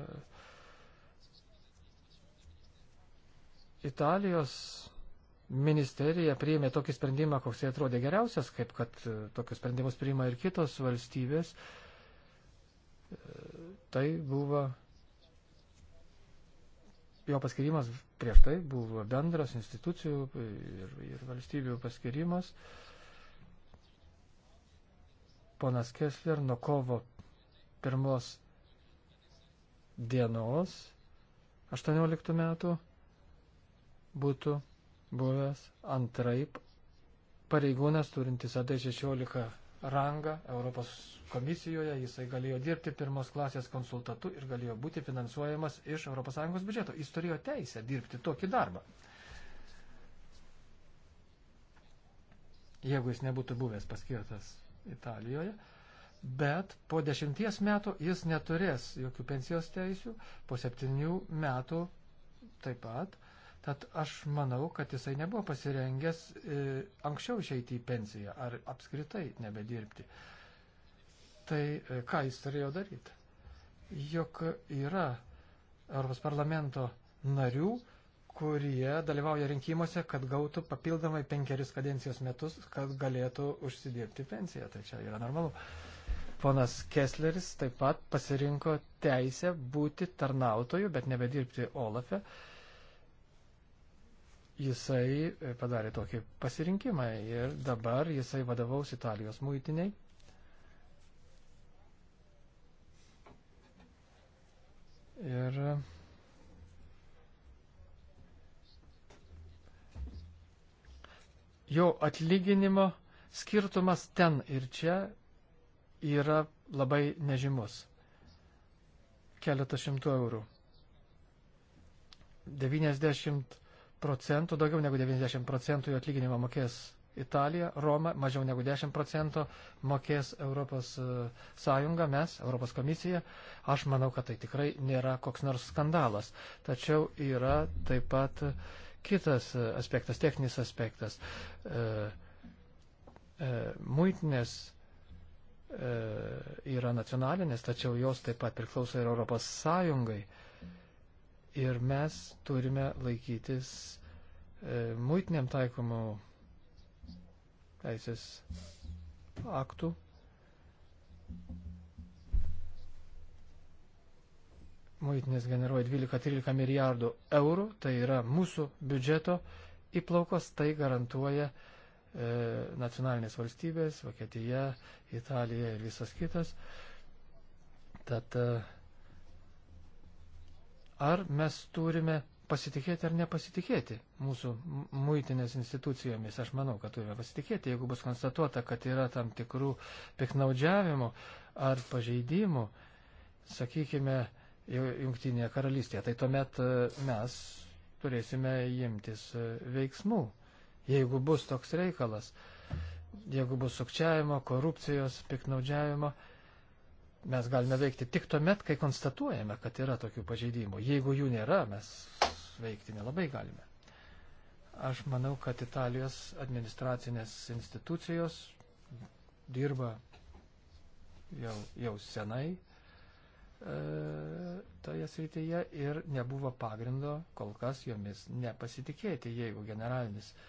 Italijos ministerija priėmė tokį sprendimą, koks jie atrodė geriausias, kaip kad e, tokius sprendimus priima ir kitos valstybės. E, tai buvo jo paskirimas prieš tai buvo bendras institucijų ir, ir valstybių paskirimas. Ponas Kessler nuo kovo pirmos dienos 18 metų būtų buvęs antraip pareigūnas turintis AD16 rangą Europos komisijoje, jisai galėjo dirbti pirmos klasės konsultatu ir galėjo būti finansuojamas iš ES biudžeto. Jis turėjo teisę dirbti tokį darbą. Jeigu jis nebūtų buvęs paskirtas Italijoje, bet po dešimties metų jis neturės jokių pensijos teisių, po septynių metų taip pat. Tad aš manau, kad jisai nebuvo pasirengęs e, anksčiau išeiti į pensiją ar apskritai nebedirbti. Tai e, ką jis turėjo daryti? Juk yra Europos parlamento narių, kurie dalyvauja rinkimuose, kad gautų papildomai penkeris kadencijos metus, kad galėtų užsidirbti pensiją. Tai čia yra normalu. E, Ponas Kessleris taip pat pasirinko teisę būti tarnautoju, bet nebedirbti Olafe. Jisai padarė tokį pasirinkimą ir dabar jisai vadovaus Italijos muitiniai. Ir jo atlyginimo skirtumas ten ir čia yra labai nežymus. Keletas šimtų eurų. 90 procentų, daugiau negu 90 procentų jų atlyginimą mokės Italija, Roma, mažiau negu 10 procentų mokės Europos e, Sąjunga, mes, Europos komisija. Aš manau, kad tai tikrai nėra koks nors skandalas. Tačiau yra taip pat kitas aspektas, techninis aspektas. E, e, muitinės E, yra nacionalinės, tačiau jos taip pat priklauso ir Europos Sąjungai. Ir mes turime laikytis e, muitiniam taikomų teisės aktų. Muitinės generuoja 12-13 milijardų eurų, tai yra mūsų biudžeto įplaukos, tai garantuoja e, E, nacionalinės valstybės, Vokietija, Italija ir visas kitas. Tad e, ar mes turime pasitikėti ar nepasitikėti mūsų muitinės institucijomis. Aš manau, kad turime pasitikėti, jeigu bus konstatuota, kad yra tam tikrų piknaudžiavimų ar pažeidimų, sakykime, jungtinėje karalystėje, tai tuomet e, mes turėsime imtis veiksmų jeigu bus toks reikalas, jeigu bus sukčiavimo, korupcijos, piknaudžiavimo, mes galime veikti tik tuo met, kai konstatuojame, kad yra tokių pažeidimų. Jeigu jų nėra, mes veikti nelabai galime. Aš manau, kad Italijos administracinės institucijos dirba jau, jau senai e, toje srityje ir nebuvo pagrindo kol kas jomis nepasitikėti, jeigu generalinis uh,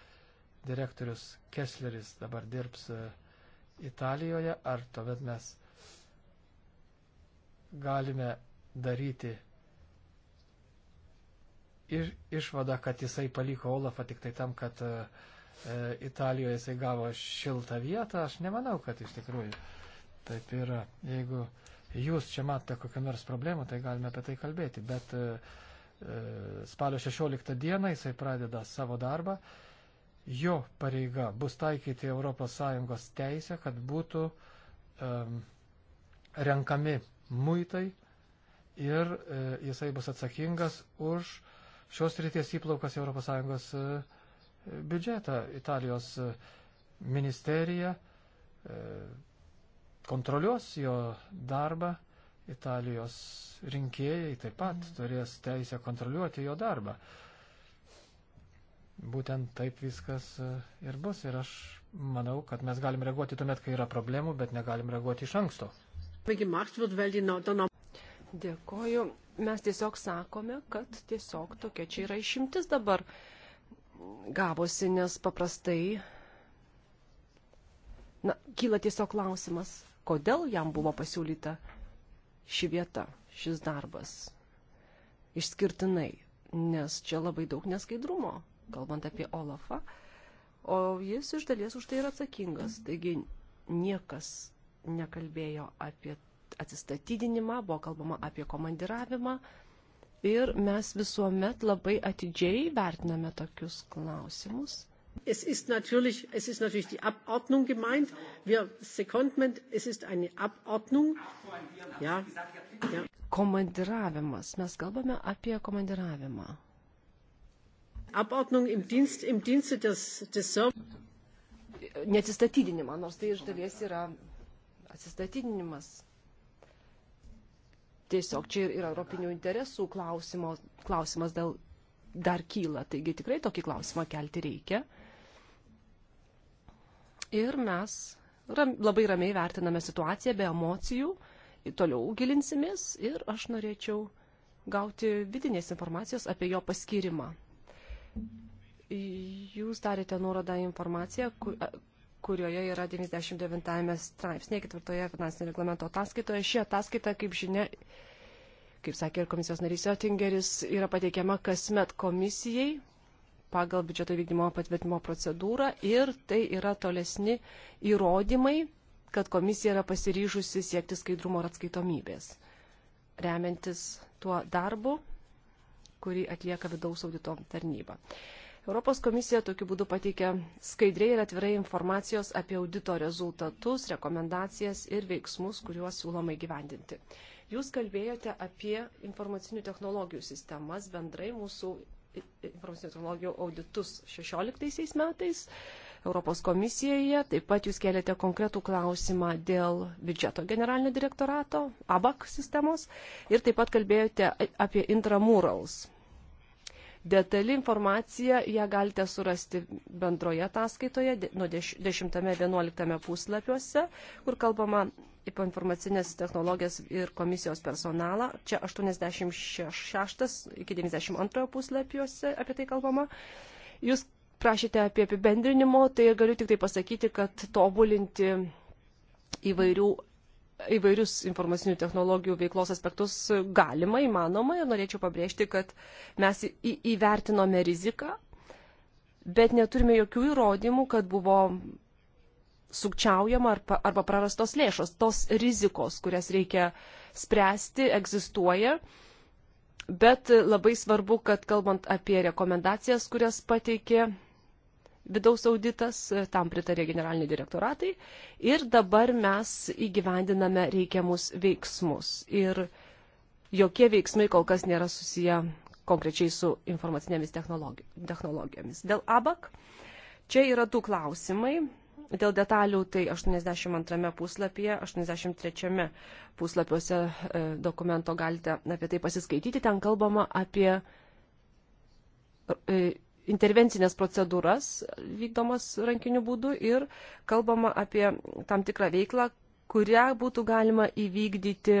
direktorius Kessleris dabar dirbs e, Italijoje, ar tuomet mes galime daryti iš, išvadą, kad jisai paliko Olafą tik tai tam, kad e, e, Italijoje jisai gavo šiltą vietą, aš nemanau, kad iš tikrųjų taip yra. Jeigu jūs čia matote kokią nors problemą, tai galime apie tai kalbėti, bet e, e spalio 16 dieną jisai pradeda savo darbą. E, jo pareiga bus taikyti ES teisę, kad būtų um, renkami muitai ir e, jisai bus atsakingas už šios ryties įplaukas ES e, biudžetą. Italijos e, ministerija e, kontroliuos jo darbą, Italijos rinkėjai taip pat turės teisę kontroliuoti jo darbą. E, būtent taip viskas e, ir bus. Ir aš manau, kad mes galim reaguoti tuomet, kai yra problemų, bet negalim reaguoti iš anksto. Dėkoju. Mes tiesiog sakome, kad tiesiog tokia čia yra išimtis dabar gavosi, nes paprastai na, kyla tiesiog klausimas, kodėl jam buvo pasiūlyta ši vieta, šis darbas išskirtinai, nes čia labai daug neskaidrumo kalbant apie Olafą, o jis iš dalies už tai yra atsakingas. Taigi niekas nekalbėjo apie atsistatydinimą, buvo kalbama apie komandiravimą ir mes visuomet labai atidžiai vertiname tokius klausimus. Es ist natürlich, es ist natürlich die Abordnung gemeint. Wir Secondment, es ist eine Abordnung. Ja, ja. Komandiravimas. Mes kalbame apie komandiravimą. Abordnung im, Dienst, im Dienste des, des Servers. Neatsistatydinimą, nors tai iš dalies yra atsistatydinimas. Tiesiog čia yra europinių interesų klausimo, klausimas dėl dar kyla, taigi tikrai tokį klausimą kelti reikia. Ir mes ram, labai ramiai vertiname situaciją be emocijų, toliau gilinsimės ir aš norėčiau gauti vidinės informacijos apie jo paskirimą. Jūs darėte nuorodą informaciją, kurioje yra 99 straipsnėje, ketvirtoje finansinio reglamento ataskaitoje. Ši ataskaita, kaip žinia, kaip sakė ir komisijos narys Jotingeris, yra pateikiama kasmet komisijai pagal biudžeto vykdymo patvirtinimo procedūrą ir tai yra tolesni įrodymai, kad komisija yra pasiryžusi siekti skaidrumo ir atskaitomybės. Remiantis tuo darbu, kurį atlieka vidaus audito tarnyba. Europos komisija tokiu būdu pateikia skaidriai ir atvirai informacijos apie audito rezultatus, rekomendacijas ir veiksmus, kuriuos siūloma įgyvendinti. Jūs kalbėjote apie informacinių technologijų sistemas, bendrai mūsų informacinių technologijų auditus 16 metais Europos komisijoje. Taip pat jūs kėlėte konkretų klausimą dėl biudžeto generalinio direktorato, ABAC sistemos ir taip pat kalbėjote apie intramurals. Detali informacija ją galite surasti bendroje ataskaitoje nuo 10-11 puslapiuose, kur kalbama apie informacinės technologijas ir komisijos personalą. Čia 86 iki 92 puslapiuose apie tai kalbama. Jūs prašėte apie apibendrinimo, tai galiu tik tai pasakyti, kad tobulinti įvairių įvairius informacinių technologijų veiklos aspektus galima, įmanoma ir norėčiau pabrėžti, kad mes į, įvertinome riziką, bet neturime jokių įrodymų, kad buvo sukčiaujama arba, arba prarastos lėšos. Tos rizikos, kurias reikia spręsti, egzistuoja, bet labai svarbu, kad kalbant apie rekomendacijas, kurias pateikė vidaus auditas, tam pritarė generaliniai direktoratai ir dabar mes įgyvendiname reikiamus veiksmus. Ir jokie veiksmai kol kas nėra susiję konkrečiai su informacinėmis technologi technologijomis. Dėl ABAK čia yra du klausimai. Dėl detalių tai 82 puslapyje, 83 puslapiuose e, dokumento galite apie tai pasiskaityti. Ten kalbama apie e, intervencinės procedūras vykdomas rankiniu būdu ir kalbama apie tam tikrą veiklą, kurią būtų galima įvykdyti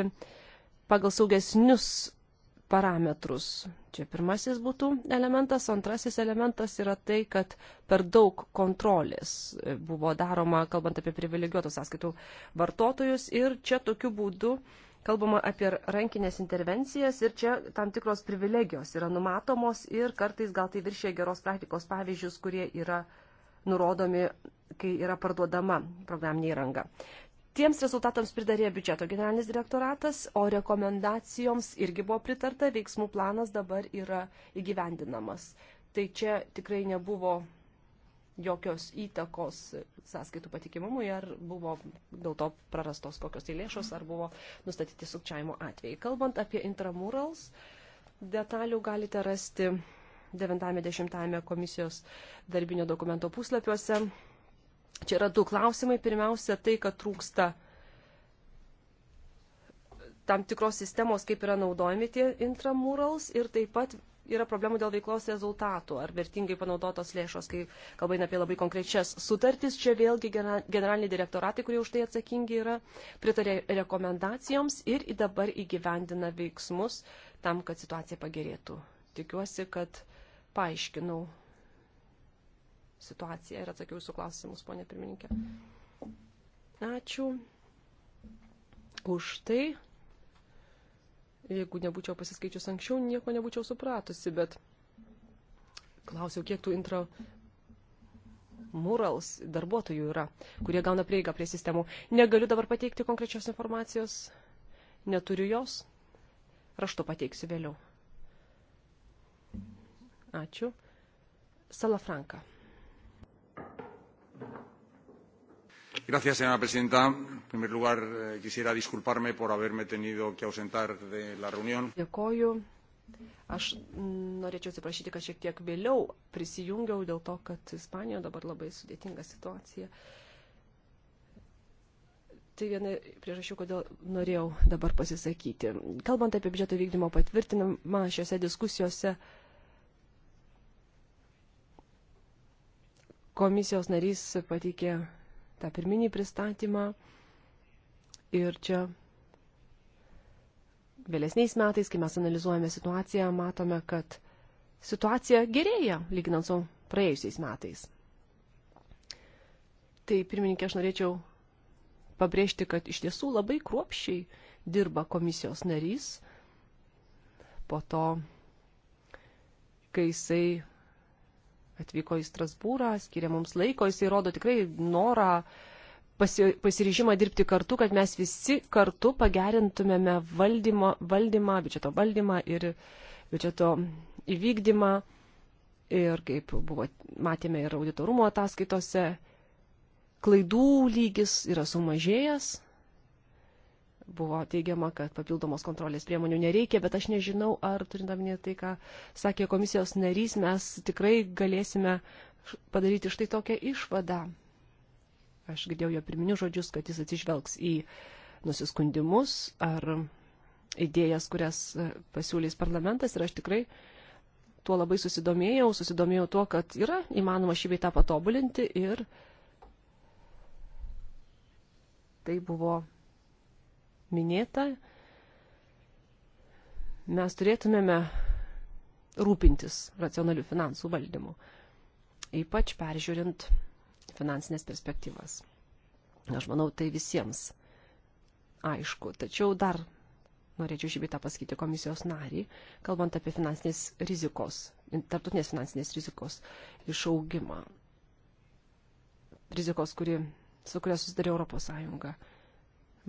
pagal saugesnius parametrus. Čia pirmasis būtų elementas, antrasis elementas yra tai, kad per daug kontrolės buvo daroma, kalbant apie privilegiuotus sąskaitų vartotojus ir čia tokiu būdu uh, kalbama apie rankinės intervencijas ir čia tam tikros privilegijos yra numatomos ir kartais gal tai viršė geros praktikos pavyzdžius, kurie yra nurodomi, kai yra parduodama programinė įranga. Tiems rezultatams pridarė biudžeto generalinis direktoratas, o rekomendacijoms irgi buvo pritarta, veiksmų planas dabar yra įgyvendinamas. Tai čia tikrai nebuvo jokios įtakos sąskaitų patikimumui, ar buvo dėl to prarastos kokios tai lėšos, ar buvo nustatyti sukčiavimo atvejai. Kalbant apie intramurals, detalių galite rasti 90 komisijos darbinio dokumento puslapiuose. Čia yra du klausimai. Pirmiausia, tai, kad trūksta tam tikros sistemos, kaip yra naudojami tie intramurals ir taip pat yra problemų dėl veiklos rezultatų ar vertingai panaudotos lėšos, kai kalba eina apie labai konkrečias sutartis. Čia vėlgi generaliniai direktoratai, kurie už tai atsakingi yra, pritarė rekomendacijoms ir dabar įgyvendina veiksmus tam, kad situacija pagerėtų. Tikiuosi, kad paaiškinau situaciją ir atsakiau jūsų klausimus, ponė pirmininkė. Ačiū už tai. Jeigu nebūčiau pasiskaičius anksčiau, nieko nebūčiau supratusi, bet klausiau, kiek tų intro murals darbuotojų yra, kurie gauna prieigą prie sistemų. Negaliu dabar pateikti konkrečios informacijos, neturiu jos, raštu pateiksiu vėliau. Ačiū. Salafranka. Gracias, señora presidenta. En primer lugar, eh, quisiera disculparme por haberme tenido que ausentar de la reunión. Dėkoju. Aš mm, norėčiau atsiprašyti, kad šiek tiek vėliau prisijungiau dėl to, kad Ispanijoje dabar labai sudėtinga situacija. Tai viena priežasčių, kodėl norėjau dabar pasisakyti. Kalbant apie biudžeto vykdymo patvirtinimą šiuose diskusijose, komisijos narys pateikė tą pirminį pristatymą. Ir čia vėlesniais metais, kai mes analizuojame situaciją, matome, kad situacija gerėja, lyginant su praėjusiais metais. Tai pirmininkė, aš norėčiau pabrėžti, kad iš tiesų labai kruopščiai dirba komisijos narys. Po to, kai jisai atvyko į Strasbūrą, skiria mums laiko, jisai rodo tikrai norą pasi, pasiryžimą dirbti kartu, kad mes visi kartu pagerintumėme valdymo, valdymą, biudžeto valdymą ir biudžeto įvykdymą. Ir kaip buvo, matėme ir auditorumo ataskaitose, klaidų lygis yra sumažėjęs buvo teigiama, kad papildomos kontrolės priemonių nereikia, bet aš nežinau, ar turintamini tai, ką sakė komisijos narys, mes tikrai galėsime padaryti štai tokią išvadą. Aš girdėjau jo pirminius žodžius, kad jis atsižvelgs į nusiskundimus ar idėjas, kurias e, pasiūlys parlamentas ir aš tikrai tuo labai susidomėjau, susidomėjau tuo, kad yra įmanoma šį beitą patobulinti ir tai buvo minėta, mes turėtumėme rūpintis racionalių finansų valdymu, ypač peržiūrint finansinės perspektyvas. Aš manau, tai visiems aišku. Tačiau dar norėčiau šį bitą pasakyti komisijos narį, kalbant apie finansinės rizikos, tarptautinės finansinės rizikos išaugimą. Rizikos, kuri, su kuria susidarė Europos Sąjunga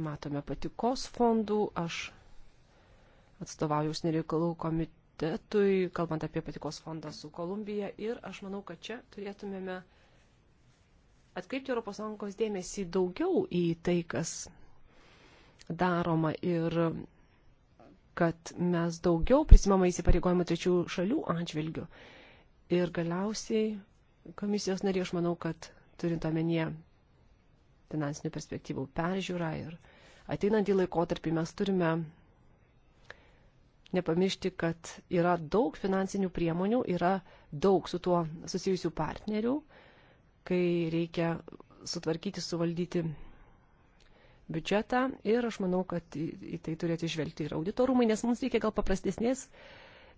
matome patikos fondų, aš atstovauju užsienio reikalų komitetui, kalbant apie patikos fondą su Kolumbija ir aš manau, kad čia turėtumėme atkreipti ES dėmesį daugiau į tai, kas daroma ir kad mes daugiau prisimama įsipareigojimų trečių šalių atžvilgių. Ir galiausiai komisijos narė, aš manau, kad turint omenyje finansinių perspektyvų peržiūrą ir ateinantį laikotarpį mes turime nepamiršti, kad yra daug finansinių priemonių, yra daug su tuo susijusių partnerių, kai reikia sutvarkyti, suvaldyti biudžetą ir aš manau, kad į, į tai turėtų išvelgti ir auditorumai, nes mums reikia gal paprastesnės,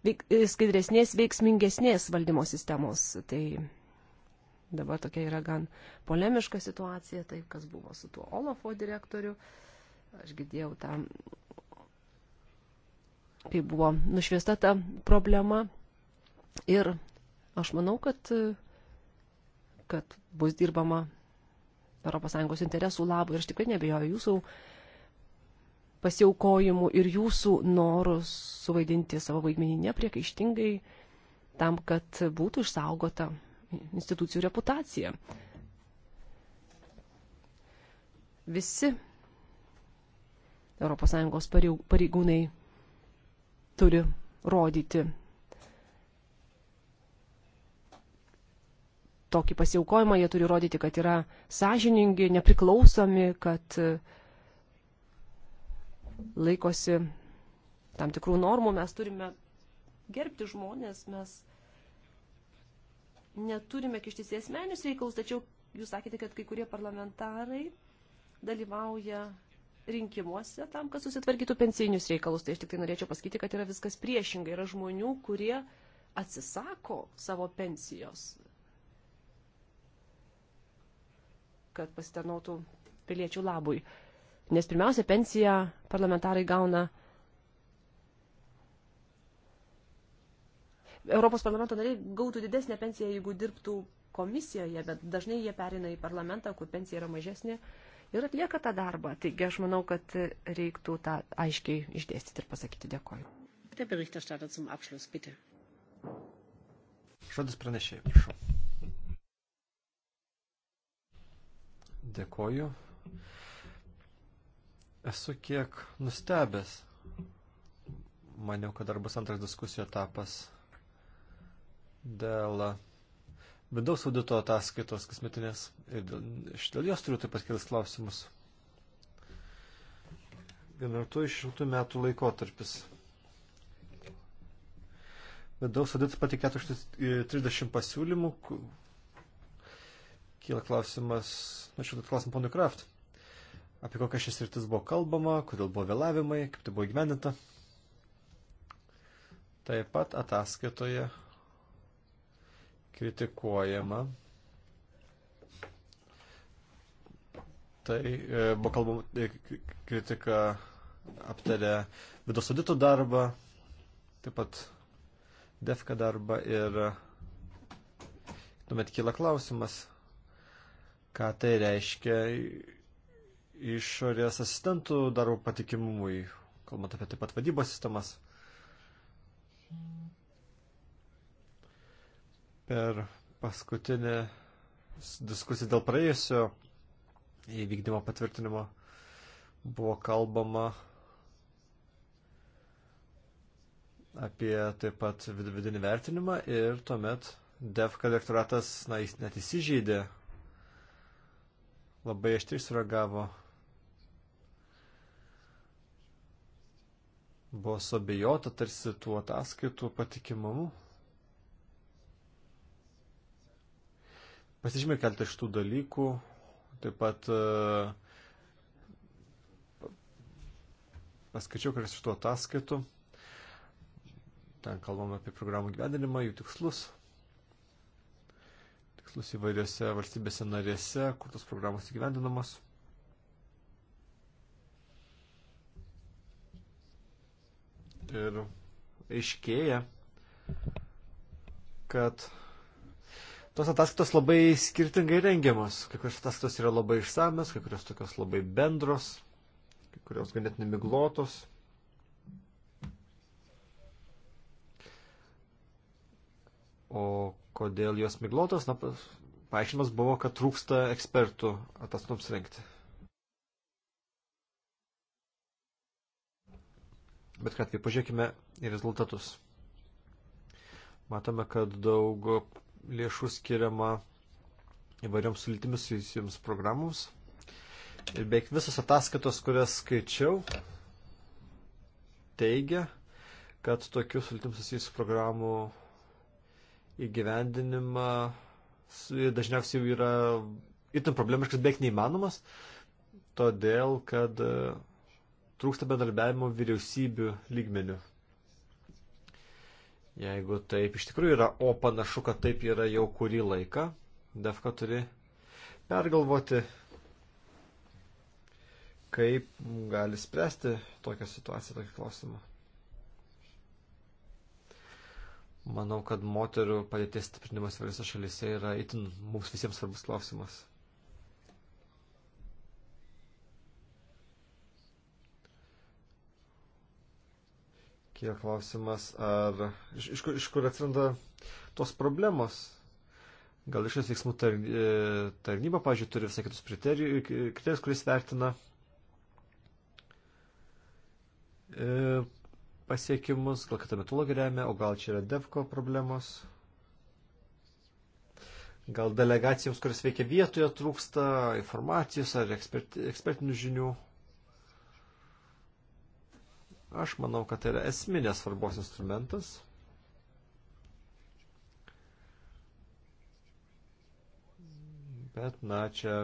veik, skaidresnės, veiksmingesnės valdymo sistemos. Tai Dabar tokia yra gan polemiška situacija, taip kas buvo su tuo Olafo direktoriu. Aš girdėjau tam, kai buvo nušviesta ta problema. Ir aš manau, kad, kad bus dirbama ES interesų labui ir aš tikrai nebejoju jūsų pasiaukojimų ir jūsų norų suvaidinti savo vaidmenį nepriekaištingai tam, kad būtų išsaugota institucijų reputaciją. Visi ES pareigūnai turi rodyti tokį pasiaukojimą, jie turi rodyti, kad yra sąžiningi, nepriklausomi, kad e, laikosi tam tikrų normų, mes turime gerbti žmonės, mes neturime kištis į asmenius reikalus, tačiau jūs sakėte, kad kai kurie parlamentarai dalyvauja rinkimuose tam, kad susitvarkytų pensijinius reikalus. Tai aš tik tai norėčiau pasakyti, kad yra viskas priešingai. Yra žmonių, kurie atsisako savo pensijos, kad pasitarnautų piliečių labui. Nes pirmiausia, pensiją parlamentarai gauna Europos parlamento nariai gautų didesnę pensiją, jeigu dirbtų komisijoje, bet dažnai jie perina į parlamentą, kur pensija yra mažesnė ir atlieka tą darbą. Taigi aš manau, kad reiktų tą aiškiai išdėstyti ir pasakyti dėkoju. Der Berichterstatter zum Abschluss, bitte. Žodis pranešėjai, prašau. Dėkoju. Esu kiek nustebęs. Maniau, kad dar bus antras diskusijų etapas dėl vidaus audito ataskaitos kasmetinės ir dėl, dėl jos turiu taip pat kelis klausimus. 11-16 metų laikotarpis. Vidaus auditas patikė 30 e, pasiūlymų. Kyla klausimas, na šitą klausimą ponui Kraft, apie kokią šis rytis buvo kalbama, kodėl buvo vėlavimai, kaip tai buvo įgyvendinta. Taip pat ataskaitoje kritikuojama. Tai e, buvo kalbama e, kritika aptarė vidos auditų darbą, taip pat defka darbą ir tuomet kyla klausimas, ką tai reiškia išorės asistentų darbo patikimumui, kalbant apie taip pat vadybos sistemas. Per paskutinę diskusiją dėl praėjusio įvykdymo patvirtinimo buvo kalbama apie taip pat vidinį vertinimą ir tuomet DEFKA direktoratas, na, jis net įsižeidė, labai aštriai suragavo, buvo sobijota tarsi tų ataskaitų patikimumu. pasižymė keletą šitų dalykų, taip pat e, paskaičiau kelias iš tų ataskaitų. Ten kalbam apie programų gyvendinimą, jų tikslus. Tikslus įvairiose valstybėse narėse, kur tos programos įgyvendinamos. Ir aiškėja, kad tos ataskaitos labai skirtingai rengiamos. Kai kurios ataskaitos yra labai išsamios, kai kurios tokios labai bendros, kai kurios ganėtinai miglotos. O kodėl jos miglotos? Na, paaiškinimas buvo, kad trūksta ekspertų ataskaitoms rengti. Bet ką, tai pažiūrėkime į rezultatus. Matome, kad daug lėšų skiriama įvairioms sultimis susijusiems programoms. Ir beveik visos ataskaitos, kurias skaičiau, teigia, kad tokių sultims susijusių programų įgyvendinimą dažniausiai yra itin problemiškas, beveik neįmanomas, todėl kad e, trūksta bendarbiavimo vyriausybių lygmenių. Jeigu taip iš tikrųjų yra, o panašu, kad taip yra jau kurį laiką, Defka turi pergalvoti, kaip gali spręsti tokią situaciją, tokį klausimą. Manau, kad moterų padėties stiprinimas visose šalise yra itin mums visiems svarbus klausimas. kiek klausimas, ar iš, iš, kur, iš kur atsiranda tos problemos. Gal išės veiksmų e, tarnyba, pažiūrėjau, turi visai kitus kriterijus, kuris vertina e, pasiekimus, gal kitą metologiją remia, o gal čia yra devko problemos. Gal delegacijoms, kuris veikia vietoje, trūksta informacijos ar ekspert, ekspertinių žinių. Aš manau, kad tai yra esminės svarbos instrumentas. Bet, na, čia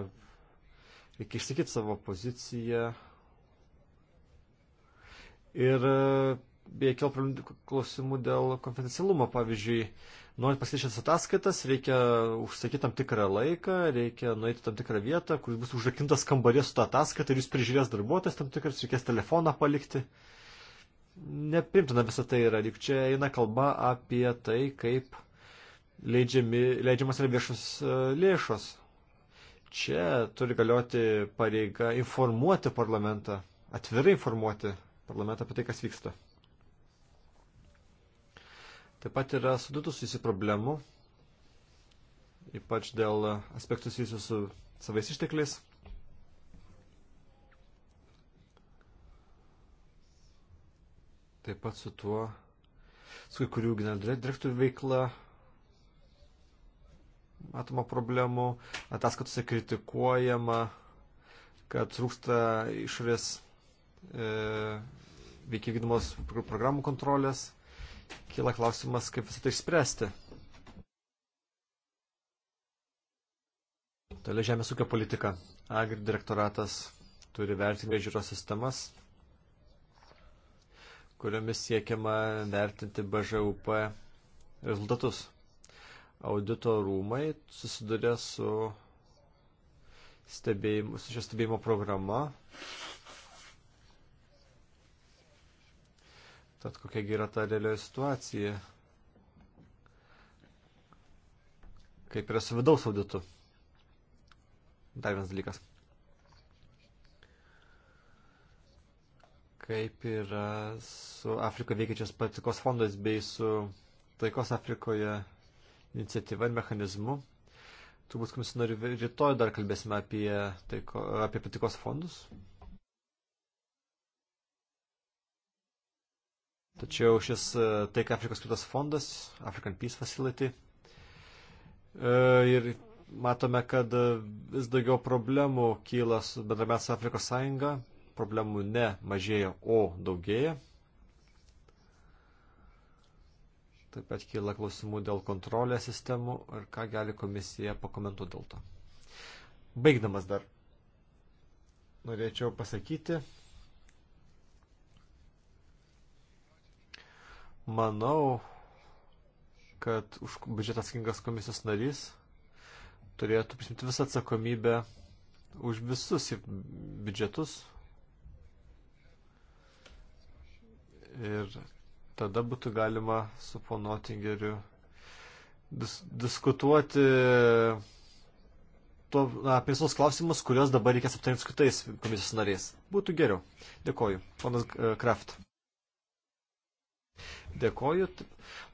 reikia išsakyti savo poziciją. Ir beje, kėl klausimų dėl konfidencialumo. Pavyzdžiui, norint pasakyti šias ataskaitas, reikia užsakyti tam tikrą laiką, reikia nueiti tam tikrą vietą, kuris bus užrakintas kambarės su tą ataskaitą ir jūs prižiūrės darbuotojas tam tikras, reikės telefoną palikti. Uh, Neprimtina visą tai yra, juk čia eina kalba apie tai, kaip leidžiami, leidžiamas yra viešos e, lėšos. Čia turi galioti pareiga informuoti parlamentą, atvirai informuoti parlamentą apie tai, kas vyksta. Taip pat yra sudutusiusi problemų, ypač dėl aspektų susijusių su savais ištekliais. taip pat su tuo, su kai kurių direktorių veikla matoma problemų, ataskatose kritikuojama, kad trūksta išorės e, veikia vykdomos programų kontrolės, kyla klausimas, kaip visą tai išspręsti. Toliau žemės ūkio politika. Agri direktoratas turi vertinti žiūros sistemas, kuriomis siekiama vertinti BŽUP rezultatus. Audito rūmai susiduria su, stebėjimu, su šio stebėjimo programa. Tad kokia yra ta realioji situacija? Kaip yra su vidaus auditu? Dar vienas dalykas. kaip yra su Afrikoje veikiančios patikos fondas bei su taikos Afrikoje iniciatyva ir mechanizmu. Turbūt komisijų narių rytoj dar kalbėsime apie, taiko, apie patikos fondus. Tačiau šis e, Taika Afrikos skirtas fondas, African Peace Facility, e, ir matome, kad e, vis daugiau problemų kyla su bendrame su Afrikos Sąjunga, problemų ne mažėja, o daugėja. Taip pat kyla klausimų dėl kontrolės sistemų ir ką gali komisija pakomentuoti dėl to. Baigdamas dar, norėčiau pasakyti, manau, kad už biudžetą atsakingas komisijos narys turėtų prisimti visą atsakomybę už visus biudžetus, ir tada būtų galima su pono Tingeriu dis diskutuoti to, na, apie visus klausimus, kuriuos dabar reikės aptarinti su kitais komisijos nariais. Būtų geriau. Dėkoju. Ponas e, Kraft. Dėkoju.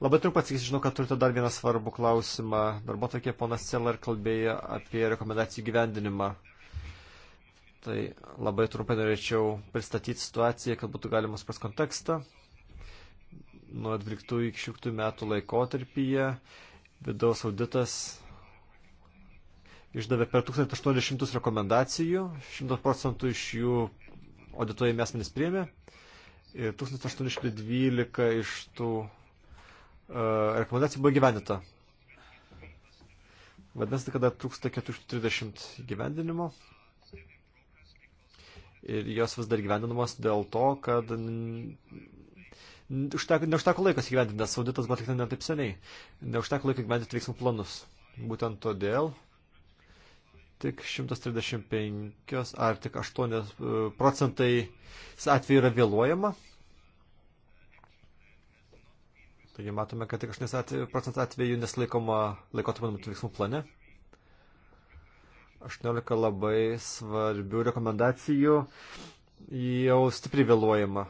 Labai trumpai atsakysiu, žinau, kad turite dar vieną svarbų klausimą. Darbo tokie ponas Celler kalbėjo apie rekomendacijų gyvendinimą. Tai labai trumpai norėčiau pristatyti situaciją, kad būtų galima supras kontekstą nuo 12 iki 16 metų laikotarpyje vidaus auditas išdavė per 1800 rekomendacijų, 100 procentų iš jų audituojami asmenys priėmė ir 1812 iš tų uh, rekomendacijų buvo gyvenita. Vadinasi, kad dar trūksta 430 gyvendinimo ir jos vis dar gyvendinamos dėl to, kad neužteko, neužteko laikas įgyvendintas, auditas buvo atliktas netaip seniai, neužteko laiko įgyvendinti veiksmų planus. Būtent todėl tik 135 ar tik 8 e, procentai atvejų yra vėluojama. Taigi matome, kad tik 8 procentų atvejų nesilaikoma laikotarpio numatytų veiksmų plane. 18 labai svarbių rekomendacijų jau stipriai vėluojama.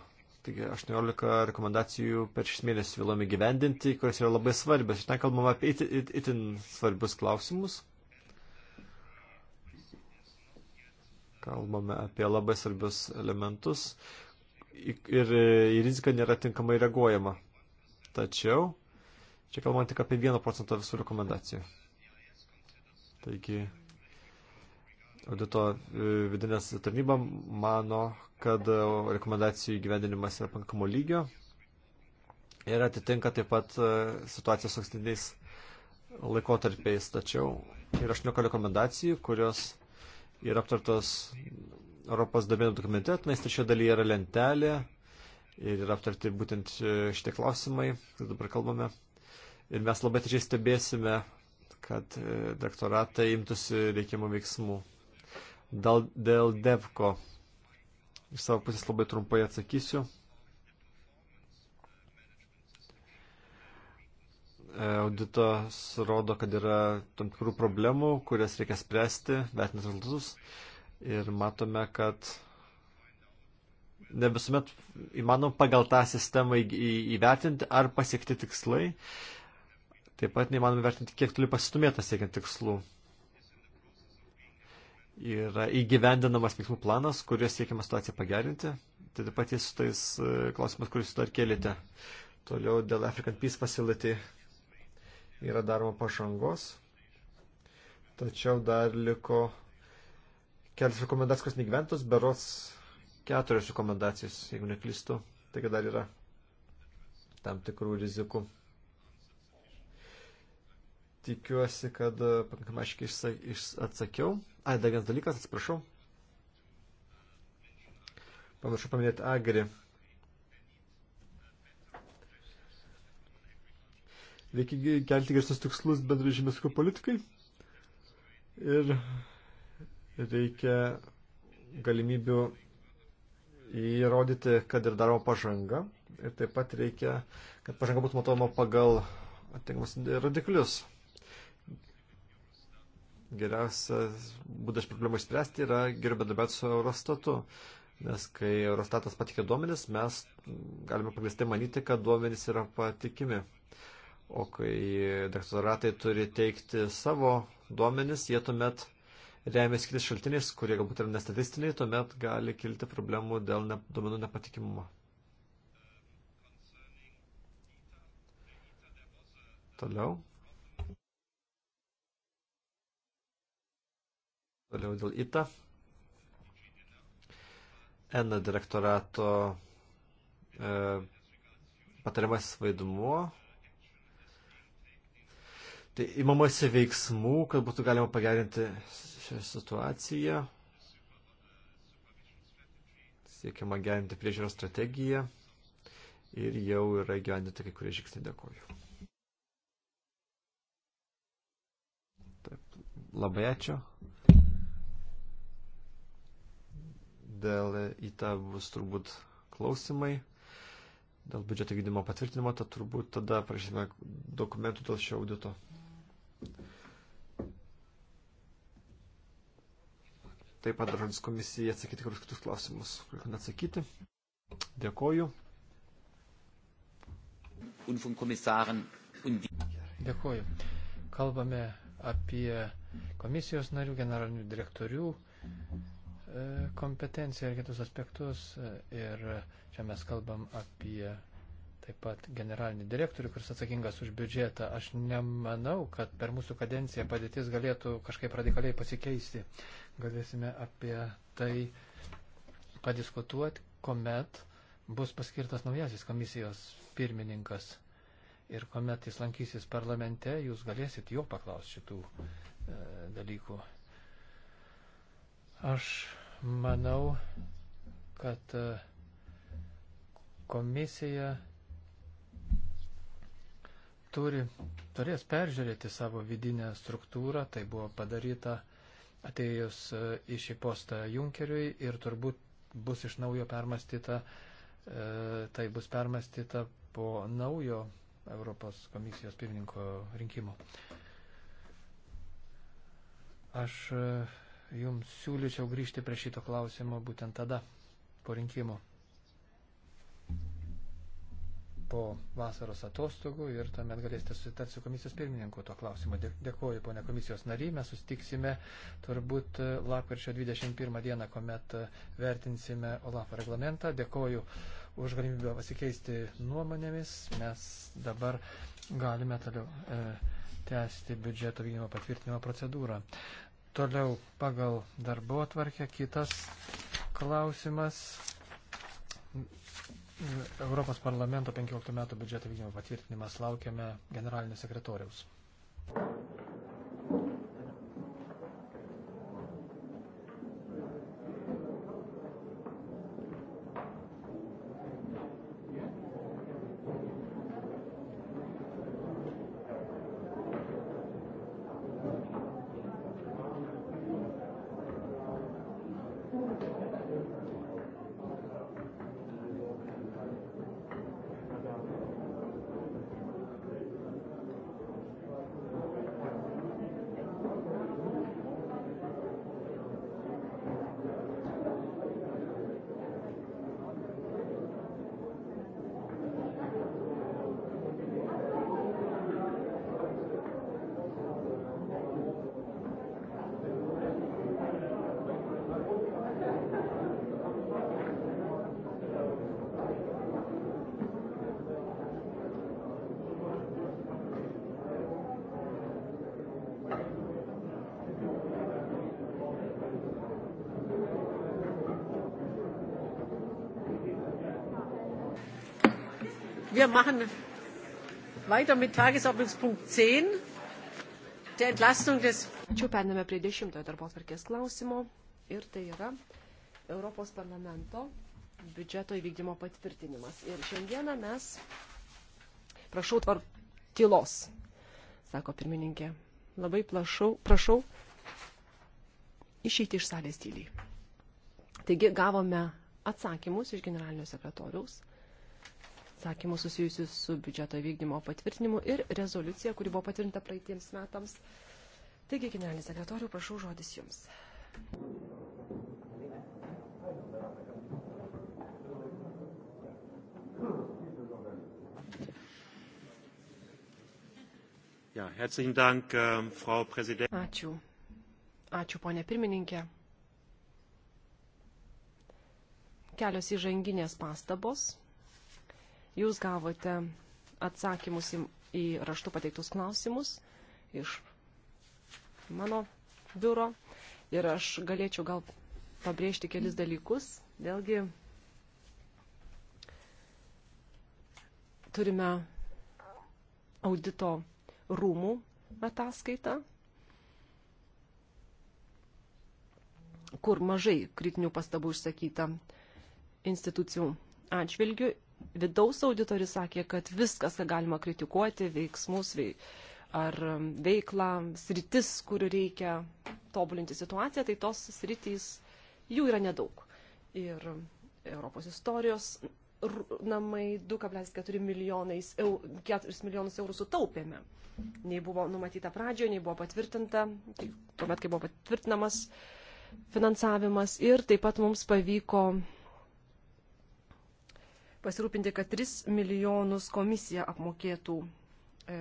Taigi 18 rekomendacijų per šis mėnesį vėlome gyvendinti, kurios yra labai svarbios. Šitą kalbam apie itin, itin svarbius klausimus. Kalbame apie labai svarbius elementus ir į riziką nėra tinkamai reaguojama. Tačiau čia kalbam tik apie 1 procentą visų rekomendacijų. Taigi audito e, vidinės tarnyba mano, kad e, rekomendacijų įgyvendinimas yra pankamo lygio ir atitinka taip pat e, situacijos su ankstiniais laikotarpiais. Tačiau yra 18 rekomendacijų, kurios yra aptartos Europos domenų dokumente, nes tai šioje dalyje yra lentelė ir yra aptarti būtent šitie klausimai, kad dabar kalbame. Ir mes labai atidžiai stebėsime, kad direktoratai imtųsi reikiamų veiksmų. Dėl, dėl DEVCO iš savo pusės labai trumpai atsakysiu. E, auditas rodo, kad yra tam tikrų problemų, kurias reikia spręsti, vertinant rezultatus. Ir matome, kad ne visuomet įmanom pagal tą sistemą įvertinti ar pasiekti tikslai. Taip pat neįmanom vertinti, kiek toli pasistumėta siekiant tikslų yra įgyvendinamas veiksmų planas, kuris siekiama situaciją pagerinti. Tai taip pat jis su tais e, klausimas, kuris dar kėlėte. Toliau dėl African Peace Facility yra daroma pažangos, tačiau dar liko kelias rekomendacijos negyventos, berots keturios rekomendacijos, jeigu neklystu. Taigi dar yra tam tikrų rizikų. Tikiuosi, kad e, pakankamai aiškiai atsakiau. Ai, dar vienas dalykas, atsiprašau. Pamiršau paminėti Agri. Reikia kelti geresnius tikslus bendrai žemės ūkio politikai. Ir reikia galimybių įrodyti, kad ir daroma pažanga. Ir taip pat reikia, kad pažanga būtų matoma pagal atitinkamus rodiklius geriausias būdas problemą išspręsti yra geriau bendrabiauti su Eurostatu. Nes kai Eurostatas patikė duomenis, mes galime pagristai manyti, kad duomenys yra patikimi. O kai dektoratai turi teikti savo duomenis, jie tuomet remiasi kitais šaltiniais, kurie galbūt yra nestatistiniai, tuomet gali kilti problemų dėl ne, duomenų nepatikimumo. Toliau. Toliau dėl ITA. ENA direktorato e, patariamasis vaidmuo. Tai imamasi veiksmų, kad būtų galima pagerinti šią situaciją. Siekiama gerinti priežiūros strategiją ir jau yra gyvendinti kai kurie žingsniai. Dėkuoju. Taip, labai ačiū. dėl įta bus turbūt klausimai. Dėl biudžeto gydymo patvirtinimo, tad turbūt tada prašysime dokumentų dėl šio audito. Taip pat žodis komisijai atsakyti kurios kitus klausimus, kuriuos neatsakyti. Dėkoju. Dėkoju. Kalbame apie komisijos narių, generalinių direktorių E, kompetenciją ir kitus aspektus. E, ir čia mes kalbam apie taip pat generalinį direktorių, kuris atsakingas už biudžetą. Aš nemanau, kad per mūsų kadenciją padėtis galėtų kažkaip radikaliai pasikeisti. Galėsime apie tai padiskutuoti, kuomet bus paskirtas naujasis komisijos pirmininkas. Ir kuomet jis lankysis parlamente, jūs galėsit jo paklausti šitų e, dalykų. Aš Manau, kad e, komisija turi, turės peržiūrėti savo vidinę struktūrą, tai buvo padaryta atėjus e, į šį postą Junkeriui ir turbūt bus iš naujo permastyta, e, tai bus permastyta po naujo Europos komisijos pirmininko rinkimų. Aš jums siūlyčiau grįžti prie šito klausimo būtent tada, po rinkimų, po vasaros atostogų ir tuomet galėsite susitarti su komisijos pirmininku to klausimo. Dėkuoju, ponia komisijos nary, mes sustiksime turbūt lapkričio 21 dieną, kuomet vertinsime OLAF reglamentą. Dėkuoju už galimybę pasikeisti nuomonėmis. Mes dabar galime toliau. E, tęsti biudžeto vykdymo patvirtinimo procedūrą. Toliau pagal darbo atvarkę kitas klausimas. Europos parlamento 15 metų biudžeto vykdymo patvirtinimas laukiame generalinio sekretoriaus. Wir machen weiter mit Tagesordnungspunkt 10, der Entlastung des. Ačiū, periname prie dešimtojo darbos varkės klausimo ir tai yra Europos parlamento biudžeto įvykdymo patvirtinimas. Ir šiandieną mes, prašau, tvar tylos, sako pirmininkė. Labai plašau, prašau išeiti iš salės tyliai. Taigi gavome atsakymus iš generalinio sekretoriaus pasisakymus susijusius su biudžeto vykdymo patvirtinimu ir rezoliucija, kuri buvo patvirtinta praeitiems metams. Taigi, generalinis sekretoriu, prašau žodis jums. Ja, herzlichen Dank, äh, Frau Präsidentin. Ačiū. Ačiū, ponė pirmininkė. Kelios įžanginės pastabos Jūs gavote atsakymus į, į raštų pateiktus klausimus iš mano biuro ir aš galėčiau gal pabrėžti kelis dalykus. Vėlgi turime audito rūmų ataskaitą, kur mažai kritinių pastabų išsakyta institucijų atžvilgių vidaus auditorius sakė, kad viskas, ką galima kritikuoti, veiksmus veik, ar um, veiklą, sritis, kur reikia tobulinti situaciją, tai tos sritys jų yra nedaug. Ir um, Europos istorijos namai 2,4 milijonais, eur, 4 milijonus eurų sutaupėme. Nei buvo numatyta pradžioje, nei buvo patvirtinta, tai tuomet, kai buvo patvirtinamas finansavimas ir taip pat mums pavyko pasirūpinti, kad 3 milijonus komisija apmokėtų e,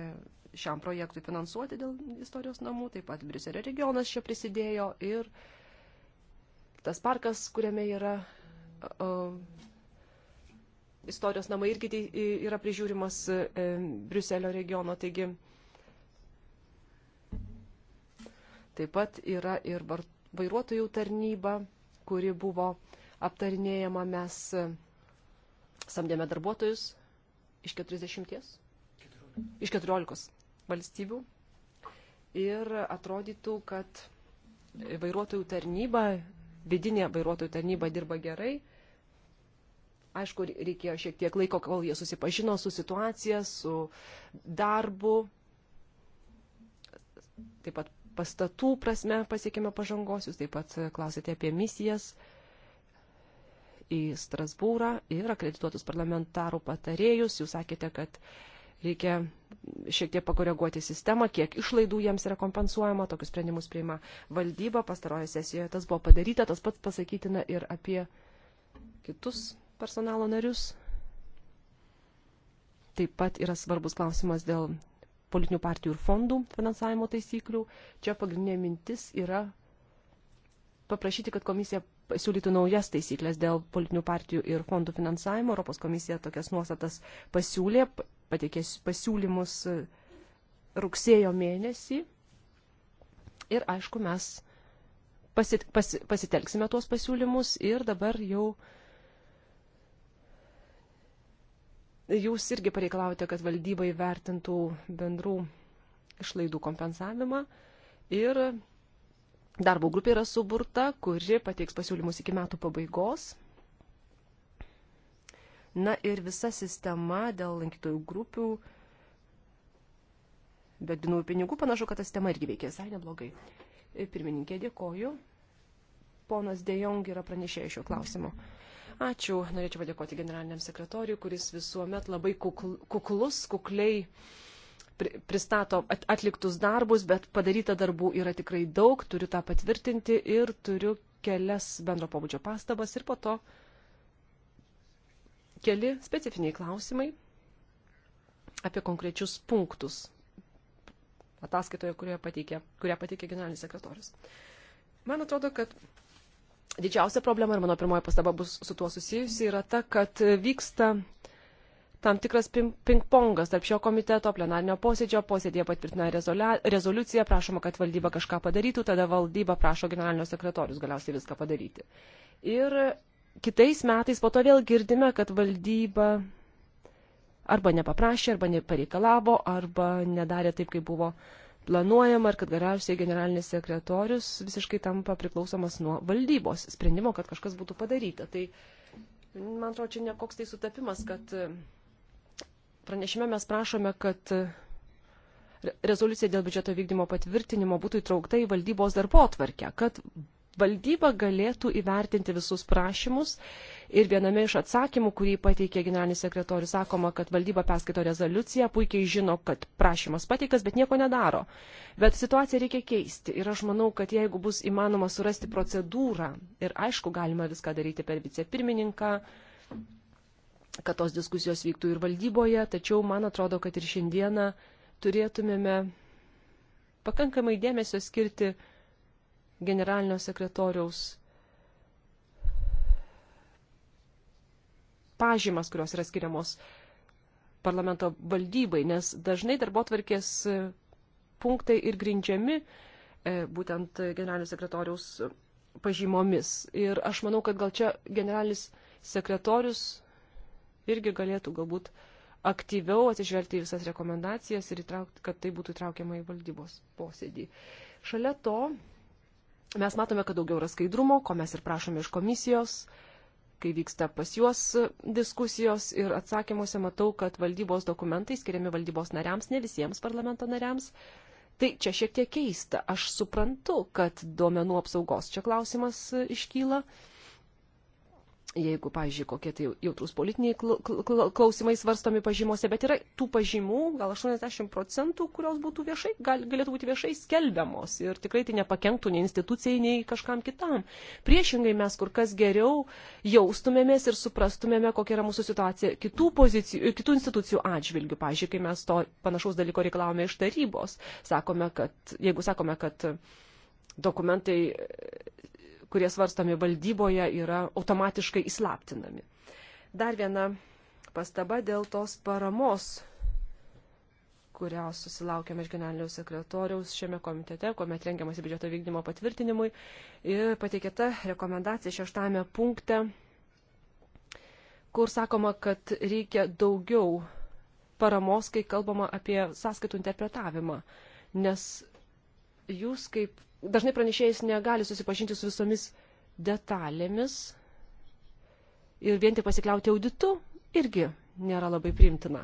šiam projektui finansuoti dėl istorijos namų, taip pat Briuselio regionas čia prisidėjo ir tas parkas, kuriame yra uh, istorijos namai, irgi yra prižiūrimas uh, Briuselio regiono, taigi taip pat yra ir vairuotojų tarnyba, kuri buvo aptarinėjama mes. Uh, samdėme darbuotojus iš 40, iš 14 valstybių ir atrodytų, kad vairuotojų tarnyba, vidinė vairuotojų tarnyba dirba gerai. Aišku, reikėjo šiek tiek laiko, kol jie susipažino su situacija, su darbu, taip pat pastatų prasme pasiekėme pažangos, jūs taip pat klausėte apie misijas. Uh, į Strasbūrą ir akredituotus parlamentarų patarėjus. Jūs sakėte, kad reikia šiek tiek pakoreguoti sistemą, kiek išlaidų jiems yra kompensuojama, tokius sprendimus priima valdyba. Pastarojo sesijoje tas buvo padaryta, tas pats pasakytina ir apie kitus personalo narius. Taip pat yra svarbus klausimas dėl politinių partijų ir fondų finansavimo taisyklių. Čia pagrindinė mintis yra paprašyti, kad komisija pasiūlytų naujas taisyklės dėl politinių partijų ir fondų finansavimo. Europos komisija tokias nuostatas pasiūlė, patikės pasiūlymus e, rugsėjo mėnesį. Ir aišku, mes pasit, pas, pasitelksime tuos pasiūlymus ir dabar jau jūs irgi pareikalaujate, kad valdyba įvertintų bendrų išlaidų kompensavimą ir Darbo grupė yra suburta, kuri pateiks pasiūlymus iki metų pabaigos. Na ir visa sistema dėl lankytojų grupių, bet dinų pinigų panašu, kad ta sistema irgi veikia visai neblogai. Pirmininkė, dėkoju. Ponas Dejong yra pranešėjęs šio klausimo. Ačiū. Norėčiau padėkoti generaliniam sekretoriui, kuris visuomet labai kukl, kuklus, kukliai pristato atliktus darbus, bet padaryta darbų yra tikrai daug, turiu tą patvirtinti ir turiu kelias bendro pobūdžio pastabas ir po to keli specifiniai klausimai apie konkrečius punktus ataskaitoje, kurią pateikė, kurią pateikė generalinis sekretorius. Man atrodo, kad didžiausia problema, ir mano pirmoji pastaba bus su tuo susijusi, yra ta, kad vyksta tam tikras pingpongas tarp šio komiteto, plenarnio posėdžio, posėdėje patvirtina rezoliuciją, prašoma, kad valdyba kažką padarytų, tada valdyba prašo generalinio sekretorius galiausiai viską padaryti. Ir kitais metais po to vėl girdime, kad valdyba arba nepaprašė, arba nepareikalavo, arba nedarė taip, kaip buvo planuojama ir kad galiausiai generalinis sekretorius visiškai tampa priklausomas nuo valdybos sprendimo, kad kažkas būtų padaryta. Tai man atrodo, čia nekoks tai sutapimas, kad Pranešime mes prašome, kad e, rezoliucija dėl biudžeto vykdymo patvirtinimo būtų įtraukta į valdybos darbo atvarkę, kad valdyba galėtų įvertinti visus prašymus ir viename iš atsakymų, kurį pateikė generalinis sekretorius, sakoma, kad valdyba perskaito rezoliuciją, puikiai žino, kad prašymas pateikas, bet nieko nedaro. Bet situaciją reikia keisti ir aš manau, kad jeigu bus įmanoma surasti procedūrą ir aišku, galima viską daryti per vicepirmininką, kad tos diskusijos vyktų ir valdyboje, tačiau man atrodo, kad ir šiandieną turėtumėme pakankamai dėmesio skirti generalinio sekretoriaus pažymas, kurios yra skiriamos parlamento valdybai, nes dažnai darbo tvarkės punktai ir grindžiami e, būtent generalinio sekretoriaus pažymomis. Ir aš manau, kad gal čia generalinis sekretorius irgi galėtų galbūt aktyviau atsižvelgti į visas rekomendacijas ir įtraukti, kad tai būtų įtraukiama į valdybos posėdį. Šalia to mes matome, kad daugiau yra skaidrumo, ko mes ir prašome iš komisijos, kai vyksta pas juos diskusijos ir atsakymuose matau, kad valdybos dokumentai skiriami valdybos nariams, ne visiems parlamento nariams. Tai čia šiek tiek keista. Aš suprantu, kad duomenų apsaugos čia klausimas iškyla. Uh, jeigu, pažiūrėjau, kokie tai jautrus politiniai klausimai svarstomi pažymose, bet yra tų pažymų, gal 80 procentų, kurios būtų viešai, gal, galėtų būti viešai skelbiamos ir tikrai tai nepakenktų nei institucijai, nei kažkam kitam. Priešingai mes kur kas geriau jaustumėmės ir suprastumėme, kokia yra mūsų situacija kitų, pozicijų, kitų institucijų atžvilgių. Pavyzdžiui, kai mes to panašaus dalyko reikalavome iš tarybos, sakome, kad, jeigu sakome, kad dokumentai kurie svarstami valdyboje, yra automatiškai įslaptinami. Dar viena pastaba dėl tos paramos, kurią susilaukėme iš generalinio sekretoriaus šiame komitete, kuomet rengiamasi biudžeto vykdymo patvirtinimui. Ir pateikėta rekomendacija šeštame punkte, kur sakoma, kad reikia daugiau paramos, kai kalbama apie sąskaitų interpretavimą. Nes jūs kaip dažnai pranešėjas negali susipažinti su visomis detalėmis ir vien tik pasikliauti auditu irgi nėra labai primtina.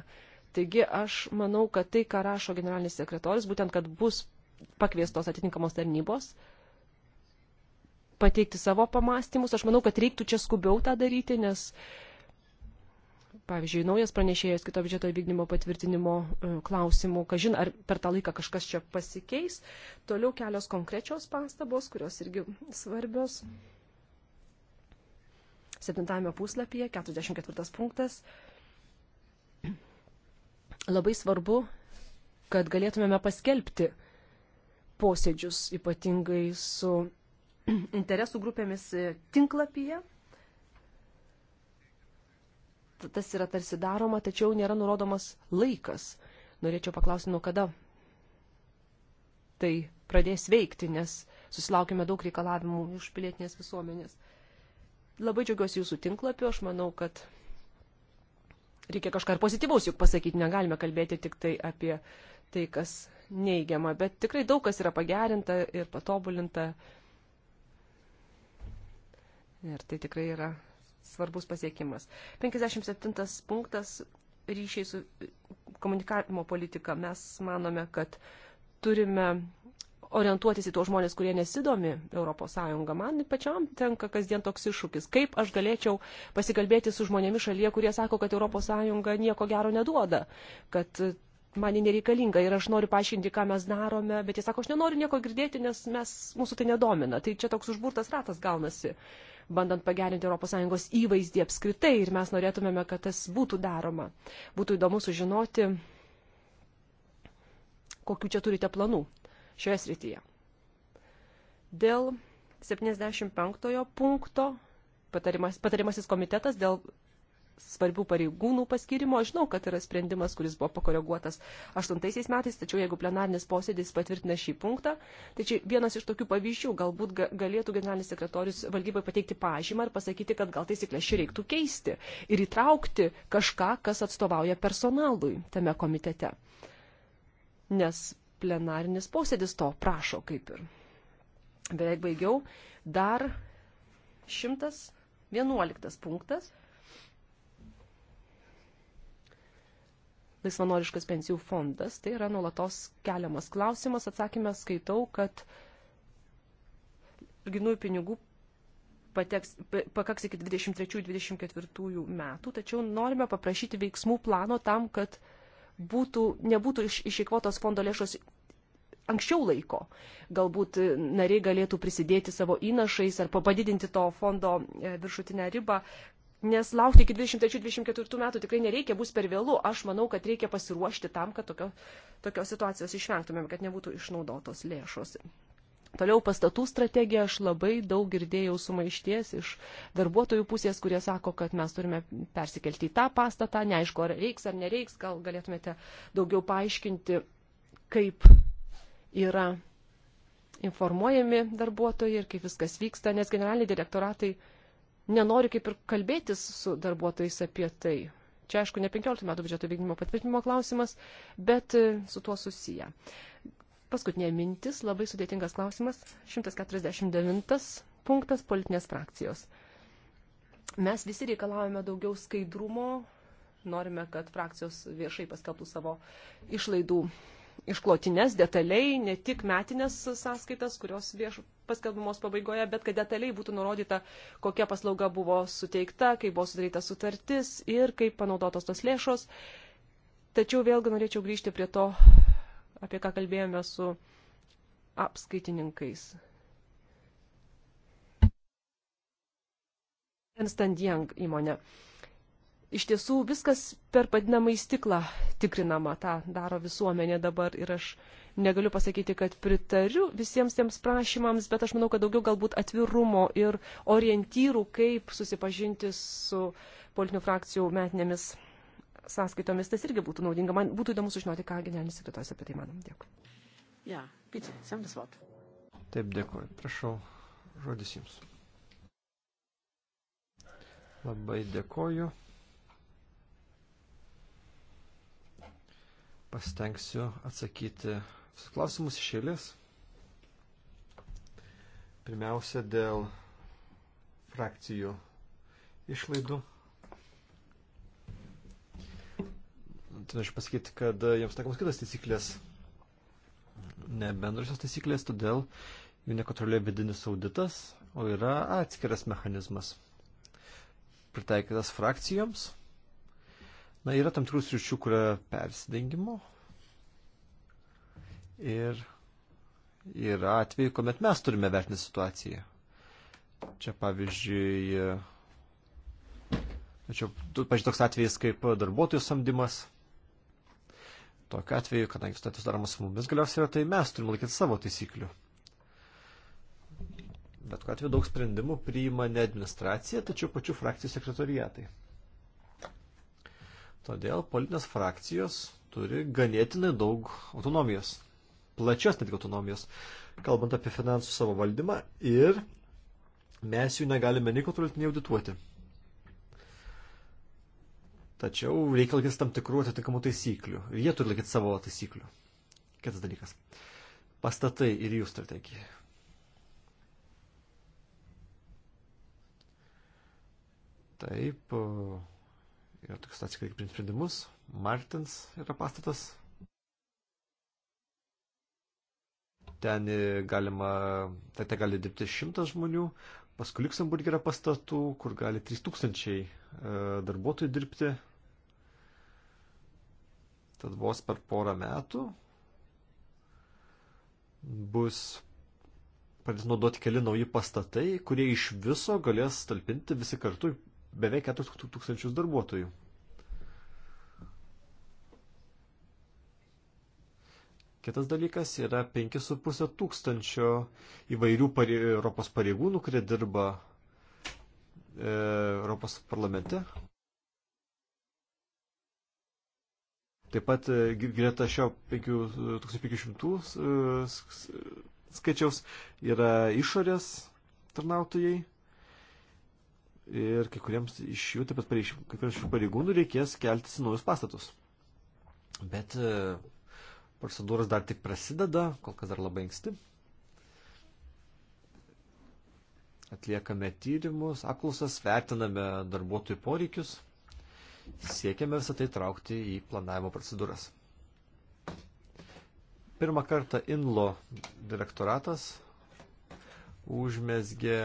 Taigi aš manau, kad tai, ką rašo generalinis sekretorius, būtent, kad bus pakviestos atitinkamos tarnybos pateikti savo pamastymus, aš manau, kad reiktų čia skubiau tą daryti, nes uh, pavyzdžiui, naujas pranešėjas kito biudžeto įvykdymo patvirtinimo e, klausimų, kažin ar per tą laiką kažkas čia pasikeis. Toliau kelios konkrečios pastabos, kurios irgi svarbios. Septintame puslapyje, 44 punktas. Labai svarbu, kad galėtumėme paskelbti posėdžius, ypatingai su interesų grupėmis e, tinklapyje tas yra tarsi daroma, tačiau nėra nurodomas laikas. Norėčiau paklausti, nuo kada tai pradės veikti, nes susilaukime daug reikalavimų iš pilietinės visuomenės. Labai džiaugiuosi jūsų tinklapiu, aš manau, kad reikia kažką ir pozityvaus juk pasakyti, negalime kalbėti tik tai apie tai, kas neigiama, bet tikrai daug kas yra pagerinta ir patobulinta. Ir tai tikrai yra svarbus pasiekimas. 57 punktas ryšiai su komunikavimo politika. Mes manome, kad turime orientuotis į tuos žmonės, kurie nesidomi ES. Man pačiam tenka kasdien toks iššūkis. Kaip aš galėčiau pasikalbėti su žmonėmis šalyje, kurie sako, kad ES nieko gero neduoda, kad man nereikalinga ir aš noriu paaiškinti, ką mes darome, bet jis sako, aš nenoriu nieko girdėti, nes mes, mūsų tai nedomina. Tai čia toks užburtas ratas gaunasi. Uh, bandant pagerinti ES įvaizdį apskritai ir mes norėtumėme, kad tas būtų daroma. Būtų įdomu sužinoti, kokiu čia turite planų šioje srityje. Dėl 75 punkto patarimas, patarimasis komitetas dėl svarbių pareigūnų paskirimo. Aš žinau, kad yra sprendimas, kuris buvo pakoreguotas 8 metais, tačiau jeigu plenarnis posėdis patvirtina šį punktą, tai čia vienas iš tokių pavyzdžių, galbūt galėtų generalinis sekretorius valdybai pateikti pažymą ir pasakyti, kad gal taisyklės šį reiktų keisti ir įtraukti kažką, kas atstovauja personalui tame komitete. Nes plenarinis posėdis to prašo kaip ir. Beveik baigiau. Dar 111 punktas. laisvanoriškas pensijų fondas. Tai yra nuolatos keliamas klausimas. Atsakymę skaitau, kad grinųjų pinigų pateks, pakaks iki 23-24 metų, tačiau norime paprašyti veiksmų plano tam, kad būtų, nebūtų iš, išeikvotos fondo lėšos anksčiau laiko. Galbūt nariai galėtų prisidėti savo įnašais ar padidinti to fondo e, viršutinę ribą, nes laukti iki 23-24 metų tikrai nereikia, bus per vėlų. Aš manau, kad reikia pasiruošti tam, kad tokio, tokios situacijos išvengtumėm, kad nebūtų išnaudotos lėšos. Toliau pastatų strategija, aš labai daug girdėjau sumaišties iš darbuotojų pusės, kurie sako, kad mes turime persikelti į tą pastatą, neaišku, ar reiks ar nereiks, gal galėtumėte daugiau paaiškinti, kaip yra informuojami darbuotojai ir kaip viskas vyksta, nes generaliniai direktoratai uh, nenori kaip ir kalbėtis su darbuotojais apie tai. Čia, aišku, ne 15 metų biudžeto vykdymo patvirtinimo klausimas, bet e, su tuo susiję. Paskutinė mintis, labai sudėtingas klausimas, 149 punktas politinės frakcijos. Mes visi reikalavome daugiau skaidrumo, norime, kad frakcijos viešai paskelbtų savo išlaidų išklotines detaliai, ne tik metinės sąskaitas, kurios vieš paskelbimos pabaigoje, bet kad detaliai būtų nurodyta, kokia paslauga buvo suteikta, kaip buvo sudaryta sutartis ir kaip panaudotos tos lėšos. Tačiau vėlgi norėčiau grįžti prie to, apie ką kalbėjome su apskaitininkais. Ernst Young įmonė iš tiesų viskas per padinamą į stiklą tikrinama, tą daro visuomenė dabar ir aš negaliu pasakyti, kad pritariu visiems tiems prašymams, bet aš manau, kad daugiau galbūt atvirumo ir orientyrų, kaip susipažinti su politinių frakcijų metinėmis sąskaitomis, tas irgi būtų naudinga. Man būtų įdomu sužinoti, ką generalinis sekretorius apie tai manom. Dėkui. Ja, bitte, samdas vod. Taip, dėkuoju. Prašau, žodis jums. Labai dėkoju. Pastengsiu atsakyti klausimus iš eilės. Pirmiausia, dėl frakcijų išlaidų. Tai aš pasakyti, kad jiems takomas kitas taisyklės, ne bendrosios taisyklės, todėl jų nekontroliuoja vidinis auditas, o yra atskiras mechanizmas pritaikytas frakcijoms Na, yra tam tikrų sričių, kur yra persidengimo. Ir yra atveju, kuomet mes turime vertinti situaciją. Čia pavyzdžiui, čia, pavyzdžiui, toks atvejis kaip darbuotojų samdymas. Tokiu atveju, kadangi sutartis daromas su mumis galiausiai yra, tai mes turime laikyti savo taisyklių. Bet kokiu atveju daug sprendimų priima ne administracija, tačiau pačių frakcijų sekretoriatai. Todėl politinės frakcijos turi ganėtinai daug autonomijos, plačias netgi autonomijos, kalbant apie finansų savo valdymą ir mes jų negalime nei kontroliuoti, nei audituoti. Tačiau reikia laikytis tam tikrų atitinkamų taisyklių. Ir jie turi laikyti savo taisyklių. Kitas dalykas. Pastatai ir jų strategija. Taip. Uh Yra tokia situacija, kai reikia priimti sprendimus. Martins yra pastatas. Ten e, galima, ten, ten gali dirbti šimtas žmonių. Paskui Luxemburg yra pastatų, kur gali 3000 e, darbuotojų dirbti. Tad vos per porą metų bus pradės naudoti keli nauji pastatai, kurie iš viso galės talpinti visi kartu beveik 4 tūkstančius darbuotojų. Kitas dalykas yra 5,5 tūkstančio įvairių parei, Europos pareigūnų, kurie dirba e, Europos parlamente. Taip pat e, greta šio 5500 skaičiaus yra išorės tarnautojai ir kai kuriems iš jų, taip pat pareiš, kai kuriems iš pareigūnų reikės keltis į naujus pastatus. Bet e, procedūros dar tik prasideda, kol kas dar labai anksti. Atliekame tyrimus, apklausas, vertiname darbuotojų poreikius, siekiame visą tai traukti į planavimo procedūras. Pirmą kartą INLO direktoratas užmesgė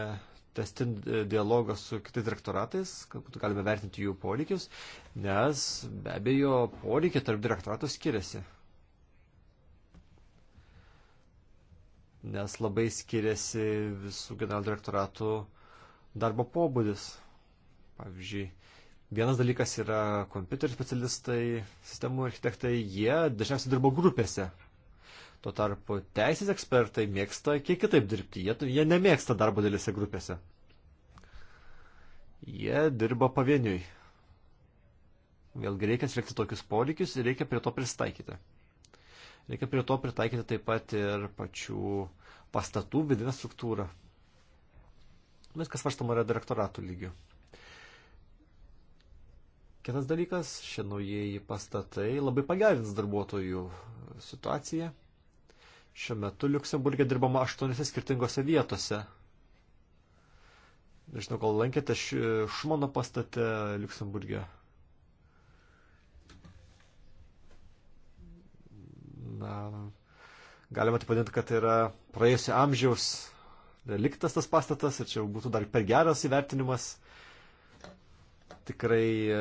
tęsti e, dialogą su kitais direktoratais, kad būtų galima vertinti jų poreikius, nes be abejo poreikiai tarp direktoratų skiriasi. Nes labai skiriasi visų generalų direktoratų darbo pobūdis. Pavyzdžiui, vienas dalykas yra kompiuterių specialistai, sistemų architektai, jie dažniausiai dirbo grupėse, Tuo tarpu teisės ekspertai mėgsta kiek kitaip dirbti. Jie, jie nemėgsta darbo dėlėse grupėse. Jie dirba pavieniui. Vėlgi reikia atsvekti tokius poreikius ir reikia prie to pristaikyti. Reikia prie to pritaikyti taip pat ir pačių pastatų vidinę struktūrą. Viskas varstama yra direktoratų lygių. Kitas dalykas, šie naujieji pastatai labai pagerins darbuotojų situaciją. Šiuo metu Luksemburgė dirbama aštuoniuose skirtingose vietose. Nežinau, gal lankėte Šumano pastate Luksemburgė. Na, galima tai padinti, kad tai yra praėjusio amžiaus reliktas tas pastatas ir čia būtų dar per geras įvertinimas. Tikrai e,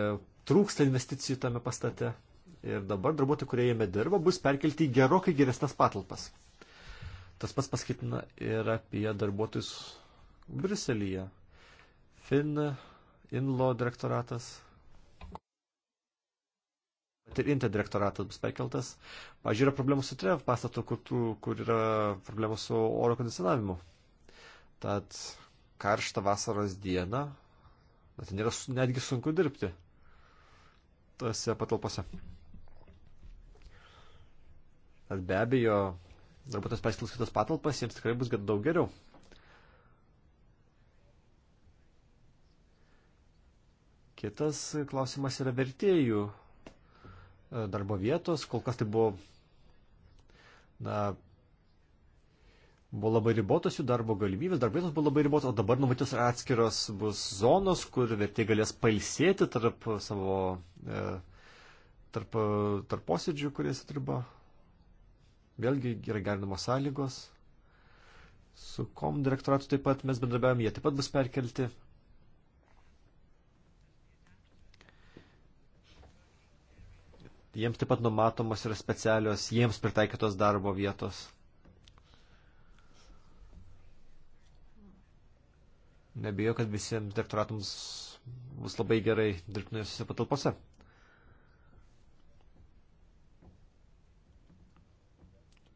trūksta investicijų tame pastate ir dabar darbuotojai, kurie jame dirba, bus perkelti į gerokai geresnas patalpas. Tas pats paskaitina ir apie darbuotojus Briselyje. Fin, Inlo direktoratas. Ir Inte direktoratas bus perkeltas. Pavyzdžiui, yra problemų su TREV pastatu, kur, tu, kur yra problemų su oro kondicionavimu. Tad karštą vasaros dieną, na, ten yra netgi sunku dirbti tose patalpose. Bet be abejo, darbuotojas persikels kitas patalpas, jiems tikrai bus daug geriau. Kitas klausimas yra vertėjų e, darbo vietos. Kol kas tai buvo, na, buvo labai ribotos jų darbo galimybės, darbo vietos buvo labai ribotos, o dabar numatytos atskiros bus zonos, kur vertėjai galės pailsėti tarp savo, e, tarp, tarp posėdžių, kurie sitribavo. Vėlgi yra gerinamos sąlygos. Su kom direktoratu taip pat mes bendrabiavame, jie taip pat bus perkelti. Jiems taip pat numatomos yra specialios, jiems pritaikytos darbo vietos. Nebijo, kad visiems direktoratams bus labai gerai dirbtinėse patalpose.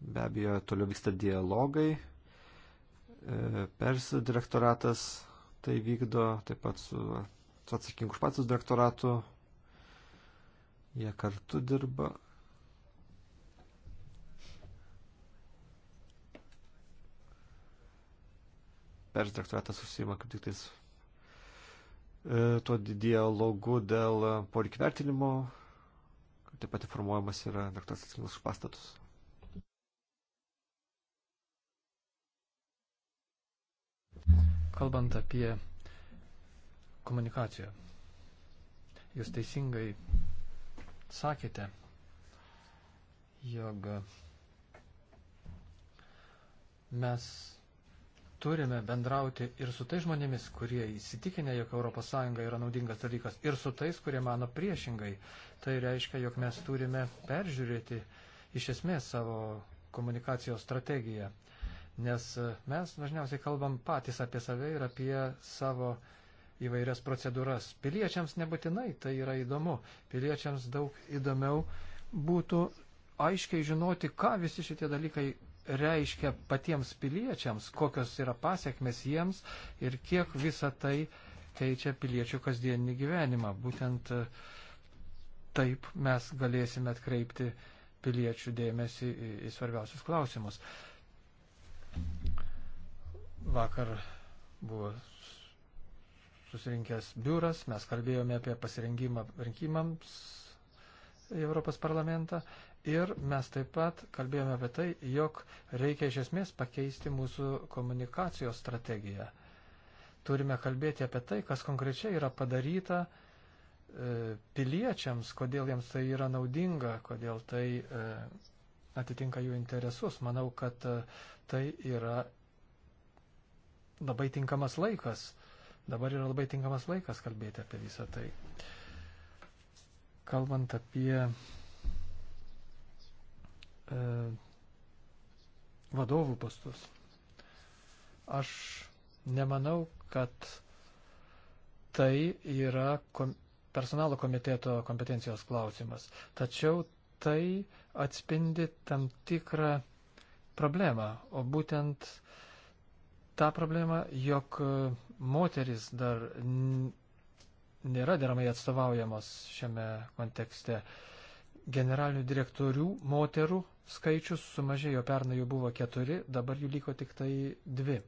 Be abejo, toliau vyksta dialogai. E, Pers direktoratas tai vykdo, taip pat su, su atsakingu už patus direktoratu. Jie kartu dirba. Pers direktoratas užsima kaip tik tais e, tuo dialogu dėl poreikvertinimo. Taip pat informuojamas yra direktoras atsakingas už pastatus. kalbant apie komunikaciją, jūs teisingai sakėte, jog mes turime bendrauti ir su tais žmonėmis, kurie įsitikinę, jog ES yra naudingas dalykas, ir su tais, kurie mano priešingai. Tai reiškia, jog mes turime peržiūrėti iš esmės savo komunikacijos strategiją nes e, mes dažniausiai kalbam patys apie save ir apie savo įvairias procedūras. Piliečiams nebūtinai tai yra įdomu. Piliečiams daug įdomiau būtų aiškiai žinoti, ką visi šitie dalykai reiškia patiems piliečiams, kokios yra pasiekmes jiems ir kiek visa tai keičia piliečių kasdieninį gyvenimą. Būtent e, taip mes galėsime atkreipti piliečių dėmesį į, į svarbiausius klausimus. Vakar buvo susirinkęs biuras, mes kalbėjome apie pasirengimą rinkimams į Europos parlamentą ir mes taip pat kalbėjome apie tai, jog reikia iš esmės pakeisti mūsų komunikacijos strategiją. Turime kalbėti apie tai, kas konkrečiai yra padaryta e, piliečiams, kodėl jiems tai yra naudinga, kodėl tai e, atitinka jų interesus. Manau, kad e, tai yra labai tinkamas laikas. Dabar yra labai tinkamas laikas kalbėti apie visą tai. Kalbant apie e, vadovų postus, aš nemanau, kad tai yra kom, personalo komiteto kompetencijos klausimas. Tačiau tai e, atspindi tam tikrą problemą, o būtent tą problemą, jog moteris dar nėra deramai atstovaujamos šiame kontekste. Generalinių direktorių moterų skaičius sumažėjo, pernai jų buvo keturi, dabar jų liko tik tai dvi.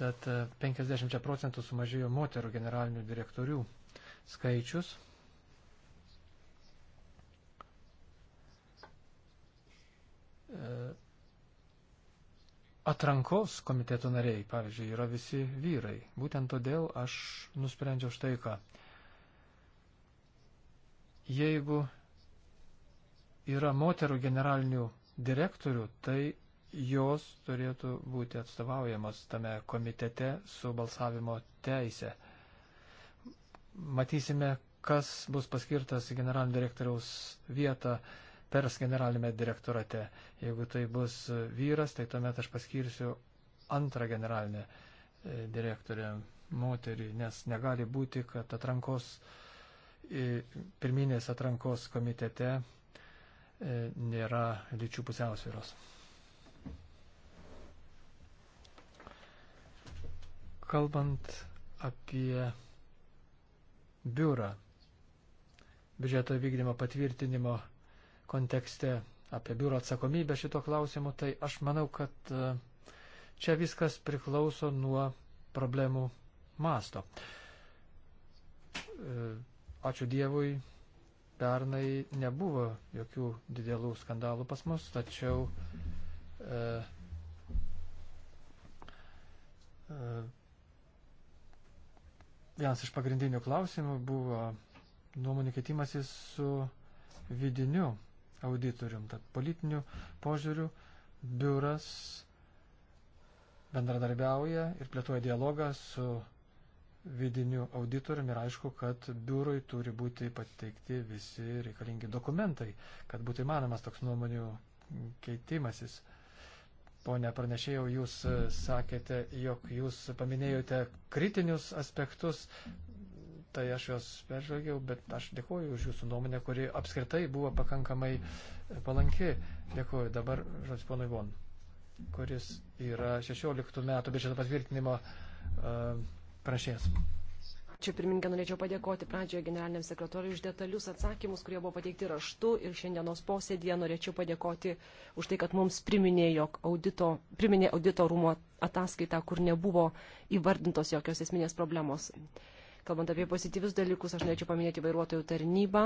Tad 50 e, procentų sumažėjo moterų generalinių direktorių skaičius. E, atrankos komiteto nariai, pavyzdžiui, yra visi vyrai. Būtent todėl aš nusprendžiau štai ką. Jeigu yra moterų generalinių direktorių, tai jos turėtų būti atstovaujamos tame komitete su balsavimo teise. Matysime, kas bus paskirtas į generalinio direktoriaus vietą pers generalinėme direktorate. Jeigu tai bus vyras, tai tuomet aš paskirsiu antrą generalinę e, direktorę moterį, nes negali būti, kad atrankos, e, pirminės atrankos komitete e, nėra lyčių pusiausvėros. Kalbant apie biurą, biudžeto vykdymo patvirtinimo kontekste apie biuro atsakomybę šito klausimu, tai aš manau, kad e, čia viskas priklauso nuo problemų masto. E, ačiū Dievui, pernai nebuvo jokių didelių skandalų pas mus, tačiau e, e, vienas iš pagrindinių klausimų buvo nuomonių keitimasis su vidiniu auditorium. Tad politinių požiūrių biuras bendradarbiauja ir plėtoja dialogą su vidiniu auditoriumi ir aišku, kad biurui turi būti pateikti visi reikalingi dokumentai, kad būtų įmanomas toks nuomonių keitimasis. Pone pranešėjau, jūs sakėte, jog jūs paminėjote kritinius aspektus, tai aš juos peržvelgiau, bet aš dėkuoju už jūsų nuomonę, kuri apskritai buvo pakankamai palanki. Dėkuoju dabar žodis ponui Von, kuris yra 16 metų biudžeto patvirtinimo uh, e, prašės. Čia pirmininkė norėčiau padėkoti pradžioje generaliniam sekretoriui už detalius atsakymus, kurie buvo pateikti raštu ir šiandienos posėdėje norėčiau padėkoti už tai, kad mums priminė, jog audito, priminė audito rūmo ataskaitą, kur nebuvo įvardintos jokios esminės problemos. Uh, Kalbant apie pozityvius dalykus, aš norėčiau paminėti vairuotojų tarnybą.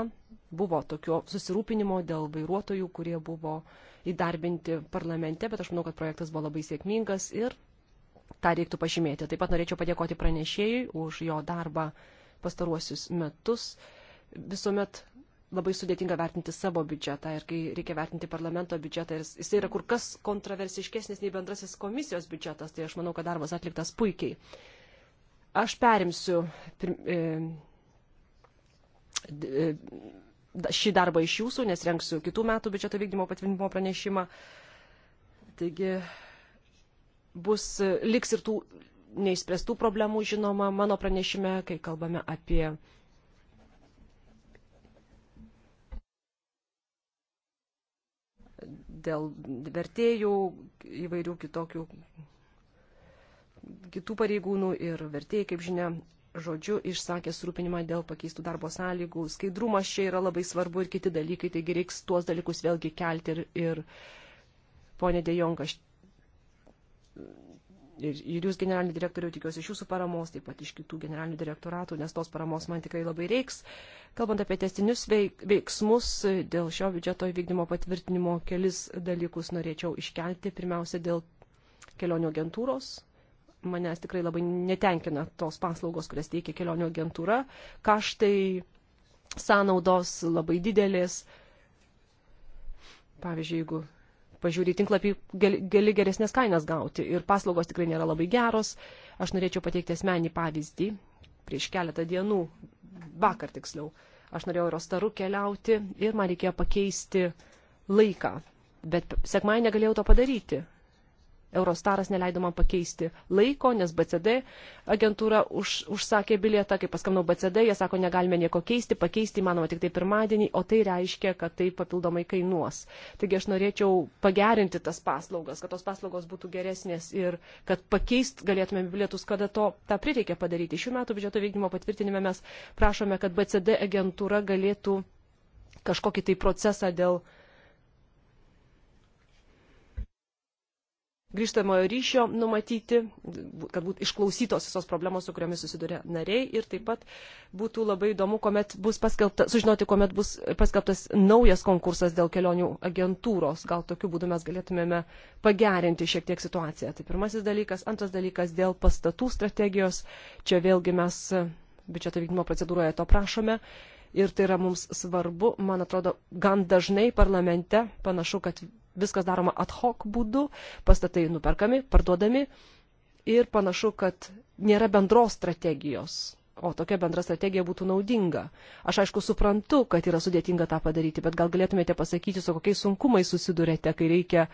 Buvo tokio susirūpinimo dėl vairuotojų, kurie buvo įdarbinti parlamente, bet aš manau, kad projektas buvo labai sėkmingas ir tą reiktų pažymėti. Taip pat norėčiau padėkoti pranešėjui už jo darbą pastaruosius metus. Visuomet labai sudėtinga vertinti savo biudžetą ir kai reikia vertinti parlamento biudžetą, jis yra kur kas kontroversiškesnis nei bendrasis komisijos biudžetas, tai aš manau, kad darbas atliktas puikiai. Aš perimsiu e, e, šį darbą iš jūsų, nes renksiu kitų metų biudžeto vykdymo patvirtinimo pranešimą. Taigi bus, e, liks ir tų neišspręstų problemų, žinoma, mano pranešime, kai kalbame apie. Dėl vertėjų įvairių kitokių kitų pareigūnų ir vertėjai, kaip žinia, žodžiu išsakė surūpinimą dėl pakeistų darbo sąlygų. Skaidrumas čia yra labai svarbu ir kiti dalykai, taigi reiks tuos dalykus vėlgi kelti ir, ir ponė Dejonka, ir, ir jūs generalinį direktorių tikiuosi iš jūsų paramos, taip pat iš kitų generalinių direktoratų, nes tos paramos man tikrai labai reiks. Kalbant apie testinius veik, veiksmus, dėl šio biudžeto įvykdymo patvirtinimo kelis dalykus norėčiau iškelti. Pirmiausia, dėl kelionių agentūros manęs tikrai labai netenkina tos paslaugos, kurias teikia kelionių agentūra. Kaštai, sąnaudos labai didelės. Pavyzdžiui, jeigu pažiūrį tinklapį, gali, gali geresnės kainas gauti ir paslaugos tikrai nėra labai geros. Aš norėčiau pateikti asmenį pavyzdį. Prieš keletą dienų, vakar tiksliau, aš norėjau Eurostaru keliauti ir man reikėjo pakeisti laiką, bet sekmai negalėjau to padaryti. Eurostaras neleido man pakeisti laiko, nes BCD agentūra už, užsakė bilietą, kai paskambinau BCD, jie sako, negalime nieko keisti, pakeisti įmanoma tik tai pirmadienį, o tai reiškia, kad tai papildomai kainuos. Taigi aš norėčiau pagerinti tas paslaugas, kad tos paslaugos būtų geresnės ir kad pakeist galėtume bilietus, kada to tą prireikia padaryti. Šių metų biudžeto vykdymo patvirtinime mes prašome, kad BCD agentūra galėtų kažkokį tai procesą dėl uh, grįžtamojo ryšio numatyti, kad būtų išklausytos visos problemos, su kuriomis susiduria nariai ir taip pat būtų labai įdomu, kuomet bus paskelbta, sužinoti, kuomet bus paskelbtas naujas konkursas dėl kelionių agentūros. Gal tokiu būdu mes galėtumėme pagerinti šiek tiek situaciją. Tai pirmasis dalykas. Antras dalykas dėl pastatų strategijos. Čia vėlgi mes biudžeto vykdymo procedūroje to prašome. Uh, ir tai yra mums svarbu. Man atrodo, gan dažnai parlamente panašu, kad viskas daroma ad hoc būdu, pastatai nuperkami, parduodami ir panašu, kad nėra bendros strategijos. O tokia bendra strategija būtų naudinga. Aš aišku suprantu, kad yra sudėtinga tą padaryti, bet gal galėtumėte pasakyti, su kokiais sunkumais susidurėte, kai reikia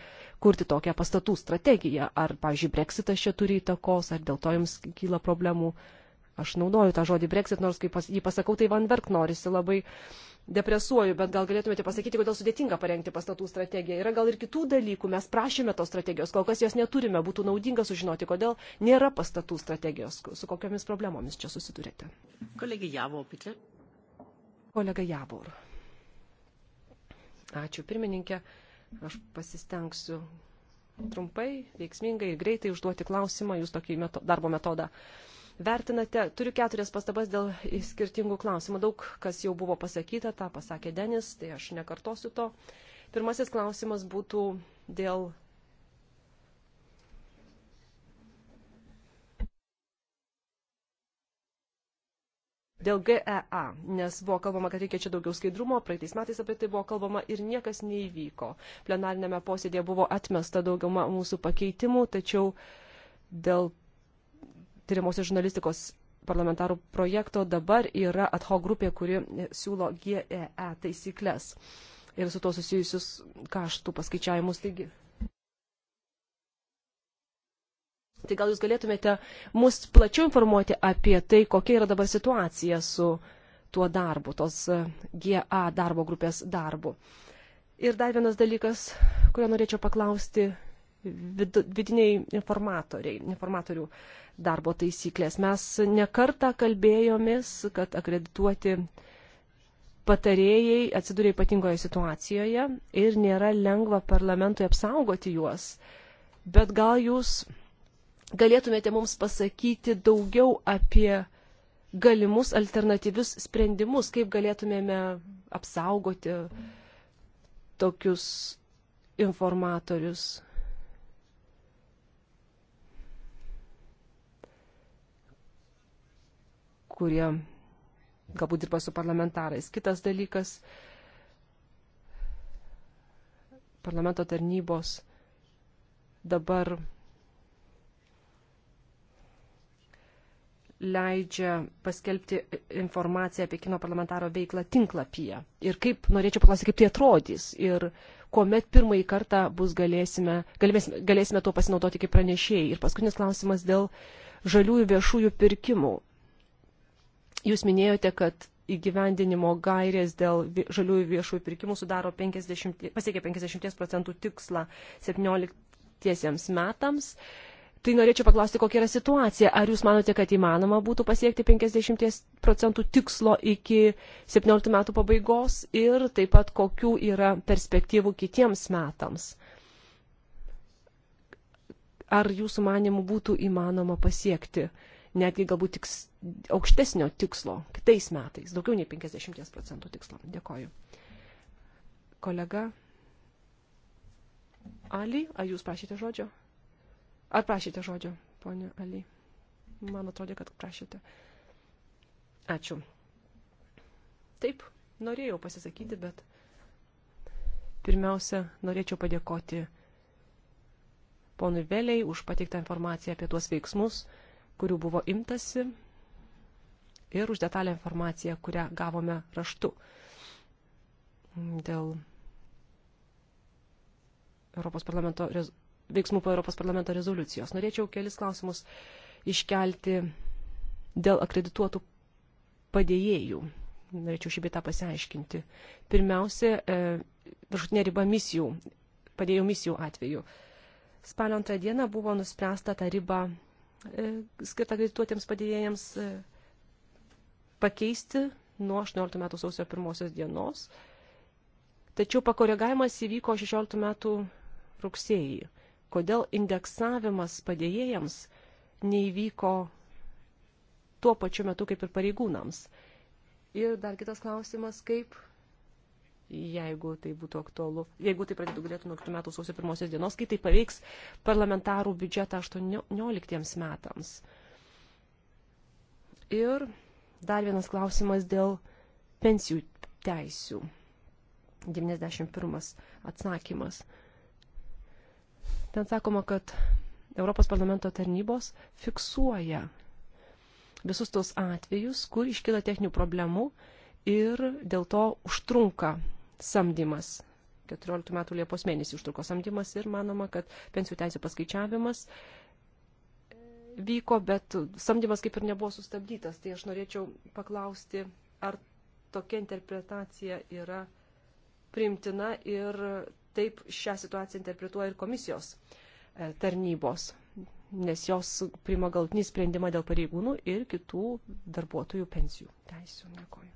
kurti tokią pastatų strategiją. Ar, pavyzdžiui, breksitas čia turi įtakos, ar dėl to jums kyla problemų. Uh, Aš naudoju tą žodį Brexit, nors kai pas, jį pasakau, tai Van Berg norisi labai depresuoju, bet gal galėtumėte pasakyti, kodėl sudėtinga parengti pastatų strategiją. Yra gal ir kitų dalykų, mes prašėme tos strategijos, kol kas jos neturime, būtų naudinga sužinoti, kodėl nėra pastatų strategijos, su kokiamis problemomis čia susidurėte. Kolegė Javor, pitė. Kolega Javor. Ačiū, pirmininkė. Aš pasistengsiu trumpai, veiksmingai ir greitai užduoti klausimą, jūs tokį meto, darbo metodą uh, vertinate? Turiu keturias pastabas dėl skirtingų klausimų. Daug kas jau buvo pasakyta, tą pasakė Denis, tai aš nekartosiu to. Pirmasis klausimas būtų dėl. Dėl GEA, nes buvo kalbama, kad reikia čia daugiau skaidrumo, praeitais metais apie tai buvo kalbama ir niekas neįvyko. Plenarinėme posėdėje buvo atmesta dauguma mūsų pakeitimų, tačiau dėl tyriamosios žurnalistikos parlamentarų projekto dabar yra ad hoc grupė, kuri siūlo GEE e taisyklės ir su to susijusius kaštų paskaičiavimus. Taigi. Tai gal jūs galėtumėte mus plačiau informuoti apie tai, kokia yra dabar situacija su tuo darbu, tos GA e e darbo grupės darbu. Ir dar vienas dalykas, kurio norėčiau paklausti vid, vidiniai informatoriai, informatorių darbo taisyklės. Mes nekartą kalbėjomis, kad akredituoti patarėjai atsiduria ypatingoje situacijoje ir nėra lengva parlamentui apsaugoti juos. Bet gal jūs galėtumėte mums pasakyti daugiau apie galimus alternatyvius sprendimus, kaip galėtumėme apsaugoti tokius informatorius kurie galbūt dirba su parlamentarais. Kitas dalykas - parlamento tarnybos dabar leidžia paskelbti informaciją apie kino parlamentaro veiklą tinklapyje. Ir kaip, norėčiau paklausyti, kaip tai atrodys ir kuomet pirmąjį kartą bus galėsime, galėsime, galėsime tuo pasinaudoti kaip pranešėjai. Ir paskutinis klausimas dėl žaliųjų viešųjų pirkimų. Jūs minėjote, kad įgyvendinimo gairės dėl žaliųjų viešųjų pirkimų sudaro 50, pasiekė 50 procentų tikslą 17 metams. Tai norėčiau paklausti, kokia yra situacija. Ar jūs manote, kad įmanoma būtų pasiekti 50 procentų tikslo iki 17 metų pabaigos ir taip pat kokių yra perspektyvų kitiems metams? Ar jūsų manimų būtų įmanoma pasiekti? Uh, netgi galbūt tiks, aukštesnio tikslo kitais metais, daugiau nei 50 procentų tikslo. Dėkoju. Kolega Ali, ar jūs prašėte žodžio? Ar prašėte žodžio, ponė Ali? Man atrodo, kad prašėte. Ačiū. Taip, norėjau pasisakyti, bet pirmiausia, norėčiau padėkoti ponui Veliai už pateiktą informaciją apie tuos veiksmus, kurių buvo imtasi ir už detalę informaciją, kurią gavome raštu dėl Europos parlamento, veiksmų po Europos parlamento rezoliucijos. Norėčiau kelis klausimus iškelti dėl akredituotų padėjėjų. Norėčiau šį bitą pasiaiškinti. Pirmiausia, e, viršutinė riba misijų, padėjų misijų atveju. Spalio antrą dieną buvo nuspręsta tą ribą E, skirtą kredituotėms padėjėjams e, pakeisti nuo 18 metų sausio pirmosios dienos. Tačiau pakoregavimas įvyko 16 metų rugsėjį. Kodėl indeksavimas padėjėjams neįvyko tuo pačiu metu kaip ir pareigūnams? Ir dar kitas klausimas, kaip jeigu tai būtų aktualu, jeigu tai pradėtų galėtų nuo kitų metų sausio pirmosios dienos, kai tai paveiks parlamentarų biudžetą 18 metams. Ir dar vienas klausimas dėl pensijų teisių. 91 atsakymas. Ten sakoma, kad Europos parlamento tarnybos fiksuoja visus tos atvejus, kur iškyla techninių problemų ir dėl to užtrunka samdymas. 14 metų Liepos mėnesį užtruko samdymas ir manoma, kad pensijų teisų paskaičiavimas vyko, bet samdymas kaip ir nebuvo sustabdytas. Tai aš norėčiau paklausti, ar tokia interpretacija yra primtina ir taip šią situaciją interpretuoja ir komisijos e, tarnybos, nes jos priima galtinį sprendimą dėl pareigūnų ir kitų darbuotojų pensijų teisų. Dėkoju.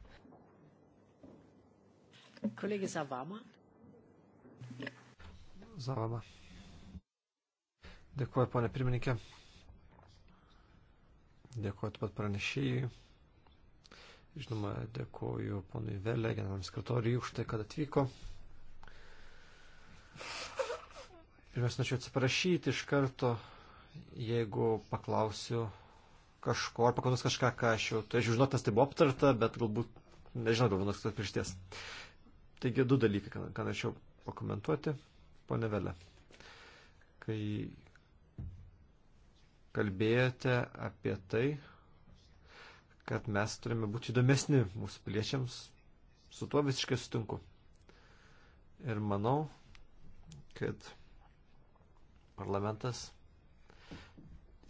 Kolegė Savama. Zavama. Dėkuoju, ponė pirmininkė. Dėkuoju taip pat pranešėjui. Žinoma, dėkuoju ponui Velė, generaliniam sekretoriui, už tai, kad atvyko. Pirmiausia, norėčiau atsiprašyti iš karto, jeigu paklausiu kažko, ar paklausiu kažką, ką aš jau, tai aš žinau, tas tai buvo aptarta, bet galbūt, nežinau, galbūt nors prieš ties. Taigi du dalykai, ką, ką norėčiau pakomentuoti, ponė Vele. Kai kalbėjote apie tai, kad mes turime būti įdomesni mūsų piliečiams, su tuo visiškai sutinku. Ir manau, kad parlamentas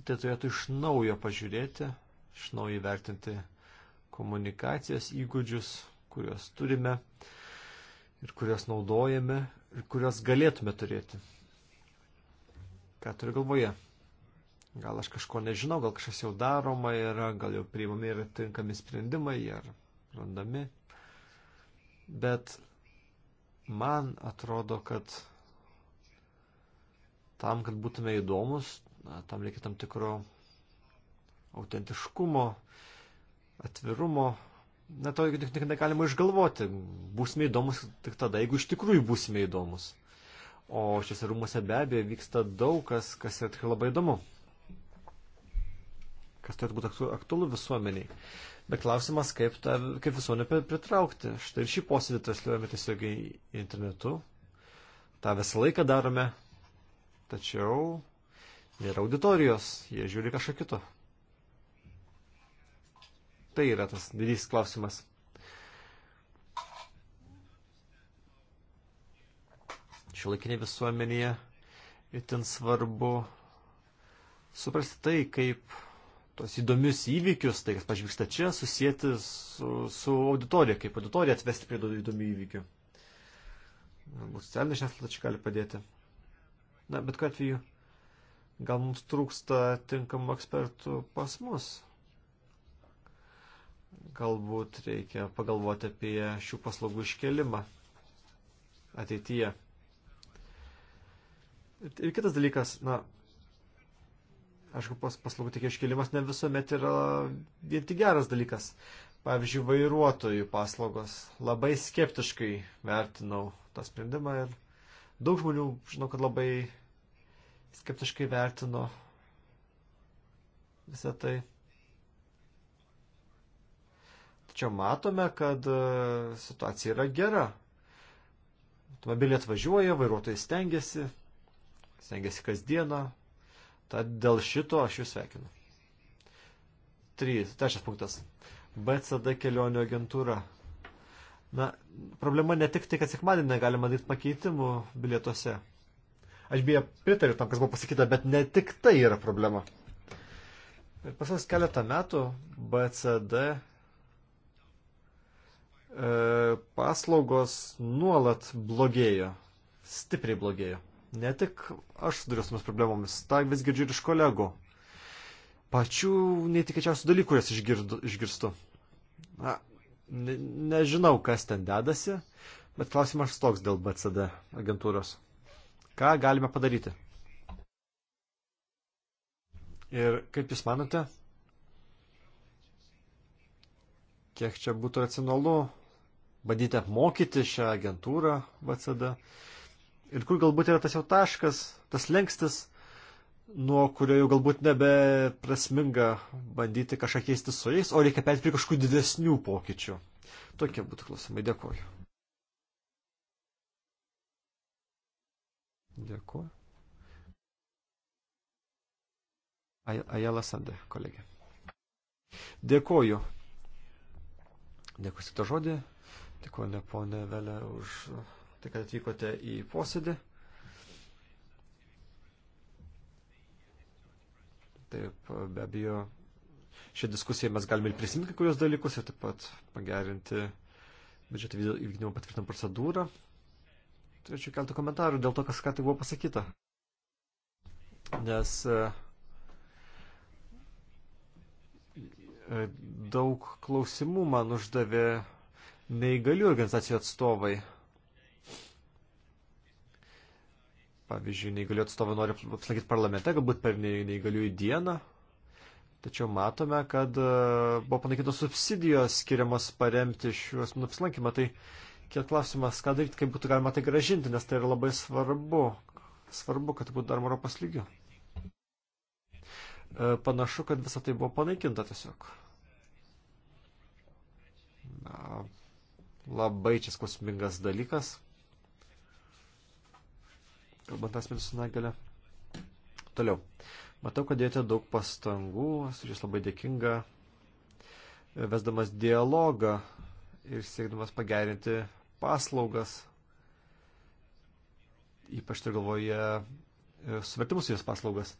tai turėtų iš naujo pažiūrėti, iš naujo įvertinti komunikacijos įgūdžius, kuriuos turime, uh, ir kurias naudojame ir kurias galėtume turėti. Ką turiu galvoje? Gal aš kažko nežinau, gal kažkas jau daroma yra, gal jau priimami ir tinkami sprendimai ar randami. Bet man atrodo, kad tam, kad būtume įdomus, na, tam reikia tam tikro autentiškumo, atvirumo, Na, to tik negalima išgalvoti. Būsime įdomus tik tada, jeigu iš tikrųjų būsime įdomus. O šiuose rūmose be abejo vyksta daug kas, kas yra tikrai labai įdomu. Kas turėtų būti aktualu visuomeniai. Bet klausimas, kaip, ta, kaip visuomenę pritraukti. Štai ir šį posėdį transliuojame tiesiog internetu. Ta visą laiką darome. Tačiau nėra auditorijos, jie žiūri kažką kito. Tai yra tas didysis klausimas. Šiuolaikinė visuomenėje itin svarbu suprasti tai, kaip tos įdomius įvykius, tai kas pažvyksta čia, susijęti su, su auditorija, kaip auditorija atvesti prie įdomių įvykių. Galbūt socialinė žiniasklaida čia gali padėti. Na, bet kuriuo atveju, gal mums trūksta tinkamų ekspertų pas mus. Galbūt reikia pagalvoti apie šių paslaugų iškelimą ateityje. Ir kitas dalykas, na, aišku, pas, paslaugų tik iškelimas ne visuomet yra vien tik geras dalykas. Pavyzdžiui, vairuotojų paslaugos. Labai skeptiškai vertinau tą sprendimą ir daug žmonių, žinau, kad labai skeptiškai vertino visą tai čia matome, kad e, situacija yra gera. Automobiliai atvažiuoja, vairuotojai stengiasi, stengiasi kasdieną. Tad dėl šito aš jūs sveikinu. 3. Trečias punktas. BCD kelionių agentūra. Na, problema ne tik tai, kad sekmadienį galima daryti pakeitimų bilietuose. Aš beje pritariu tam, kas buvo pasakyta, bet ne tik tai yra problema. Per pasas keletą metų BCD E, paslaugos nuolat blogėjo, stipriai blogėjo. Ne tik aš suduriu su problemomis, tą vis girdžiu ir iš kolegų. Pačių neįtikėčiausių dalykų, kurias išgirdu, išgirstu. Na, ne, nežinau, kas ten dedasi, bet klausimas toks dėl BCD agentūros. Ką galime padaryti? Ir kaip Jūs manote, kiek čia būtų racionalu bandyti apmokyti šią agentūrą VCD. Ir kur galbūt yra tas jau taškas, tas lenkstis, nuo kurio jau galbūt nebeprasminga bandyti kažką keisti su jais, o reikia perėti prie kažkokių didesnių pokyčių. Tokie būtų klausimai. Dėkuoju. Dėkuoju. Ajala Sandė, kolegė. Dėkuoju. Dėkuoju to žodį. Dėkuoju, ponė Velė, už tai, kad atvykote į posėdį. Taip, be abejo, šią diskusiją mes galime ir prisiminti kai kurios dalykus ir taip pat pagerinti biudžeto įvykdymo patvirtinimo procedūrą. Turėčiau keltų komentarų dėl to, kas ką tai buvo pasakyta. Nes e, e, daug klausimų man uždavė neįgalių organizacijų atstovai. Pavyzdžiui, neįgalių atstovai nori apsilankyti parlamente, galbūt per neįgaliųjų dieną. Tačiau matome, kad e, buvo panaikintos subsidijos skiriamos paremti šių asmenų apsilankymą. Tai kiek klausimas, ką daryti, kaip būtų galima tai gražinti, nes tai yra labai svarbu. Svarbu, kad tai būtų daroma Europos lygių. E, panašu, kad visą tai buvo panaikinta tiesiog. Na, Labai čia skausmingas dalykas, kalbant asmenį su negale. Toliau. Matau, kad dėjote daug pastangų, esu jis labai dėkinga, vesdamas dialogą ir siekdamas pagerinti paslaugas. Ypač turiu galvoje e, suvertimus jas paslaugas.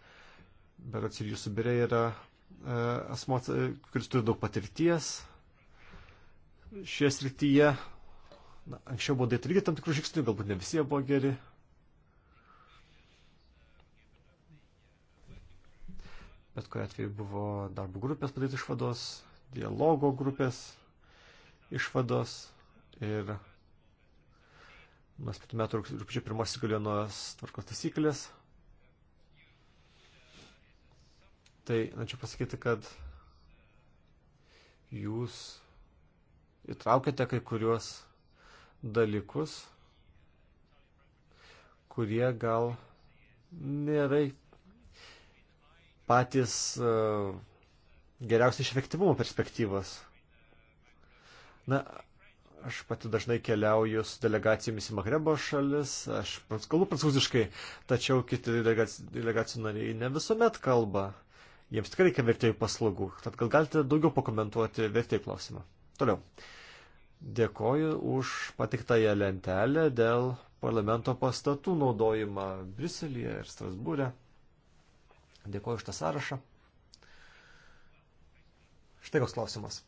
Berats ir jūsų birė yra e, asmo, e, kuris turi daug patirties, šioje srityje. Na, anksčiau buvo daryti irgi tam tikrų žingsnių, galbūt ne visi jie buvo geri. Bet kuriu atveju buvo darbo grupės padaryti išvados, dialogo grupės išvados ir mes pietų metų rūpčio pirmos įsigalėjo nuos tvarkos taisyklės. Tai, na čia pasakyti, kad jūs įtraukėte kai kuriuos dalykus, kurie gal nėra patys e, geriausiai iš efektyvumo perspektyvos. Na, aš pati dažnai keliauju su delegacijomis į Magrebo šalis, aš kalbu prancūziškai, tačiau kiti delegacijų nariai ne visuomet kalba. Jiems tikrai reikia vertėjų paslaugų. Tad gal galite daugiau pakomentuoti vertėjų klausimą? Toliau. Dėkoju už patiktąją lentelę dėl parlamento pastatų naudojimą Briuselėje ir Strasbūrė. Dėkoju už tą sąrašą. Štai koks klausimas.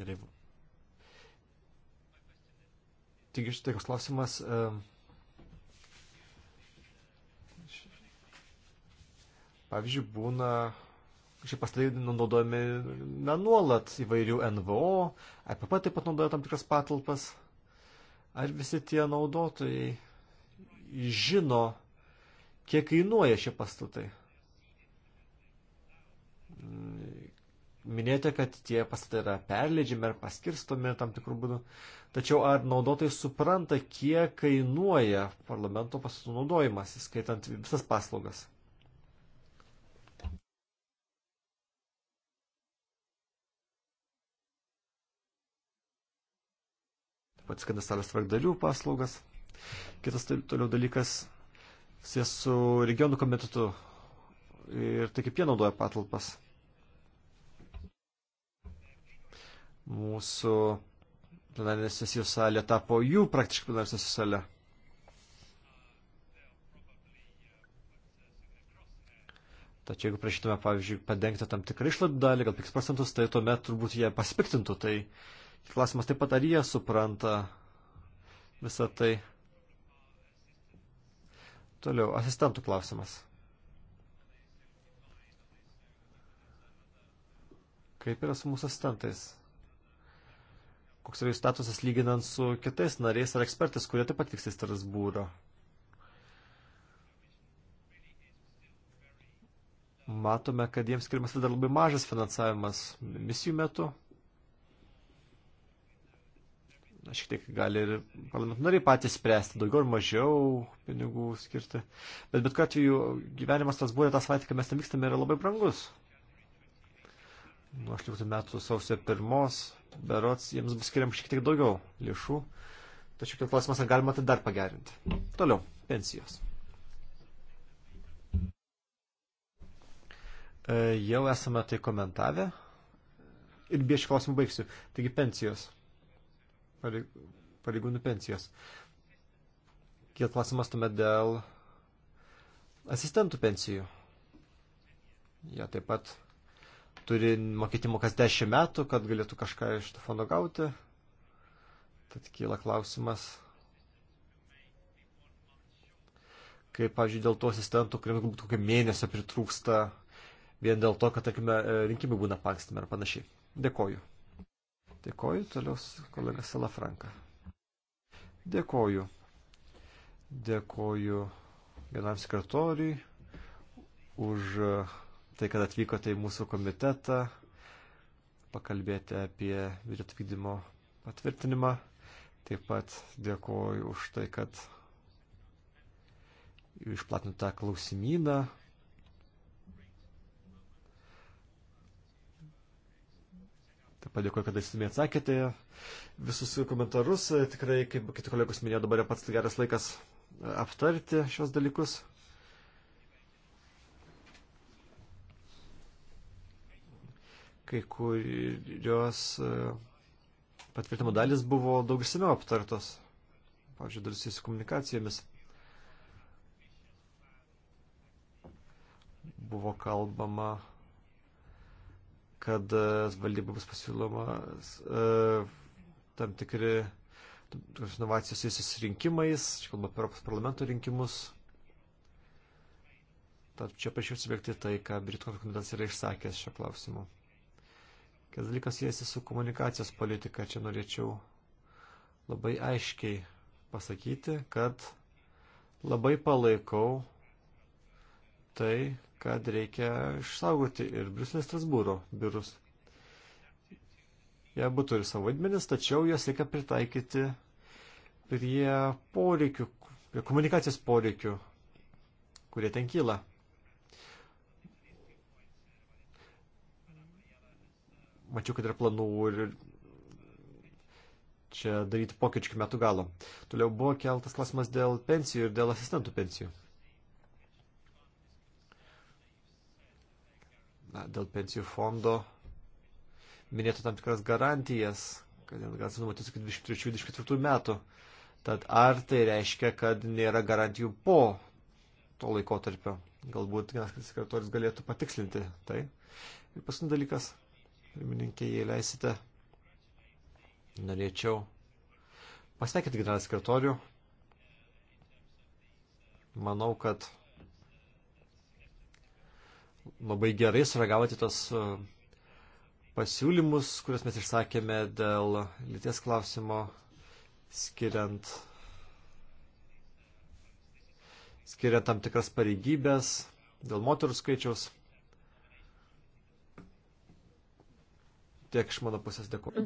Gerai. Taigi štai koks klausimas. Pavyzdžiui, būna Šie pastatai naudojami na, nuolat įvairių NVO, EPP taip pat naudoja tam tikras patalpas. Ar visi tie naudotojai žino, kiek kainuoja šie pastatai? Minėjote, kad tie pastatai yra perleidžiami ar paskirstomi tam tikrų būdų. Tačiau ar naudotojai supranta, kiek kainuoja parlamento pastatų naudojimas, įskaitant visas paslaugas? pats kada savęs tvarkdarių paslaugas. Kitas tai- toliau dalykas susijęs su regionų komitetu ir tai kaip jie naudoja patalpas. Mūsų plenarinės sesijos salė tapo jų praktiškai plenarinės sesijos salė. Tačiau jeigu prašytume, pavyzdžiui, padengti tam tikrą išlaidų dalį, gal 5 procentus, tai tuomet turbūt jie pasipiktintų. Tai Klausimas taip pat, ar jie supranta visą tai. Toliau, asistentų klausimas. Kaip yra su mūsų asistentais? Koks yra jų statusas lyginant su kitais nariais ar ekspertais, kurie taip pat tiksliai Strasbūro? Matome, kad jiems skirimas vis dar labai mažas finansavimas misijų metu šiek tiek gali ir parlamentariai patys spręsti, daugiau ar mažiau pinigų skirti. Bet bet kokiu atveju gyvenimas tas buvo tą savaitę, kai mes ten vykstame, yra labai brangus. Nuo 18 metų sausio pirmos, berots, jiems bus skiriam šiek tiek daugiau lėšų. Tačiau kiek klausimas, ar galima tai dar pagerinti. Toliau, pensijos. E, jau esame tai komentavę. Ir biešių klausimų baigsiu. Taigi pensijos pareigūnų pensijas. Kiek klausimas tuomet dėl asistentų pensijų. Jie ja, taip pat turi mokėti mokas 10 metų, kad galėtų kažką iš to fondo gauti. Tad kyla klausimas, kaip, pavyzdžiui, dėl to asistentų, kuriems galbūt kokio mėnesio pritrūksta vien dėl to, kad, tarkime, rinkimai būna pankstami ar panašiai. Dėkoju. Dėkoju, toliau kolega Salafranka. Dėkoju. Dėkoju vienam sekretoriui už uh, tai, kad atvykote į mūsų komitetą, pakalbėti apie biudžeto vykdymo patvirtinimą. Taip pat dėkoju už tai, kad išplatinote klausimyną, padėkoju, kad esame atsakėte visus komentarus. Tikrai, kaip kiti kolegos minėjo, dabar yra pats geras laikas e, aptarti šios dalykus. Kai kurios e, patvirtimo dalis buvo daug išsimiau aptartos. Pavyzdžiui, dalis su komunikacijomis. Buvo kalbama kad e, valdyba bus pasiūloma e, tam tikri inovacijos įsis rinkimais, čia kalba apie Europos parlamento rinkimus. Tad čia prašiau atsibėgti tai, ką Britų komitetas yra išsakęs šio klausimu. Kitas dalykas jėsi su komunikacijos politika. Čia norėčiau labai aiškiai pasakyti, kad labai palaikau tai, kad reikia išsaugoti ir Briuselės Strasbūro biurus. Jie abu turi savo vaidmenis, tačiau juos reikia pritaikyti prie poreikių, prie komunikacijos poreikių, kurie ten kyla. Mačiau, kad yra planų ir čia daryti pokyčių metų galo. Toliau buvo keltas klausimas dėl pensijų ir dėl asistentų pensijų. na, dėl pensijų fondo minėtų tam tikras garantijas, kad garantijas numatytas iki 23-24 metų. Tad ar tai reiškia, kad nėra garantijų po to laikotarpio? Galbūt vienas sekretorius galėtų patikslinti tai. Ir paskutinis dalykas, pirmininkė, jei leisite, norėčiau pasveikinti generalinį sekretorių. Manau, kad labai gerai suragavote tos e, pasiūlymus, kuriuos mes išsakėme dėl lyties klausimo, skiriant, skiriant tam tikras pareigybės, dėl moterų skaičiaus. Tiek iš mano pusės dėkuoju.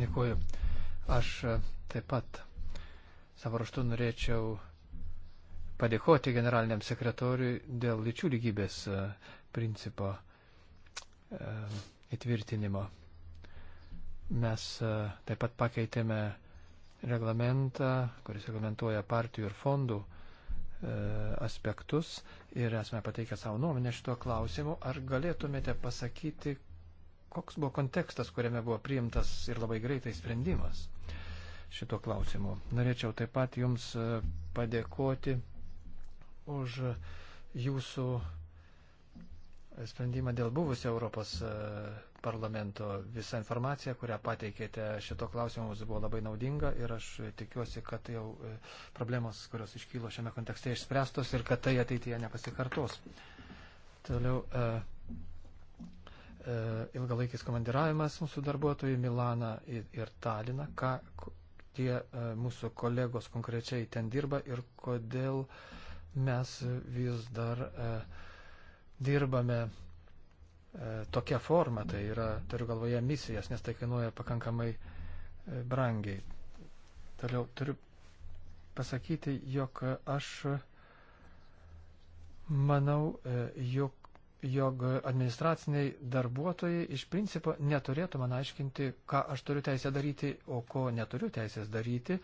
Dėkuoju. Aš e, taip pat savo raštu norėčiau padėkoti generaliniam sekretoriui dėl lyčių lygybės e, principo e, įtvirtinimo. Mes e, taip pat pakeitėme reglamentą, kuris reglamentuoja partijų ir fondų aspektus ir esame pateikę savo nuomonę šituo klausimu. Ar galėtumėte pasakyti, koks buvo kontekstas, kuriame buvo priimtas ir labai greitai sprendimas šituo klausimu? Norėčiau taip pat Jums padėkoti už jūsų sprendimą dėl buvusio Europos e, parlamento. Visa informacija, kurią pateikėte šito klausimo, mums buvo labai naudinga ir aš tikiuosi, kad jau e, problemos, kurios iškylo šiame kontekste, išspręstos ir kad tai ateityje nepasikartos. Toliau e, e, ilgalaikis komandiravimas mūsų darbuotojų Milaną ir Taliną. Ką tie e, mūsų kolegos konkrečiai ten dirba ir kodėl e, mes vis dar e, dirbame e, tokia forma, tai yra, turiu galvoje, misijas, nes tai kainuoja pakankamai e, brangiai. Toliau turiu pasakyti, jog aš manau, e, jog jog administraciniai darbuotojai iš principo neturėtų man aiškinti, ką aš turiu teisę daryti, o ko neturiu teisės daryti. E,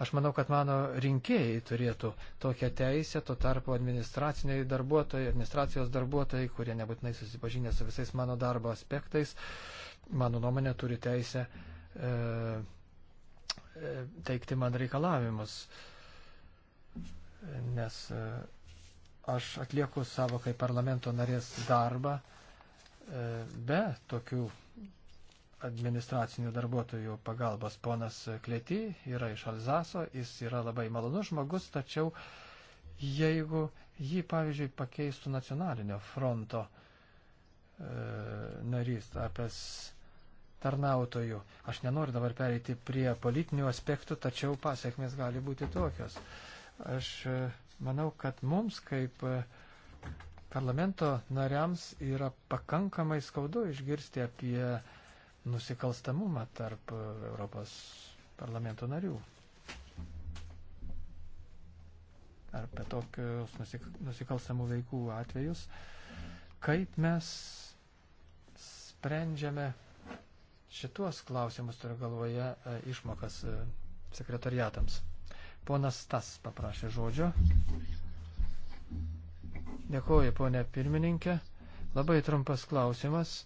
Aš manau, kad mano rinkėjai turėtų tokią teisę, tuo tarpu administraciniai darbuotojai, administracijos darbuotojai, kurie nebūtinai susipažinę su visais mano darbo aspektais, mano nuomonė turi teisę e, e teikti man reikalavimus. Nes e, aš atlieku savo kaip parlamento narės darbą e, be tokių administracinių darbuotojų pagalbos. Ponas Klėty yra iš Alzaso, jis yra labai malonus žmogus, tačiau jeigu jį, pavyzdžiui, pakeistų nacionalinio fronto e, narys, apės tarnautojų, aš nenoriu dabar pereiti prie politinių aspektų, tačiau pasiekmes gali būti tokios. Aš e, manau, kad mums kaip e, parlamento nariams yra pakankamai skaudu išgirsti apie nusikalstamumą tarp Europos parlamento narių. Ar apie tokius nusik nusikalstamų veikų atvejus. Kaip mes sprendžiame šituos klausimus, turiu galvoje, e, išmokas e, sekretariatams. Ponas Tas paprašė žodžio. Dėkuoju, ponė pirmininkė. Labai trumpas klausimas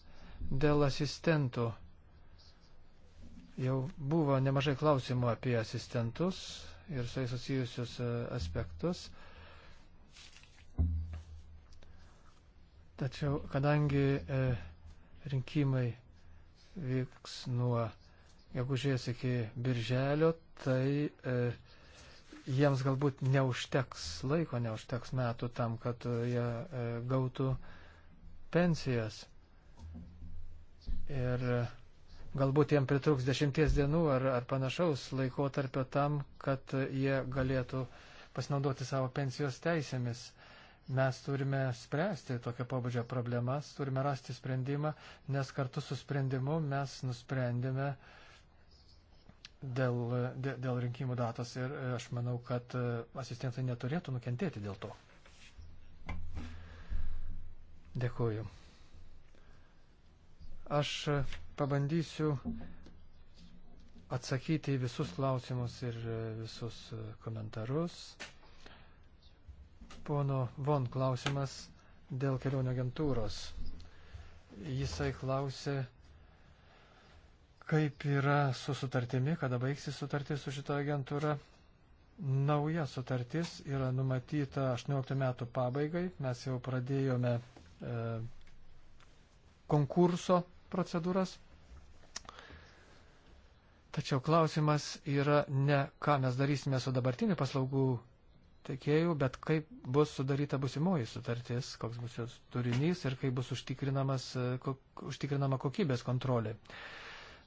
dėl asistentų Jau buvo nemažai klausimų apie asistentus ir su jais susijusius e, aspektus. Tačiau, kadangi e, rinkimai vyks nuo gegužės iki birželio, tai e, jiems galbūt neužteks laiko, neužteks metų tam, kad e, jie e, gautų pensijas. Ir e, Galbūt jiem pritruks dešimties dienų ar, ar panašaus laikotarpio tam, kad jie galėtų pasinaudoti savo pensijos teisėmis. Mes turime spręsti tokio pobūdžio problemas, turime rasti sprendimą, nes kartu su sprendimu mes nusprendėme dėl, dėl, dėl rinkimų datos ir aš manau, kad asistentai neturėtų nukentėti dėl to. Dėkuoju. Aš pabandysiu atsakyti į visus klausimus ir visus komentarus. Pono Von klausimas dėl kelionio agentūros. Jisai klausė, kaip yra su sutartimi, kada baigsis sutartis su šito agentūra. Nauja sutartis yra numatyta 18 metų pabaigai. Mes jau pradėjome e, konkurso procedūras. Tačiau klausimas yra ne, ką mes darysime su dabartiniu paslaugų teikėjų, bet kaip bus sudaryta busimoji sutartis, koks bus jos turinys ir kaip bus kok, užtikrinama kokybės kontrolė.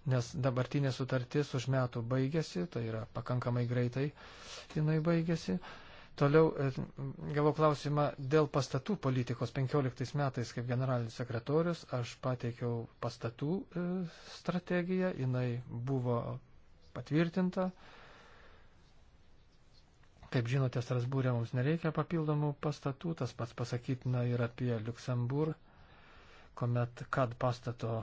Nes dabartinė sutartis už metų baigėsi, tai yra pakankamai greitai jinai baigėsi. Uh, Toliau e, gavau klausimą dėl pastatų politikos 15 metais kaip generalinis sekretorius. Aš pateikiau pastatų e, strategiją, jinai buvo patvirtinta. Kaip žinote, Strasbūrė mums nereikia papildomų pastatų, tas pats pasakytina ir apie Luxemburg, kuomet kad pastato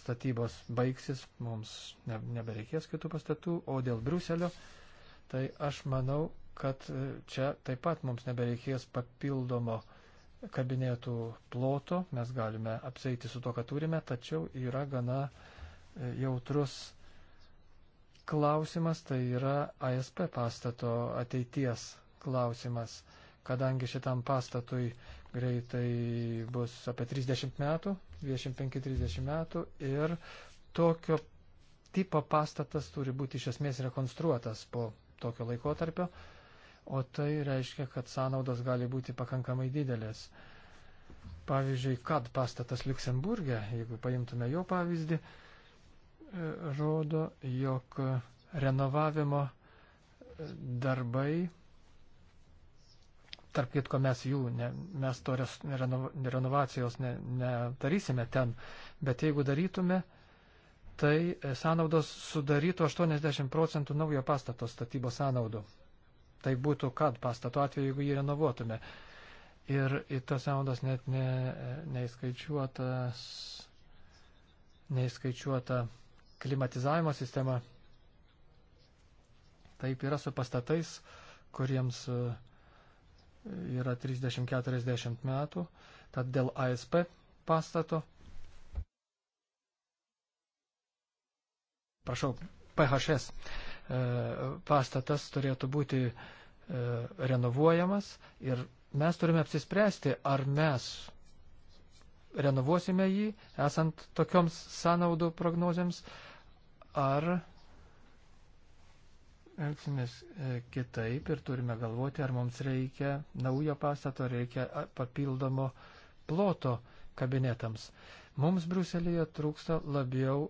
statybos baigsis, mums nebereikės kitų pastatų, o dėl Briuselio, tai aš manau, kad čia taip pat mums nebereikės papildomo kabinetų ploto, mes galime apseiti su to, ką turime, tačiau yra gana e, jautrus klausimas, tai yra ASP pastato ateities klausimas, kadangi šitam pastatui greitai bus apie 30 metų, 25-30 metų ir tokio tipo pastatas turi būti iš esmės rekonstruotas po tokio laikotarpio. tarpio o tai reiškia, kad sąnaudos gali būti pakankamai didelės. Pavyzdžiui, kad pastatas Luksemburgė, jeigu paimtume jo pavyzdį, e, rodo, jog renovavimo e, darbai, tarp kitko mes jų, ne, mes to renovacijos nedarysime ne, ne ten, bet jeigu darytume, tai e, sąnaudos sudarytų 80 procentų naujo pastato statybos sąnaudų tai būtų kad pastato atveju, jeigu jį renovuotume. Ir į tas naudas net ne, neįskaičiuotas, neįskaičiuota klimatizavimo sistema. Taip yra su pastatais, kuriems e, yra 30-40 metų. Tad dėl ASP pastato. Prašau, PHS E, pastatas turėtų būti e, renovuojamas ir mes turime apsispręsti, ar mes renovuosime jį, esant tokioms sąnaudų prognozėms, ar elgsimės e, kitaip ir turime galvoti, ar mums reikia naujo pastato, reikia papildomo ploto kabinetams. Mums Bruselėje trūksta labiau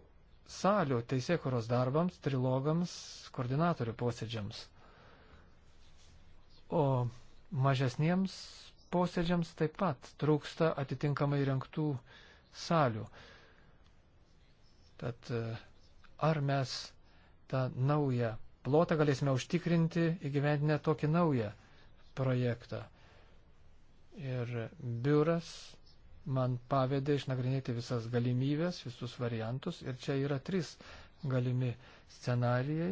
salių teisėkuros darbams, trilogams, koordinatorių posėdžiams. O mažesniems posėdžiams taip pat trūksta atitinkamai renktų salių. Tad e, ar mes tą naują plotą galėsime užtikrinti įgyvendinę tokį naują projektą? Ir biuras man pavedė išnagrinėti visas galimybės, visus variantus ir čia yra trys galimi scenarijai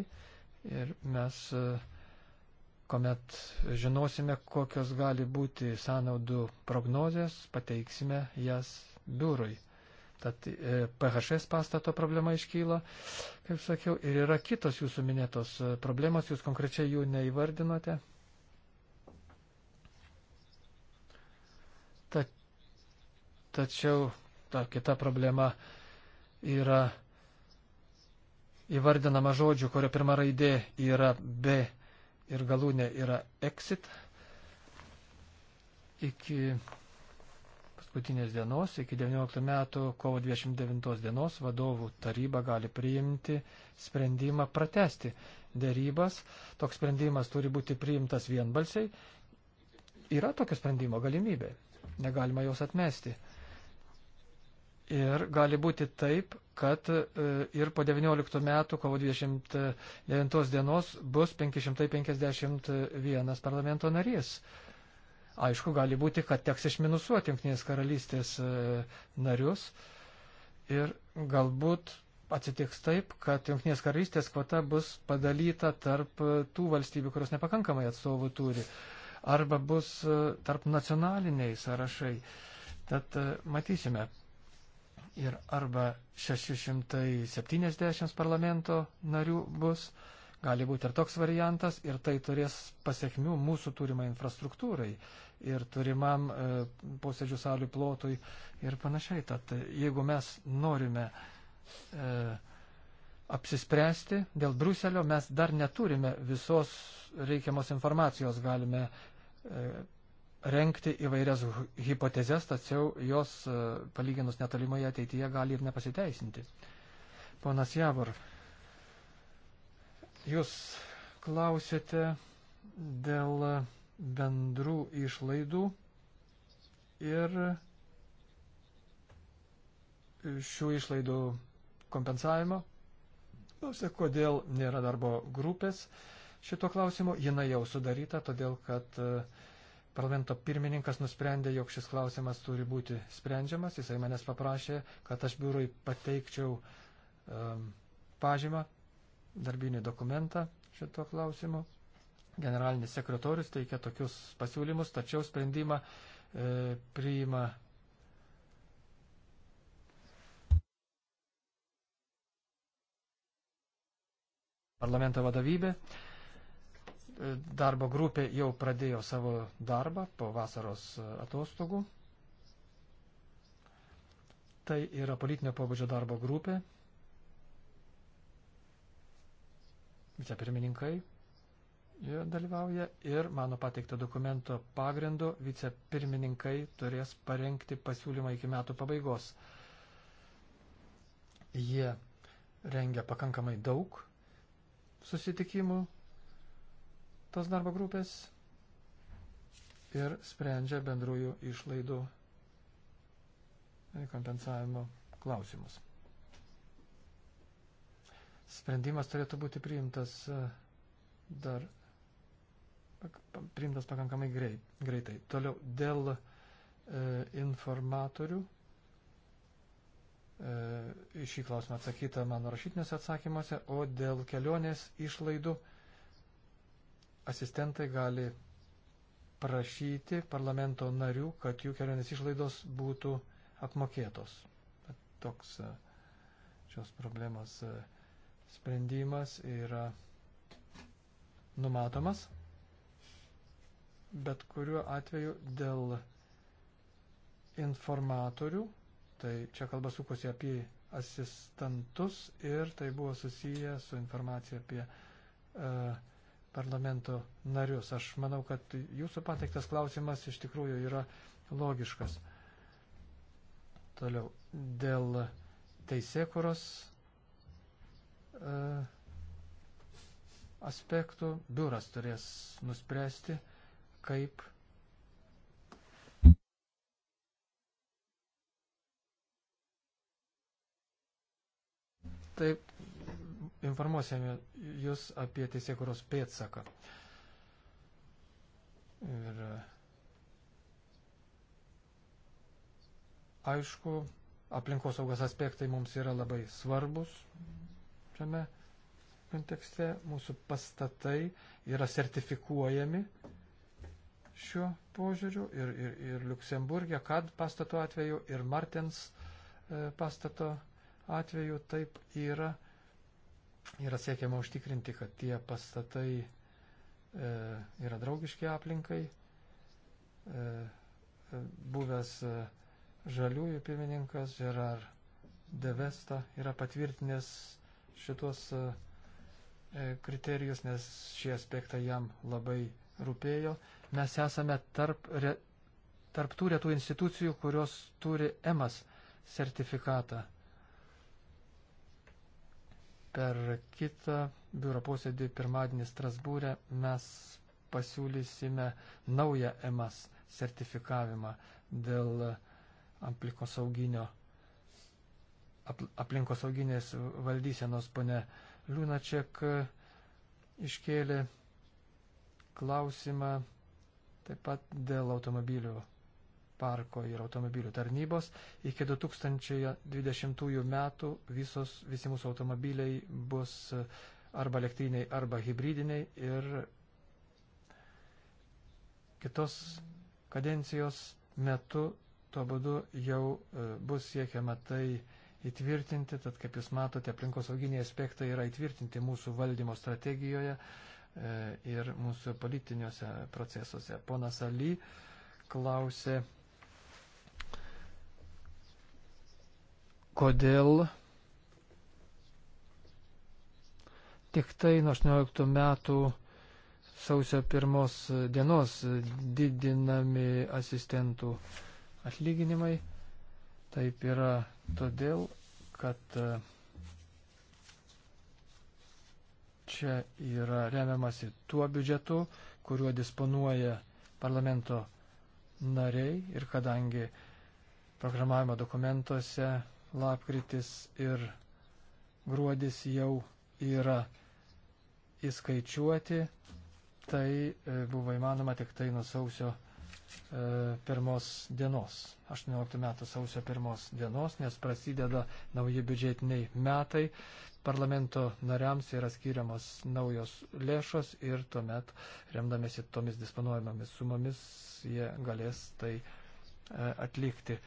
ir mes, e, kuomet žinosime, kokios gali būti sąnaudų prognozės, pateiksime jas biurui. Tad e, PHS pastato problema iškyla, kaip sakiau, ir yra kitos jūsų minėtos e, problemos, jūs konkrečiai jų neįvardinote. Ta, Tačiau ta kita problema yra įvardinama žodžiu, kurio pirma raidė yra B ir galūnė yra exit. Iki paskutinės dienos, iki 19 metų kovo 29 dienos vadovų taryba gali priimti sprendimą pratesti dėrybas. Toks sprendimas turi būti priimtas vienbalsiai. Yra tokio sprendimo galimybė. Negalima jos atmesti. Ir gali būti taip, kad e, ir po 19 metų, kovo 29 dienos, bus 551 parlamento narys. Aišku, gali būti, kad teks išminusuoti Junktinės karalystės e, narius. Ir galbūt atsitiks taip, kad Junktinės karalystės kvota bus padalyta tarp e, tų valstybių, kurios nepakankamai atstovų turi. Arba bus tarp nacionaliniai sąrašai. Tad matysime ir arba 670 parlamento narių bus, gali būti ir toks variantas, ir tai turės pasiekmių mūsų turimai infrastruktūrai ir turimam e, posėdžių salių plotui ir panašiai. Tad e, jeigu mes norime e, apsispręsti dėl Bruselio, mes dar neturime visos reikiamos informacijos, galime e, renkti įvairias hipotezes, tačiau jos e, palyginus netolimoje ateityje gali ir nepasiteisinti. Ponas Javor, jūs klausėte dėl bendrų išlaidų ir šių išlaidų kompensavimo. Klausia, kodėl nėra darbo grupės šito klausimo. Jina jau sudaryta, todėl kad uh, parlamento pirmininkas nusprendė, jog šis klausimas turi būti sprendžiamas. Jisai manęs paprašė, kad aš biurui pateikčiau um, pažymą, darbinį dokumentą šito klausimu. Generalinis sekretorius teikia tokius pasiūlymus, tačiau sprendimą e, priima. Parlamento vadovybė darbo grupė jau pradėjo savo darbą po vasaros atostogų. Tai yra politinio pobūdžio darbo grupė. Vicepirmininkai joje dalyvauja ir mano pateikto dokumento pagrindu vicepirmininkai turės parengti pasiūlymą iki metų pabaigos. Jie rengia pakankamai daug susitikimų tos darbo grupės ir sprendžia bendrųjų išlaidų kompensavimo klausimus. Sprendimas turėtų būti priimtas e, dar priimtas pakankamai greitai. Toliau dėl e, informatorių. E, šį klausimą atsakyta mano rašytiniuose atsakymuose, o dėl kelionės išlaidų e, asistentai gali prašyti parlamento narių, kad jų kelionės išlaidos būtų apmokėtos. Toks e, šios problemos e, sprendimas yra numatomas, bet kuriuo atveju dėl informatorių, tai čia kalba sukosi apie asistentus ir tai buvo susiję su informacija apie uh, parlamento narius. Aš manau, kad jūsų pateiktas klausimas iš tikrųjų yra logiškas. Toliau, dėl teisėkuros e, aspektų biuras turės nuspręsti, kaip taip, informuosime jūs apie teisėkuros pėtsaką. Ir aišku, aplinkosaugos aspektai mums yra labai svarbus šiame kontekste. Mūsų pastatai yra sertifikuojami šiuo požiūriu ir, ir, ir Luksemburgė, kad pastato atveju, ir Martens e, pastato atveju taip yra yra siekiama užtikrinti, kad tie pastatai e, yra draugiški aplinkai. E, e buvęs e, žaliųjų pirmininkas Gerard Devesta yra patvirtinęs šitos e, e kriterijus, nes šie aspektai jam labai rūpėjo. Mes esame tarp, re, tarp tų retų institucijų, kurios turi EMAS sertifikatą. Per kitą biuro posėdį pirmadienį Strasbūrė mes pasiūlysime naują EMAS sertifikavimą dėl aplinkosauginio aplinkosauginės valdysenos pone Liūnačiak iškėlė klausimą taip pat dėl automobilių parko ir automobilių tarnybos. Iki 2020 metų visos, visi mūsų automobiliai bus e, arba elektriniai, arba hybridiniai ir kitos kadencijos metu tuo būdu jau e, bus siekiama tai įtvirtinti, tad kaip jūs matote, aplinkosauginiai aspektai yra įtvirtinti mūsų valdymo strategijoje e, ir mūsų politiniuose procesuose. Ponas Ali klausė kodėl tik tai nuo 18 metų sausio pirmos dienos didinami asistentų atlyginimai. Taip yra todėl, kad e, čia yra remiamasi tuo biudžetu, kuriuo disponuoja parlamento nariai ir kadangi programavimo dokumentuose lapkritis ir gruodis jau yra įskaičiuoti, tai e, buvo įmanoma tik tai nuo sausio e, pirmos dienos, 18 metų sausio pirmos dienos, nes prasideda nauji biudžetiniai metai, parlamento nariams yra skiriamos naujos lėšos ir tuomet, remdamėsi tomis disponuojamomis sumomis, jie galės tai e, atlikti.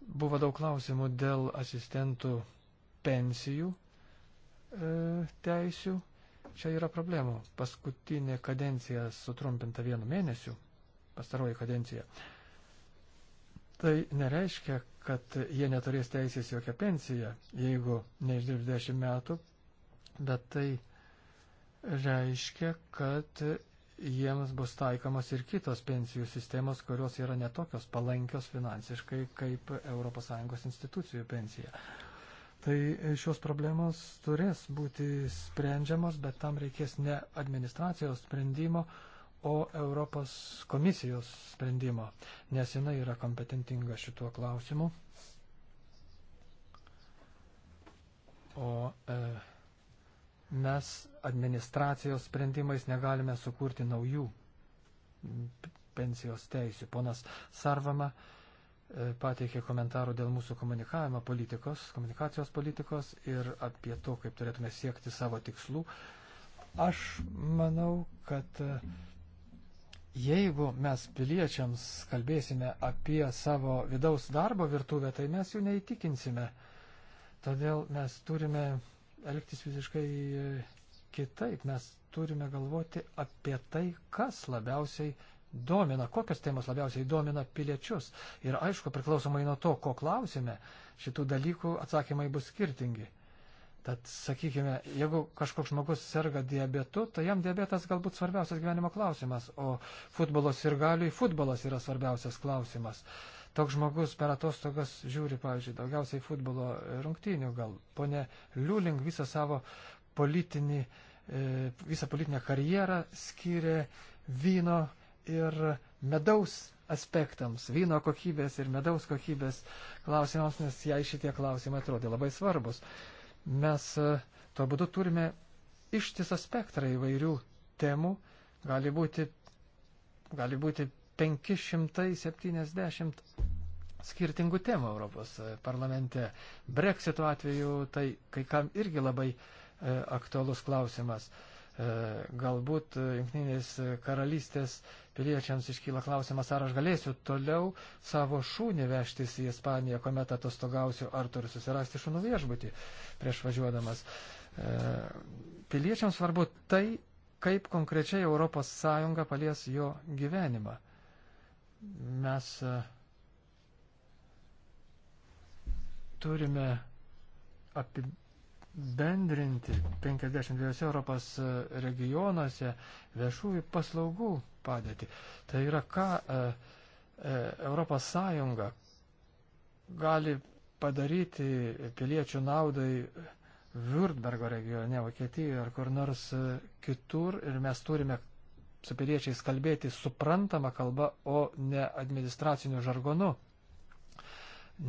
Buvo daug klausimų dėl asistentų pensijų e, teisių. Čia yra problemų. Paskutinė kadencija sutrumpinta vienu mėnesiu, pastaroji kadencija. Tai nereiškia, kad jie neturės teisės jokią pensiją, jeigu neišdirbs 10 metų, bet tai reiškia, kad jiems bus taikomas ir kitos pensijų sistemos, kurios yra netokios palankios finansiškai kaip ES institucijų pensija. Tai šios problemos turės būti sprendžiamos, bet tam reikės ne administracijos sprendimo, o Europos komisijos sprendimo, nes jinai yra kompetentinga šituo klausimu. O e, mes administracijos sprendimais negalime sukurti naujų pensijos teisių. Ponas Sarvama e, pateikė komentarų dėl mūsų komunikavimo politikos, komunikacijos politikos ir apie to, kaip turėtume siekti savo tikslų. Aš manau, kad e, jeigu mes piliečiams kalbėsime apie savo vidaus darbo virtuvę, tai mes jų neįtikinsime. Todėl mes turime elgtis visiškai e, kitaip. Mes turime galvoti apie tai, kas labiausiai domina, kokios temos labiausiai domina piliečius. Ir aišku, priklausomai nuo to, ko klausime, šitų dalykų atsakymai bus skirtingi. Tad, sakykime, jeigu kažkoks žmogus serga diabetu, tai jam diabetas galbūt svarbiausias gyvenimo klausimas, o futbolos ir galiui futbolas yra svarbiausias klausimas. Uh, toks žmogus per atostogas žiūri, pavyzdžiui, daugiausiai futbolo rungtynių, gal ponė Liuling visą savo politinį, e, visą politinę karjerą skiria vyno ir medaus aspektams, vyno kokybės ir medaus kokybės klausimams, nes jai šitie klausimai atrodė labai svarbus. Mes e, tuo būdu turime ištisą spektrą įvairių temų, gali būti, gali būti 570 skirtingų temų Europos e, parlamente. Brexito atveju tai kai kam irgi labai e, aktualus klausimas. E, galbūt e, Junktinės karalystės piliečiams iškyla klausimas, ar aš galėsiu toliau savo šūnį vežtis į Ispaniją, kuomet atostogausiu, ar turiu susirasti šunų viešbutį prieš važiuodamas. E, piliečiams svarbu tai, kaip konkrečiai ES palies jo gyvenimą. Mes e, turime apibendrinti 52 Europos e, regionuose viešųjų paslaugų padėtį. Tai yra, ką e, Europos Sąjunga gali padaryti piliečių naudai Württembergo regione, Vokietijoje ar kur nors kitur ir mes turime su piliečiais kalbėti suprantama kalba, o ne administraciniu žargonu.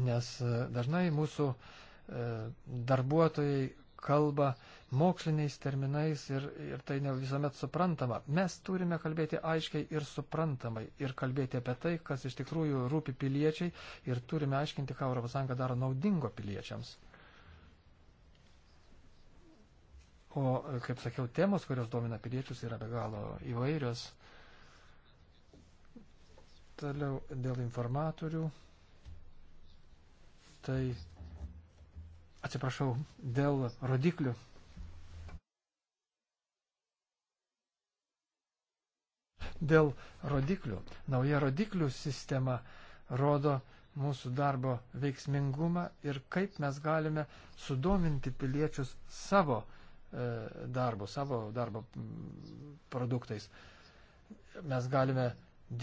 Nes e, dažnai mūsų e, darbuotojai kalba moksliniais terminais ir, ir tai ne visuomet suprantama. Mes turime kalbėti aiškiai ir suprantamai ir kalbėti apie tai, kas iš tikrųjų rūpi piliečiai ir turime aiškinti, ką ES daro naudingo piliečiams. O, kaip sakiau, temos, kurios domina piliečius, yra be galo įvairios. Toliau dėl informatorių. Tai, atsiprašau, dėl rodiklių. Dėl rodiklių. Nauja rodiklių sistema rodo mūsų darbo veiksmingumą ir kaip mes galime sudominti piliečius savo uh, E, darbu, savo darbo produktais. Mes galime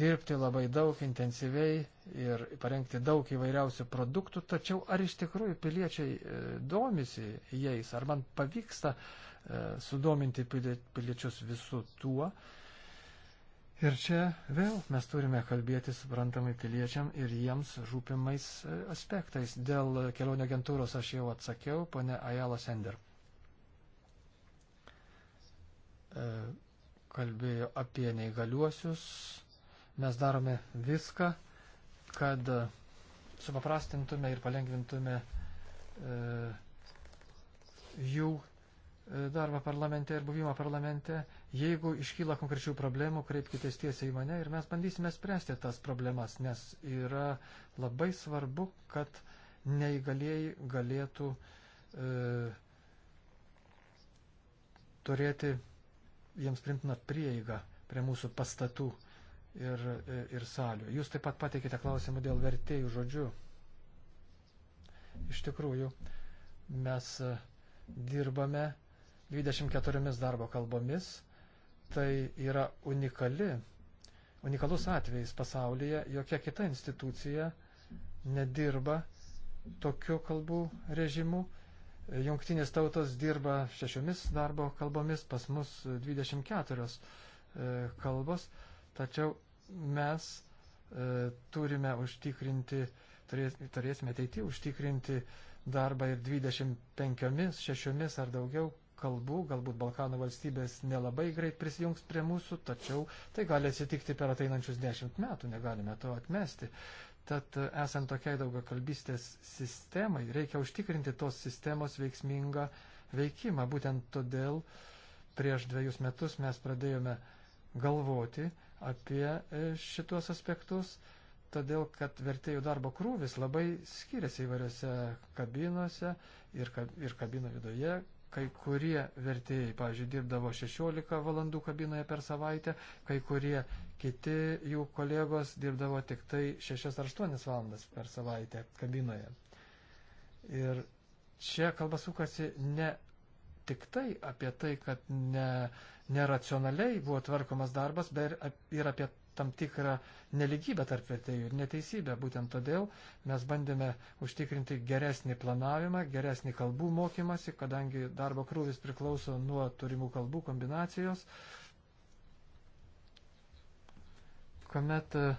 dirbti labai daug intensyviai ir parengti daug įvairiausių produktų, tačiau ar iš tikrųjų piliečiai e, domisi jais, ar man pavyksta e, sudominti piliečius visu tuo. Ir čia vėl mes turime kalbėti suprantamai piliečiam ir jiems rūpimais aspektais. Dėl kelionio agentūros aš jau atsakiau, ponė Ajala Sender. E, kalbėjo apie neįgaliuosius. Mes darome viską, kad supaprastintume ir palengvintume e, jų e, darbą parlamente ir buvimą parlamente. Jeigu iškyla konkrečių problemų, kreipkitės tiesiai į mane ir mes bandysime spręsti tas problemas, nes yra labai svarbu, kad neįgalėjai galėtų e, turėti jiems primtiną prieigą prie mūsų pastatų ir, ir salių. Jūs taip pat pateikite klausimą dėl vertėjų žodžių. Iš tikrųjų, mes e, dirbame 24 darbo kalbomis. Tai yra unikali, unikalus atvejis pasaulyje. Jokia kita institucija nedirba tokiu kalbų režimu Jungtinės tautos dirba šešiomis darbo kalbomis, pas mus 24 e, kalbos, tačiau mes e, turime užtikrinti, turėsime ateity užtikrinti darbą ir 25, 6 ar daugiau kalbų, galbūt Balkanų valstybės nelabai greit prisijungs prie mūsų, tačiau tai gali atsitikti per ateinančius dešimt metų, negalime to atmesti. Tad e, esant tokiai daugiakalbystės sistemai, reikia užtikrinti tos sistemos veiksmingą veikimą. Būtent todėl prieš dviejus metus mes pradėjome galvoti apie e, šitos aspektus, todėl kad vertėjų darbo krūvis labai skiriasi įvairiose kabinose ir, kab, ir kabino viduje. Kai kurie vertėjai, pavyzdžiui, dirbdavo 16 valandų kabinoje per savaitę, kai kurie kiti jų kolegos dirbdavo tik tai 6 ar 8 valandas per savaitę kabinoje. Ir čia kalba sukasi ne tik tai apie tai, kad ne, neracionaliai buvo tvarkomas darbas, bet ir apie tam tikrą neligybę tarp vertėjų ir neteisybę. Būtent todėl mes bandėme užtikrinti geresnį planavimą, geresnį kalbų mokymasi, kadangi darbo krūvis priklauso nuo turimų kalbų kombinacijos. Uh, kuomet, e,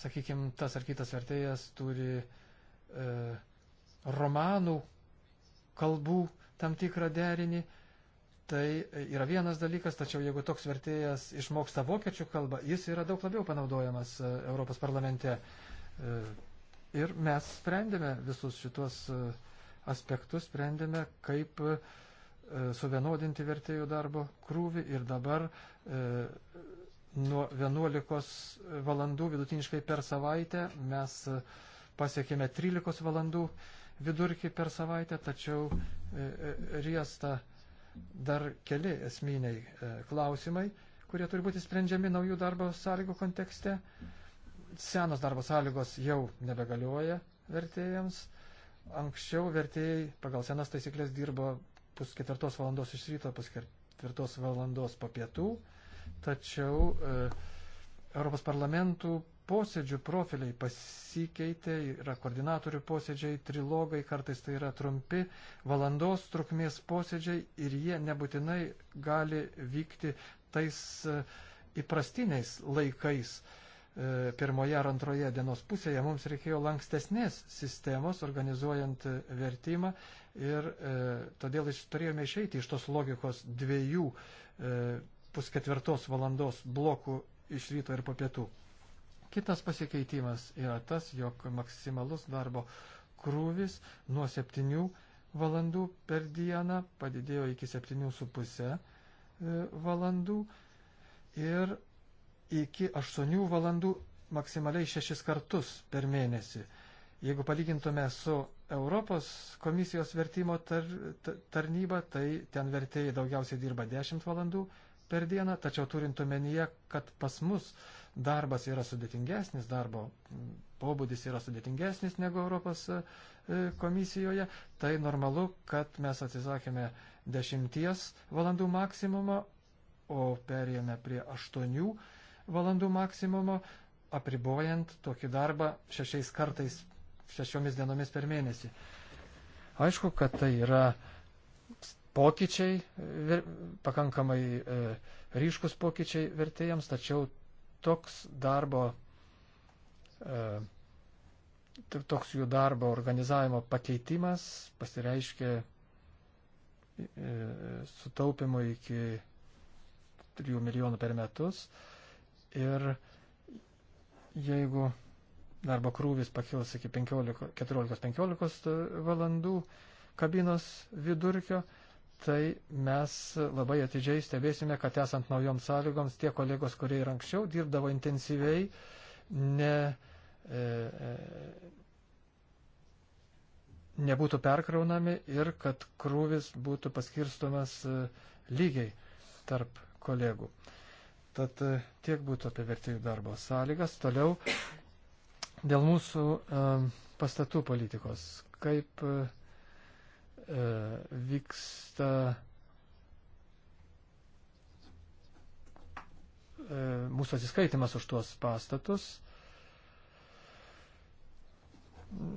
sakykime, tas ar kitas vertėjas turi e, romanų, kalbų tam tikrą derinį, tai yra vienas dalykas, tačiau jeigu toks vertėjas išmoksta vokiečių kalbą, jis yra daug labiau panaudojamas e, Europos parlamente. E, ir mes sprendėme visus šitos aspektus, sprendėme, kaip suvienodinti vertėjų darbo krūvį ir dabar nuo 11 valandų vidutiniškai per savaitę, mes pasiekėme 13 valandų vidurkį per savaitę, tačiau e, e, riesta dar keli esminiai e, klausimai, kurie turi būti sprendžiami naujų darbo sąlygų kontekste. Senos darbo sąlygos jau nebegalioja vertėjams. Anksčiau vertėjai pagal senas taisyklės dirbo pus ketvirtos valandos iš ryto, pus ketvirtos valandos po pietų. E, tačiau e, Europos parlamentų posėdžių profiliai pasikeitė, yra koordinatorių posėdžiai, trilogai, kartais tai yra trumpi, valandos trukmės posėdžiai ir jie nebūtinai gali vykti tais e, įprastiniais laikais. E, pirmoje ar antroje dienos pusėje mums reikėjo lankstesnės sistemos organizuojant vertimą ir e, todėl iš, turėjome išeiti iš tos logikos dviejų e, pusketvirtos valandos blokų iš ryto ir po pietų. Kitas pasikeitimas yra tas, jog maksimalus darbo krūvis nuo 7 valandų per dieną padidėjo iki 7,5 e, valandų ir iki 8 valandų maksimaliai 6 kartus per mėnesį. Jeigu palygintume su Europos komisijos vertimo tar, tarnyba, tai ten vertėjai daugiausiai dirba 10 valandų per dieną, tačiau turint omenyje, kad pas mus darbas yra sudėtingesnis, darbo pobūdis yra sudėtingesnis negu Europos e, komisijoje, tai normalu, kad mes atsisakėme dešimties valandų maksimumą, o perėjome prie aštuonių valandų maksimumo, apribojant tokį darbą šešiais kartais, šešiomis dienomis per mėnesį. Aišku, kad tai yra pokyčiai, pakankamai e, ryškus pokyčiai vertėjams, tačiau toks darbo, e, toks jų darbo organizavimo pakeitimas pasireiškia e, sutaupimo iki 3 milijonų per metus. Ir jeigu darbo krūvis pakils iki 14-15 valandų kabinos vidurkio, tai mes labai atidžiai stebėsime, kad esant naujoms sąlygoms tie kolegos, kurie ir anksčiau dirbdavo intensyviai, ne, e, e, nebūtų perkraunami ir kad krūvis būtų paskirstomas e, lygiai tarp kolegų. Tad e, tiek būtų apie vertėjų darbo sąlygas. Toliau dėl mūsų e, pastatų politikos. Kaip e, E, vyksta e, mūsų atsiskaitimas už tuos pastatus.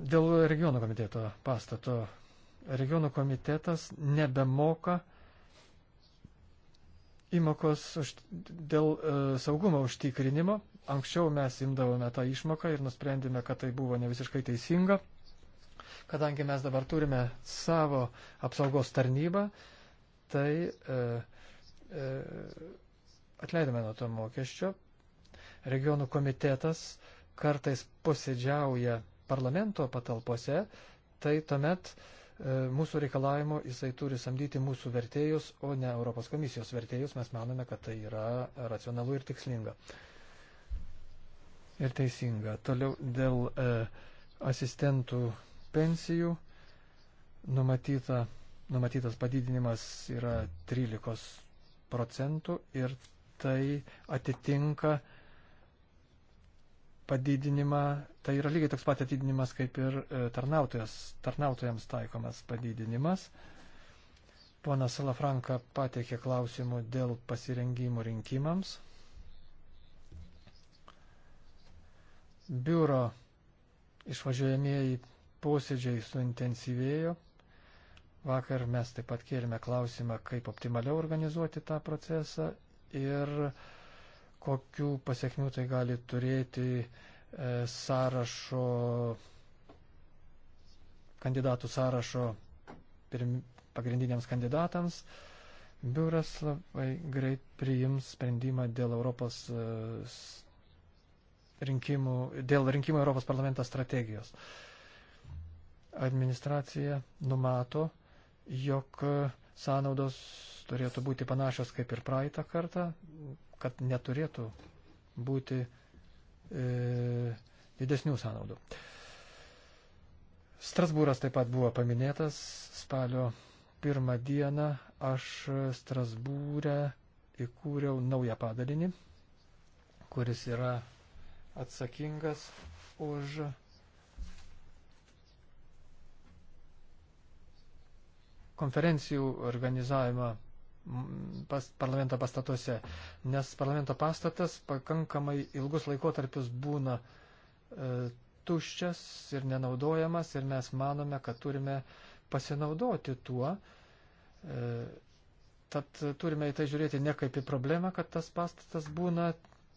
Dėl regionų komiteto pastato. Regionų komitetas nebemoka įmokos už, dėl e, saugumo užtikrinimo. Anksčiau mes imdavome tą išmoką ir nusprendėme, kad tai buvo ne visiškai teisinga kadangi mes dabar turime savo apsaugos tarnybą, tai e, e, atleidome nuo to mokesčio. Regionų komitetas kartais posėdžiauja parlamento patalpose, tai tuomet e, mūsų reikalavimo jisai turi samdyti mūsų vertėjus, o ne Europos komisijos vertėjus. Mes manome, kad tai yra racionalu ir tikslinga. Ir teisinga. Toliau dėl e, asistentų pensijų. Numatyta, numatytas padidinimas yra 13 procentų ir tai atitinka padidinimą, tai yra lygiai toks pat atidinimas kaip ir e, tarnautojams taikomas padidinimas. Ponas Salafranka pateikė klausimų dėl pasirengimų rinkimams. Biuro išvažiuojamieji posėdžiai suintensyvėjo. Vakar mes taip pat kėlėme klausimą, kaip optimaliau organizuoti tą procesą ir kokių pasiekmių tai gali turėti e, sąrašo, kandidatų sąrašo pirm, pagrindiniams kandidatams. Biuras labai greit priims sprendimą dėl Europos e, rinkimų, dėl rinkimų Europos parlamento strategijos. E, administracija numato, jog sąnaudos turėtų būti panašios kaip ir praeitą kartą, kad neturėtų būti e, didesnių sąnaudų. Strasbūras taip pat buvo paminėtas spalio pirmą dieną. Aš Strasbūrę įkūriau naują padalinį, kuris yra atsakingas už konferencijų organizavimą pas, parlamento pastatuose, nes parlamento pastatas pakankamai ilgus laikotarpius būna e, tuščias ir nenaudojamas ir mes manome, kad turime pasinaudoti tuo. E, tad turime į tai žiūrėti ne kaip į problemą, kad tas pastatas būna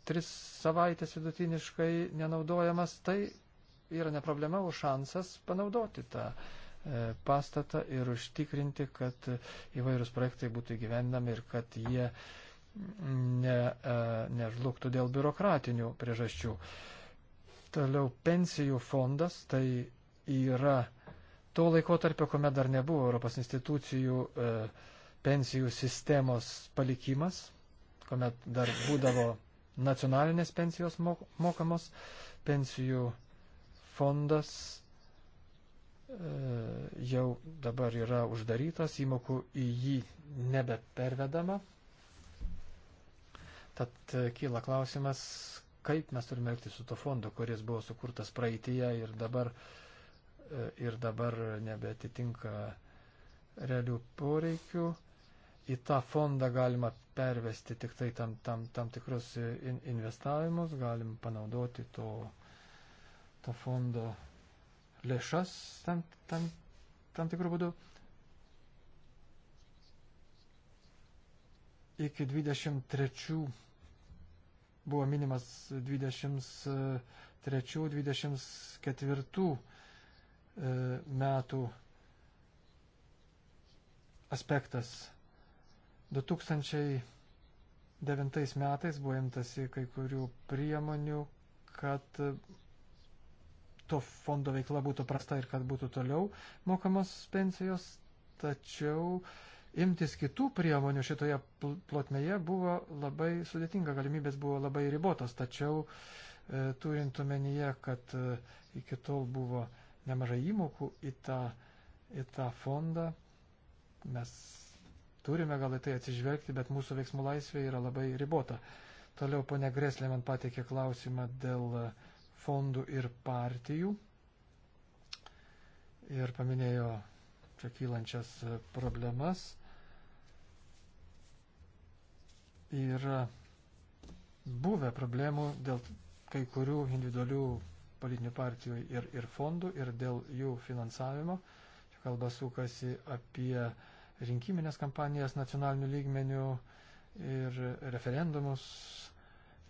tris savaitės vidutiniškai nenaudojamas, tai yra ne problema, o šansas panaudoti tą. E, E, pastatą ir užtikrinti, kad įvairūs projektai būtų gyvendami ir kad jie ne, e, nežlugtų dėl biurokratinių priežasčių. Toliau pensijų fondas tai yra to laiko tarpio, kuomet dar nebuvo Europos institucijų e, pensijų sistemos palikimas, kuomet dar būdavo nacionalinės pensijos mokamos, pensijų fondas jau dabar yra uždarytas, įmokų į jį nebepervedama. Tad kyla klausimas, kaip mes turime elgti su to fondu, kuris buvo sukurtas praeitie ir dabar, ir dabar nebetitinka realių poreikių. Į tą fondą galima pervesti tik tai tam, tam, tam tikrus investavimus, galim panaudoti to, to fondo lėšas tam, tam, tam tikrų būdų. Iki 23 buvo minimas 23-24 e, metų aspektas. 2009 metais buvo imtasi kai kurių priemonių, kad to fondo veikla būtų prasta ir kad būtų toliau mokamos pensijos, tačiau imtis kitų priemonių šitoje plotmėje buvo labai sudėtinga, galimybės buvo labai ribotos, tačiau e, turint omenyje, kad e, iki tol buvo nemažai įmokų į tą, į tą fondą, mes turime gal į tai atsižvelgti, bet mūsų veiksmų laisvė yra labai ribota. Toliau ponia Greslė man pateikė klausimą dėl e, fondų ir partijų ir paminėjo čia kylančias problemas. Yra buvę problemų dėl kai kurių individualių politinių partijų ir, ir fondų ir dėl jų finansavimo. Čia kalba sukasi apie rinkiminės kampanijas nacionalinių lygmenių ir referendumus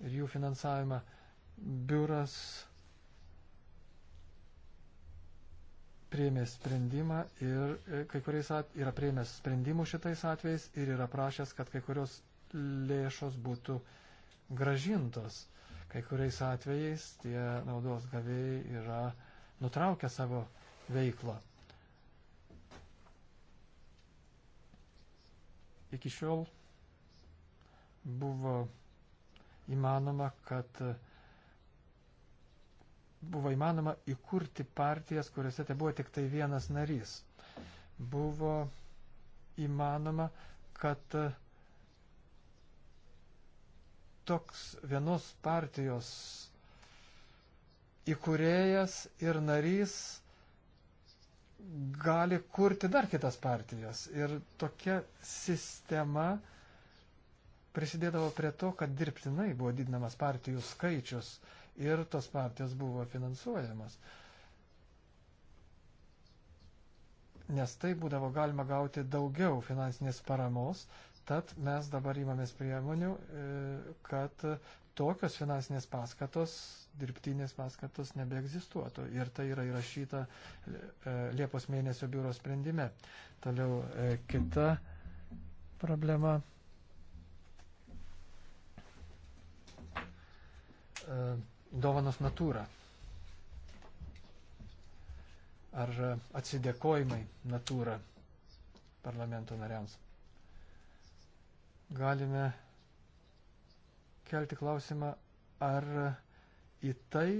ir jų finansavimą biuras priėmė sprendimą ir e, kai kuriais at, yra priėmęs sprendimų šitais atvejais ir yra prašęs, kad kai kurios lėšos būtų gražintos. Kai kuriais atvejais tie naudos gavėjai yra nutraukę savo veiklą. Iki šiol buvo įmanoma, kad uh, buvo įmanoma įkurti partijas, kuriuose tai buvo tik tai vienas narys. Buvo įmanoma, kad e, toks vienos partijos įkūrėjas ir narys gali kurti dar kitas partijas. Ir tokia sistema prisidėdavo prie to, kad dirbtinai buvo didinamas partijų skaičius. Uh, ir tos partijos buvo finansuojamos. Nes tai būdavo galima gauti daugiau finansinės paramos, tad mes dabar įmamės priemonių, e, kad tokios finansinės paskatos, dirbtinės paskatos nebeegzistuotų. Ir tai yra įrašyta e, Liepos mėnesio biuro sprendime. Toliau e, kita problema dovanos natūra. Ar atsidėkojimai natūra parlamento nariams. Galime kelti klausimą, ar į tai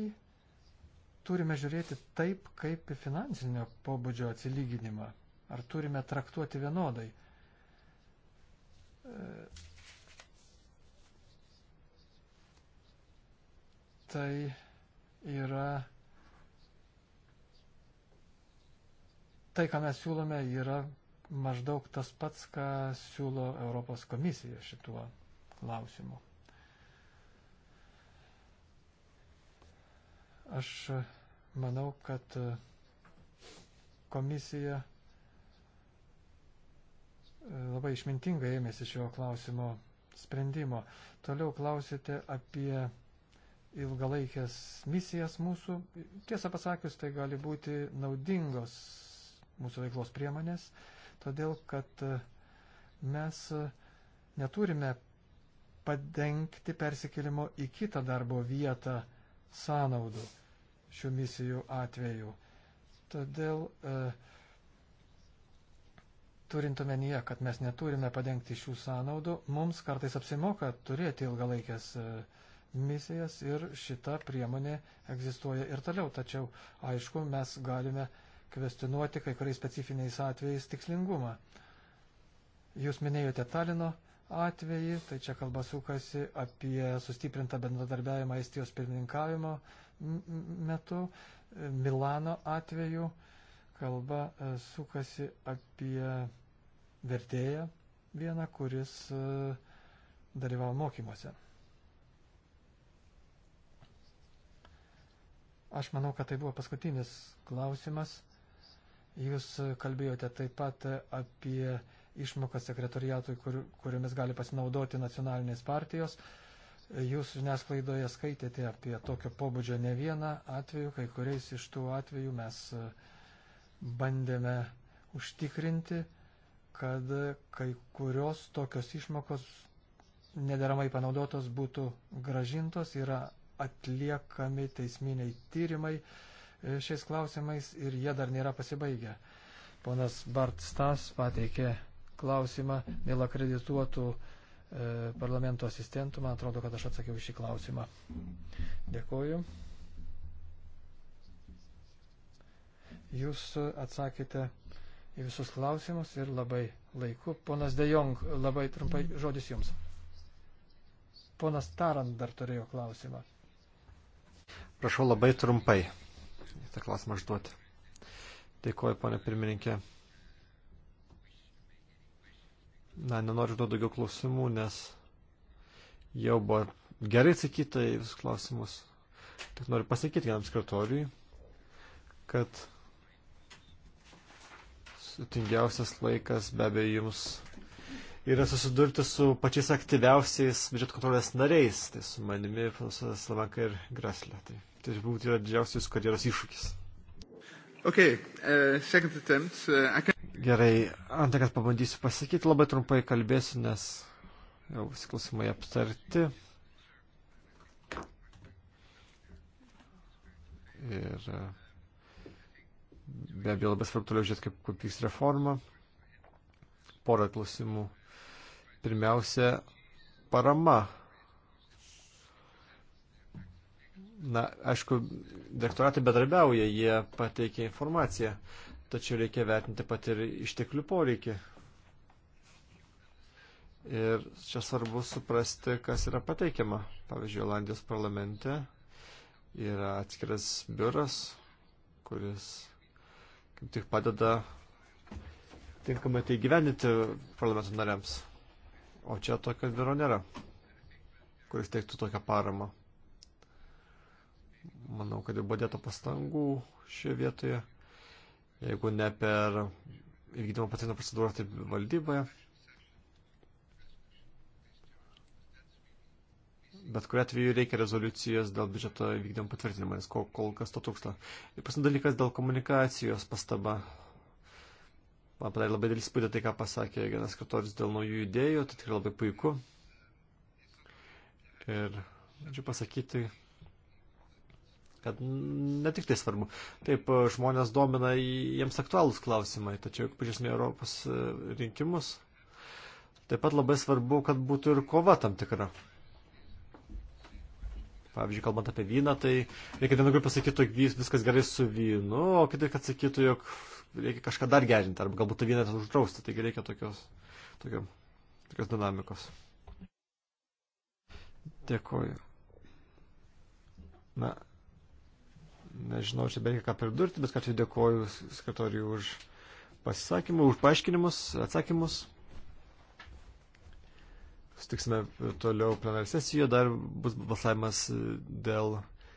turime žiūrėti taip, kaip į finansinio pobūdžio atsilyginimą. Ar turime traktuoti vienodai. E, tai yra tai, ką mes siūlome, yra maždaug tas pats, ką siūlo Europos komisija šituo klausimu. Aš manau, kad komisija labai išmintingai ėmėsi šio klausimo sprendimo. Toliau klausėte apie ilgalaikės misijas mūsų. Tiesą pasakius, tai gali būti naudingos mūsų veiklos priemonės, todėl kad e, mes e, neturime padengti persikėlimo į kitą darbo vietą sąnaudų šių misijų atveju. Todėl e, turint omenyje, kad mes neturime padengti šių sąnaudų, mums kartais apsimoka turėti ilgalaikės e, misijas ir šita priemonė egzistuoja ir toliau. Tačiau, aišku, mes galime kvestinuoti kai kuriais specifiniais atvejais tikslingumą. Jūs minėjote Talino atvejį, tai čia kalba sukasi apie sustiprintą bendradarbiavimą Estijos pirmininkavimo metu. Milano atveju kalba e, sukasi apie vertėją vieną, kuris e, dalyvavo mokymuose. Aš manau, kad tai buvo paskutinis klausimas. Jūs kalbėjote taip pat apie išmokas sekretoriatui, kur, kuriomis gali pasinaudoti nacionalinės partijos. Jūs žiniasklaidoje skaitėte apie tokio pobūdžio ne vieną atvejų, kai kuriais iš tų atvejų mes e, bandėme užtikrinti, kad kai kurios tokios išmokos nederamai panaudotos būtų gražintos. Yra atliekami teisminiai tyrimai e, šiais klausimais ir jie dar nėra pasibaigę. Ponas Bart Stas pateikė klausimą dėl akredituotų e, parlamento asistentų. Man atrodo, kad aš atsakiau šį klausimą. Dėkoju. Jūs atsakėte į visus klausimus ir labai laiku. Ponas Dejong, labai trumpai žodis jums. Ponas Tarant dar turėjo klausimą. Prašau labai trumpai tą klausimą užduoti. Dėkuoju, ponė pirmininkė. Na, nenoriu užduoti daugiau klausimų, nes jau buvo gerai atsakyta į visus klausimus. Tik noriu pasakyti vienam sekretoriui, kad sutingiausias laikas be abejo jums yra susidurti su pačiais aktyviausiais biudžeto kontrolės nariais, tai su manimi, Fransuas Slavanka ir Greslė. Tai. Tai turbūt yra didžiausias karjeros iššūkis. Okay, uh, second attempt. Uh, I can... Gerai, antrą kartą pabandysiu pasakyti, labai trumpai kalbėsiu, nes jau visi klausimai aptarti. Ir uh, be abejo labai svarbu toliau žiūrėti, kaip, kaip vyks reforma. Porą klausimų. Pirmiausia, parama Na, aišku, direktoratai bedarbiauja, jie pateikia informaciją, tačiau reikia vertinti pat ir išteklių poreikį. Ir čia svarbu suprasti, kas yra pateikiama. Pavyzdžiui, Olandijos parlamente yra atskiras biuras, kuris kaip tik padeda tinkamai tai gyveninti parlamento nariams. O čia tokio biuro nėra, kuris teiktų tokią paramą. Manau, kad jau buvo dėta pastangų šioje vietoje. Jeigu ne per įvykdymo patvirtinimo procedūrą, tai valdyboje. Bet kuriu atveju reikia rezoliucijos dėl biudžeto įvykdymo patvirtinimo, nes kol, kol kas to trūksta. Ir pasim dalykas dėl komunikacijos pastaba. Man padarė labai dėlis spūdė tai, ką pasakė vienas kartoris dėl naujų idėjų, tai tikrai labai puiku. Ir, žodžiu, pasakyti, kad ne tik tai svarbu. Taip, e, žmonės domina jiems aktualūs klausimai, tačiau jeigu pažiūrėsime Europos e, rinkimus, taip pat labai svarbu, kad būtų ir kova tam tikra. Pavyzdžiui, kalbant apie vyną, tai reikia viena grupė sakytų, jog viskas gerai su vynu, o kiti, kad sakytų, jog reikia kažką dar gerinti, arba galbūt tą vyną uždrausti, taigi reikia tokios, tokio, tokios dinamikos. Dėkuoju. Na, Nežinau, čia bereikia ką pridurti, bet ką čia dėkoju sekretoriui už pasisakymą, už paaiškinimus, atsakymus. Sutiksime toliau plenarinė sesijoje, dar bus balsavimas dėl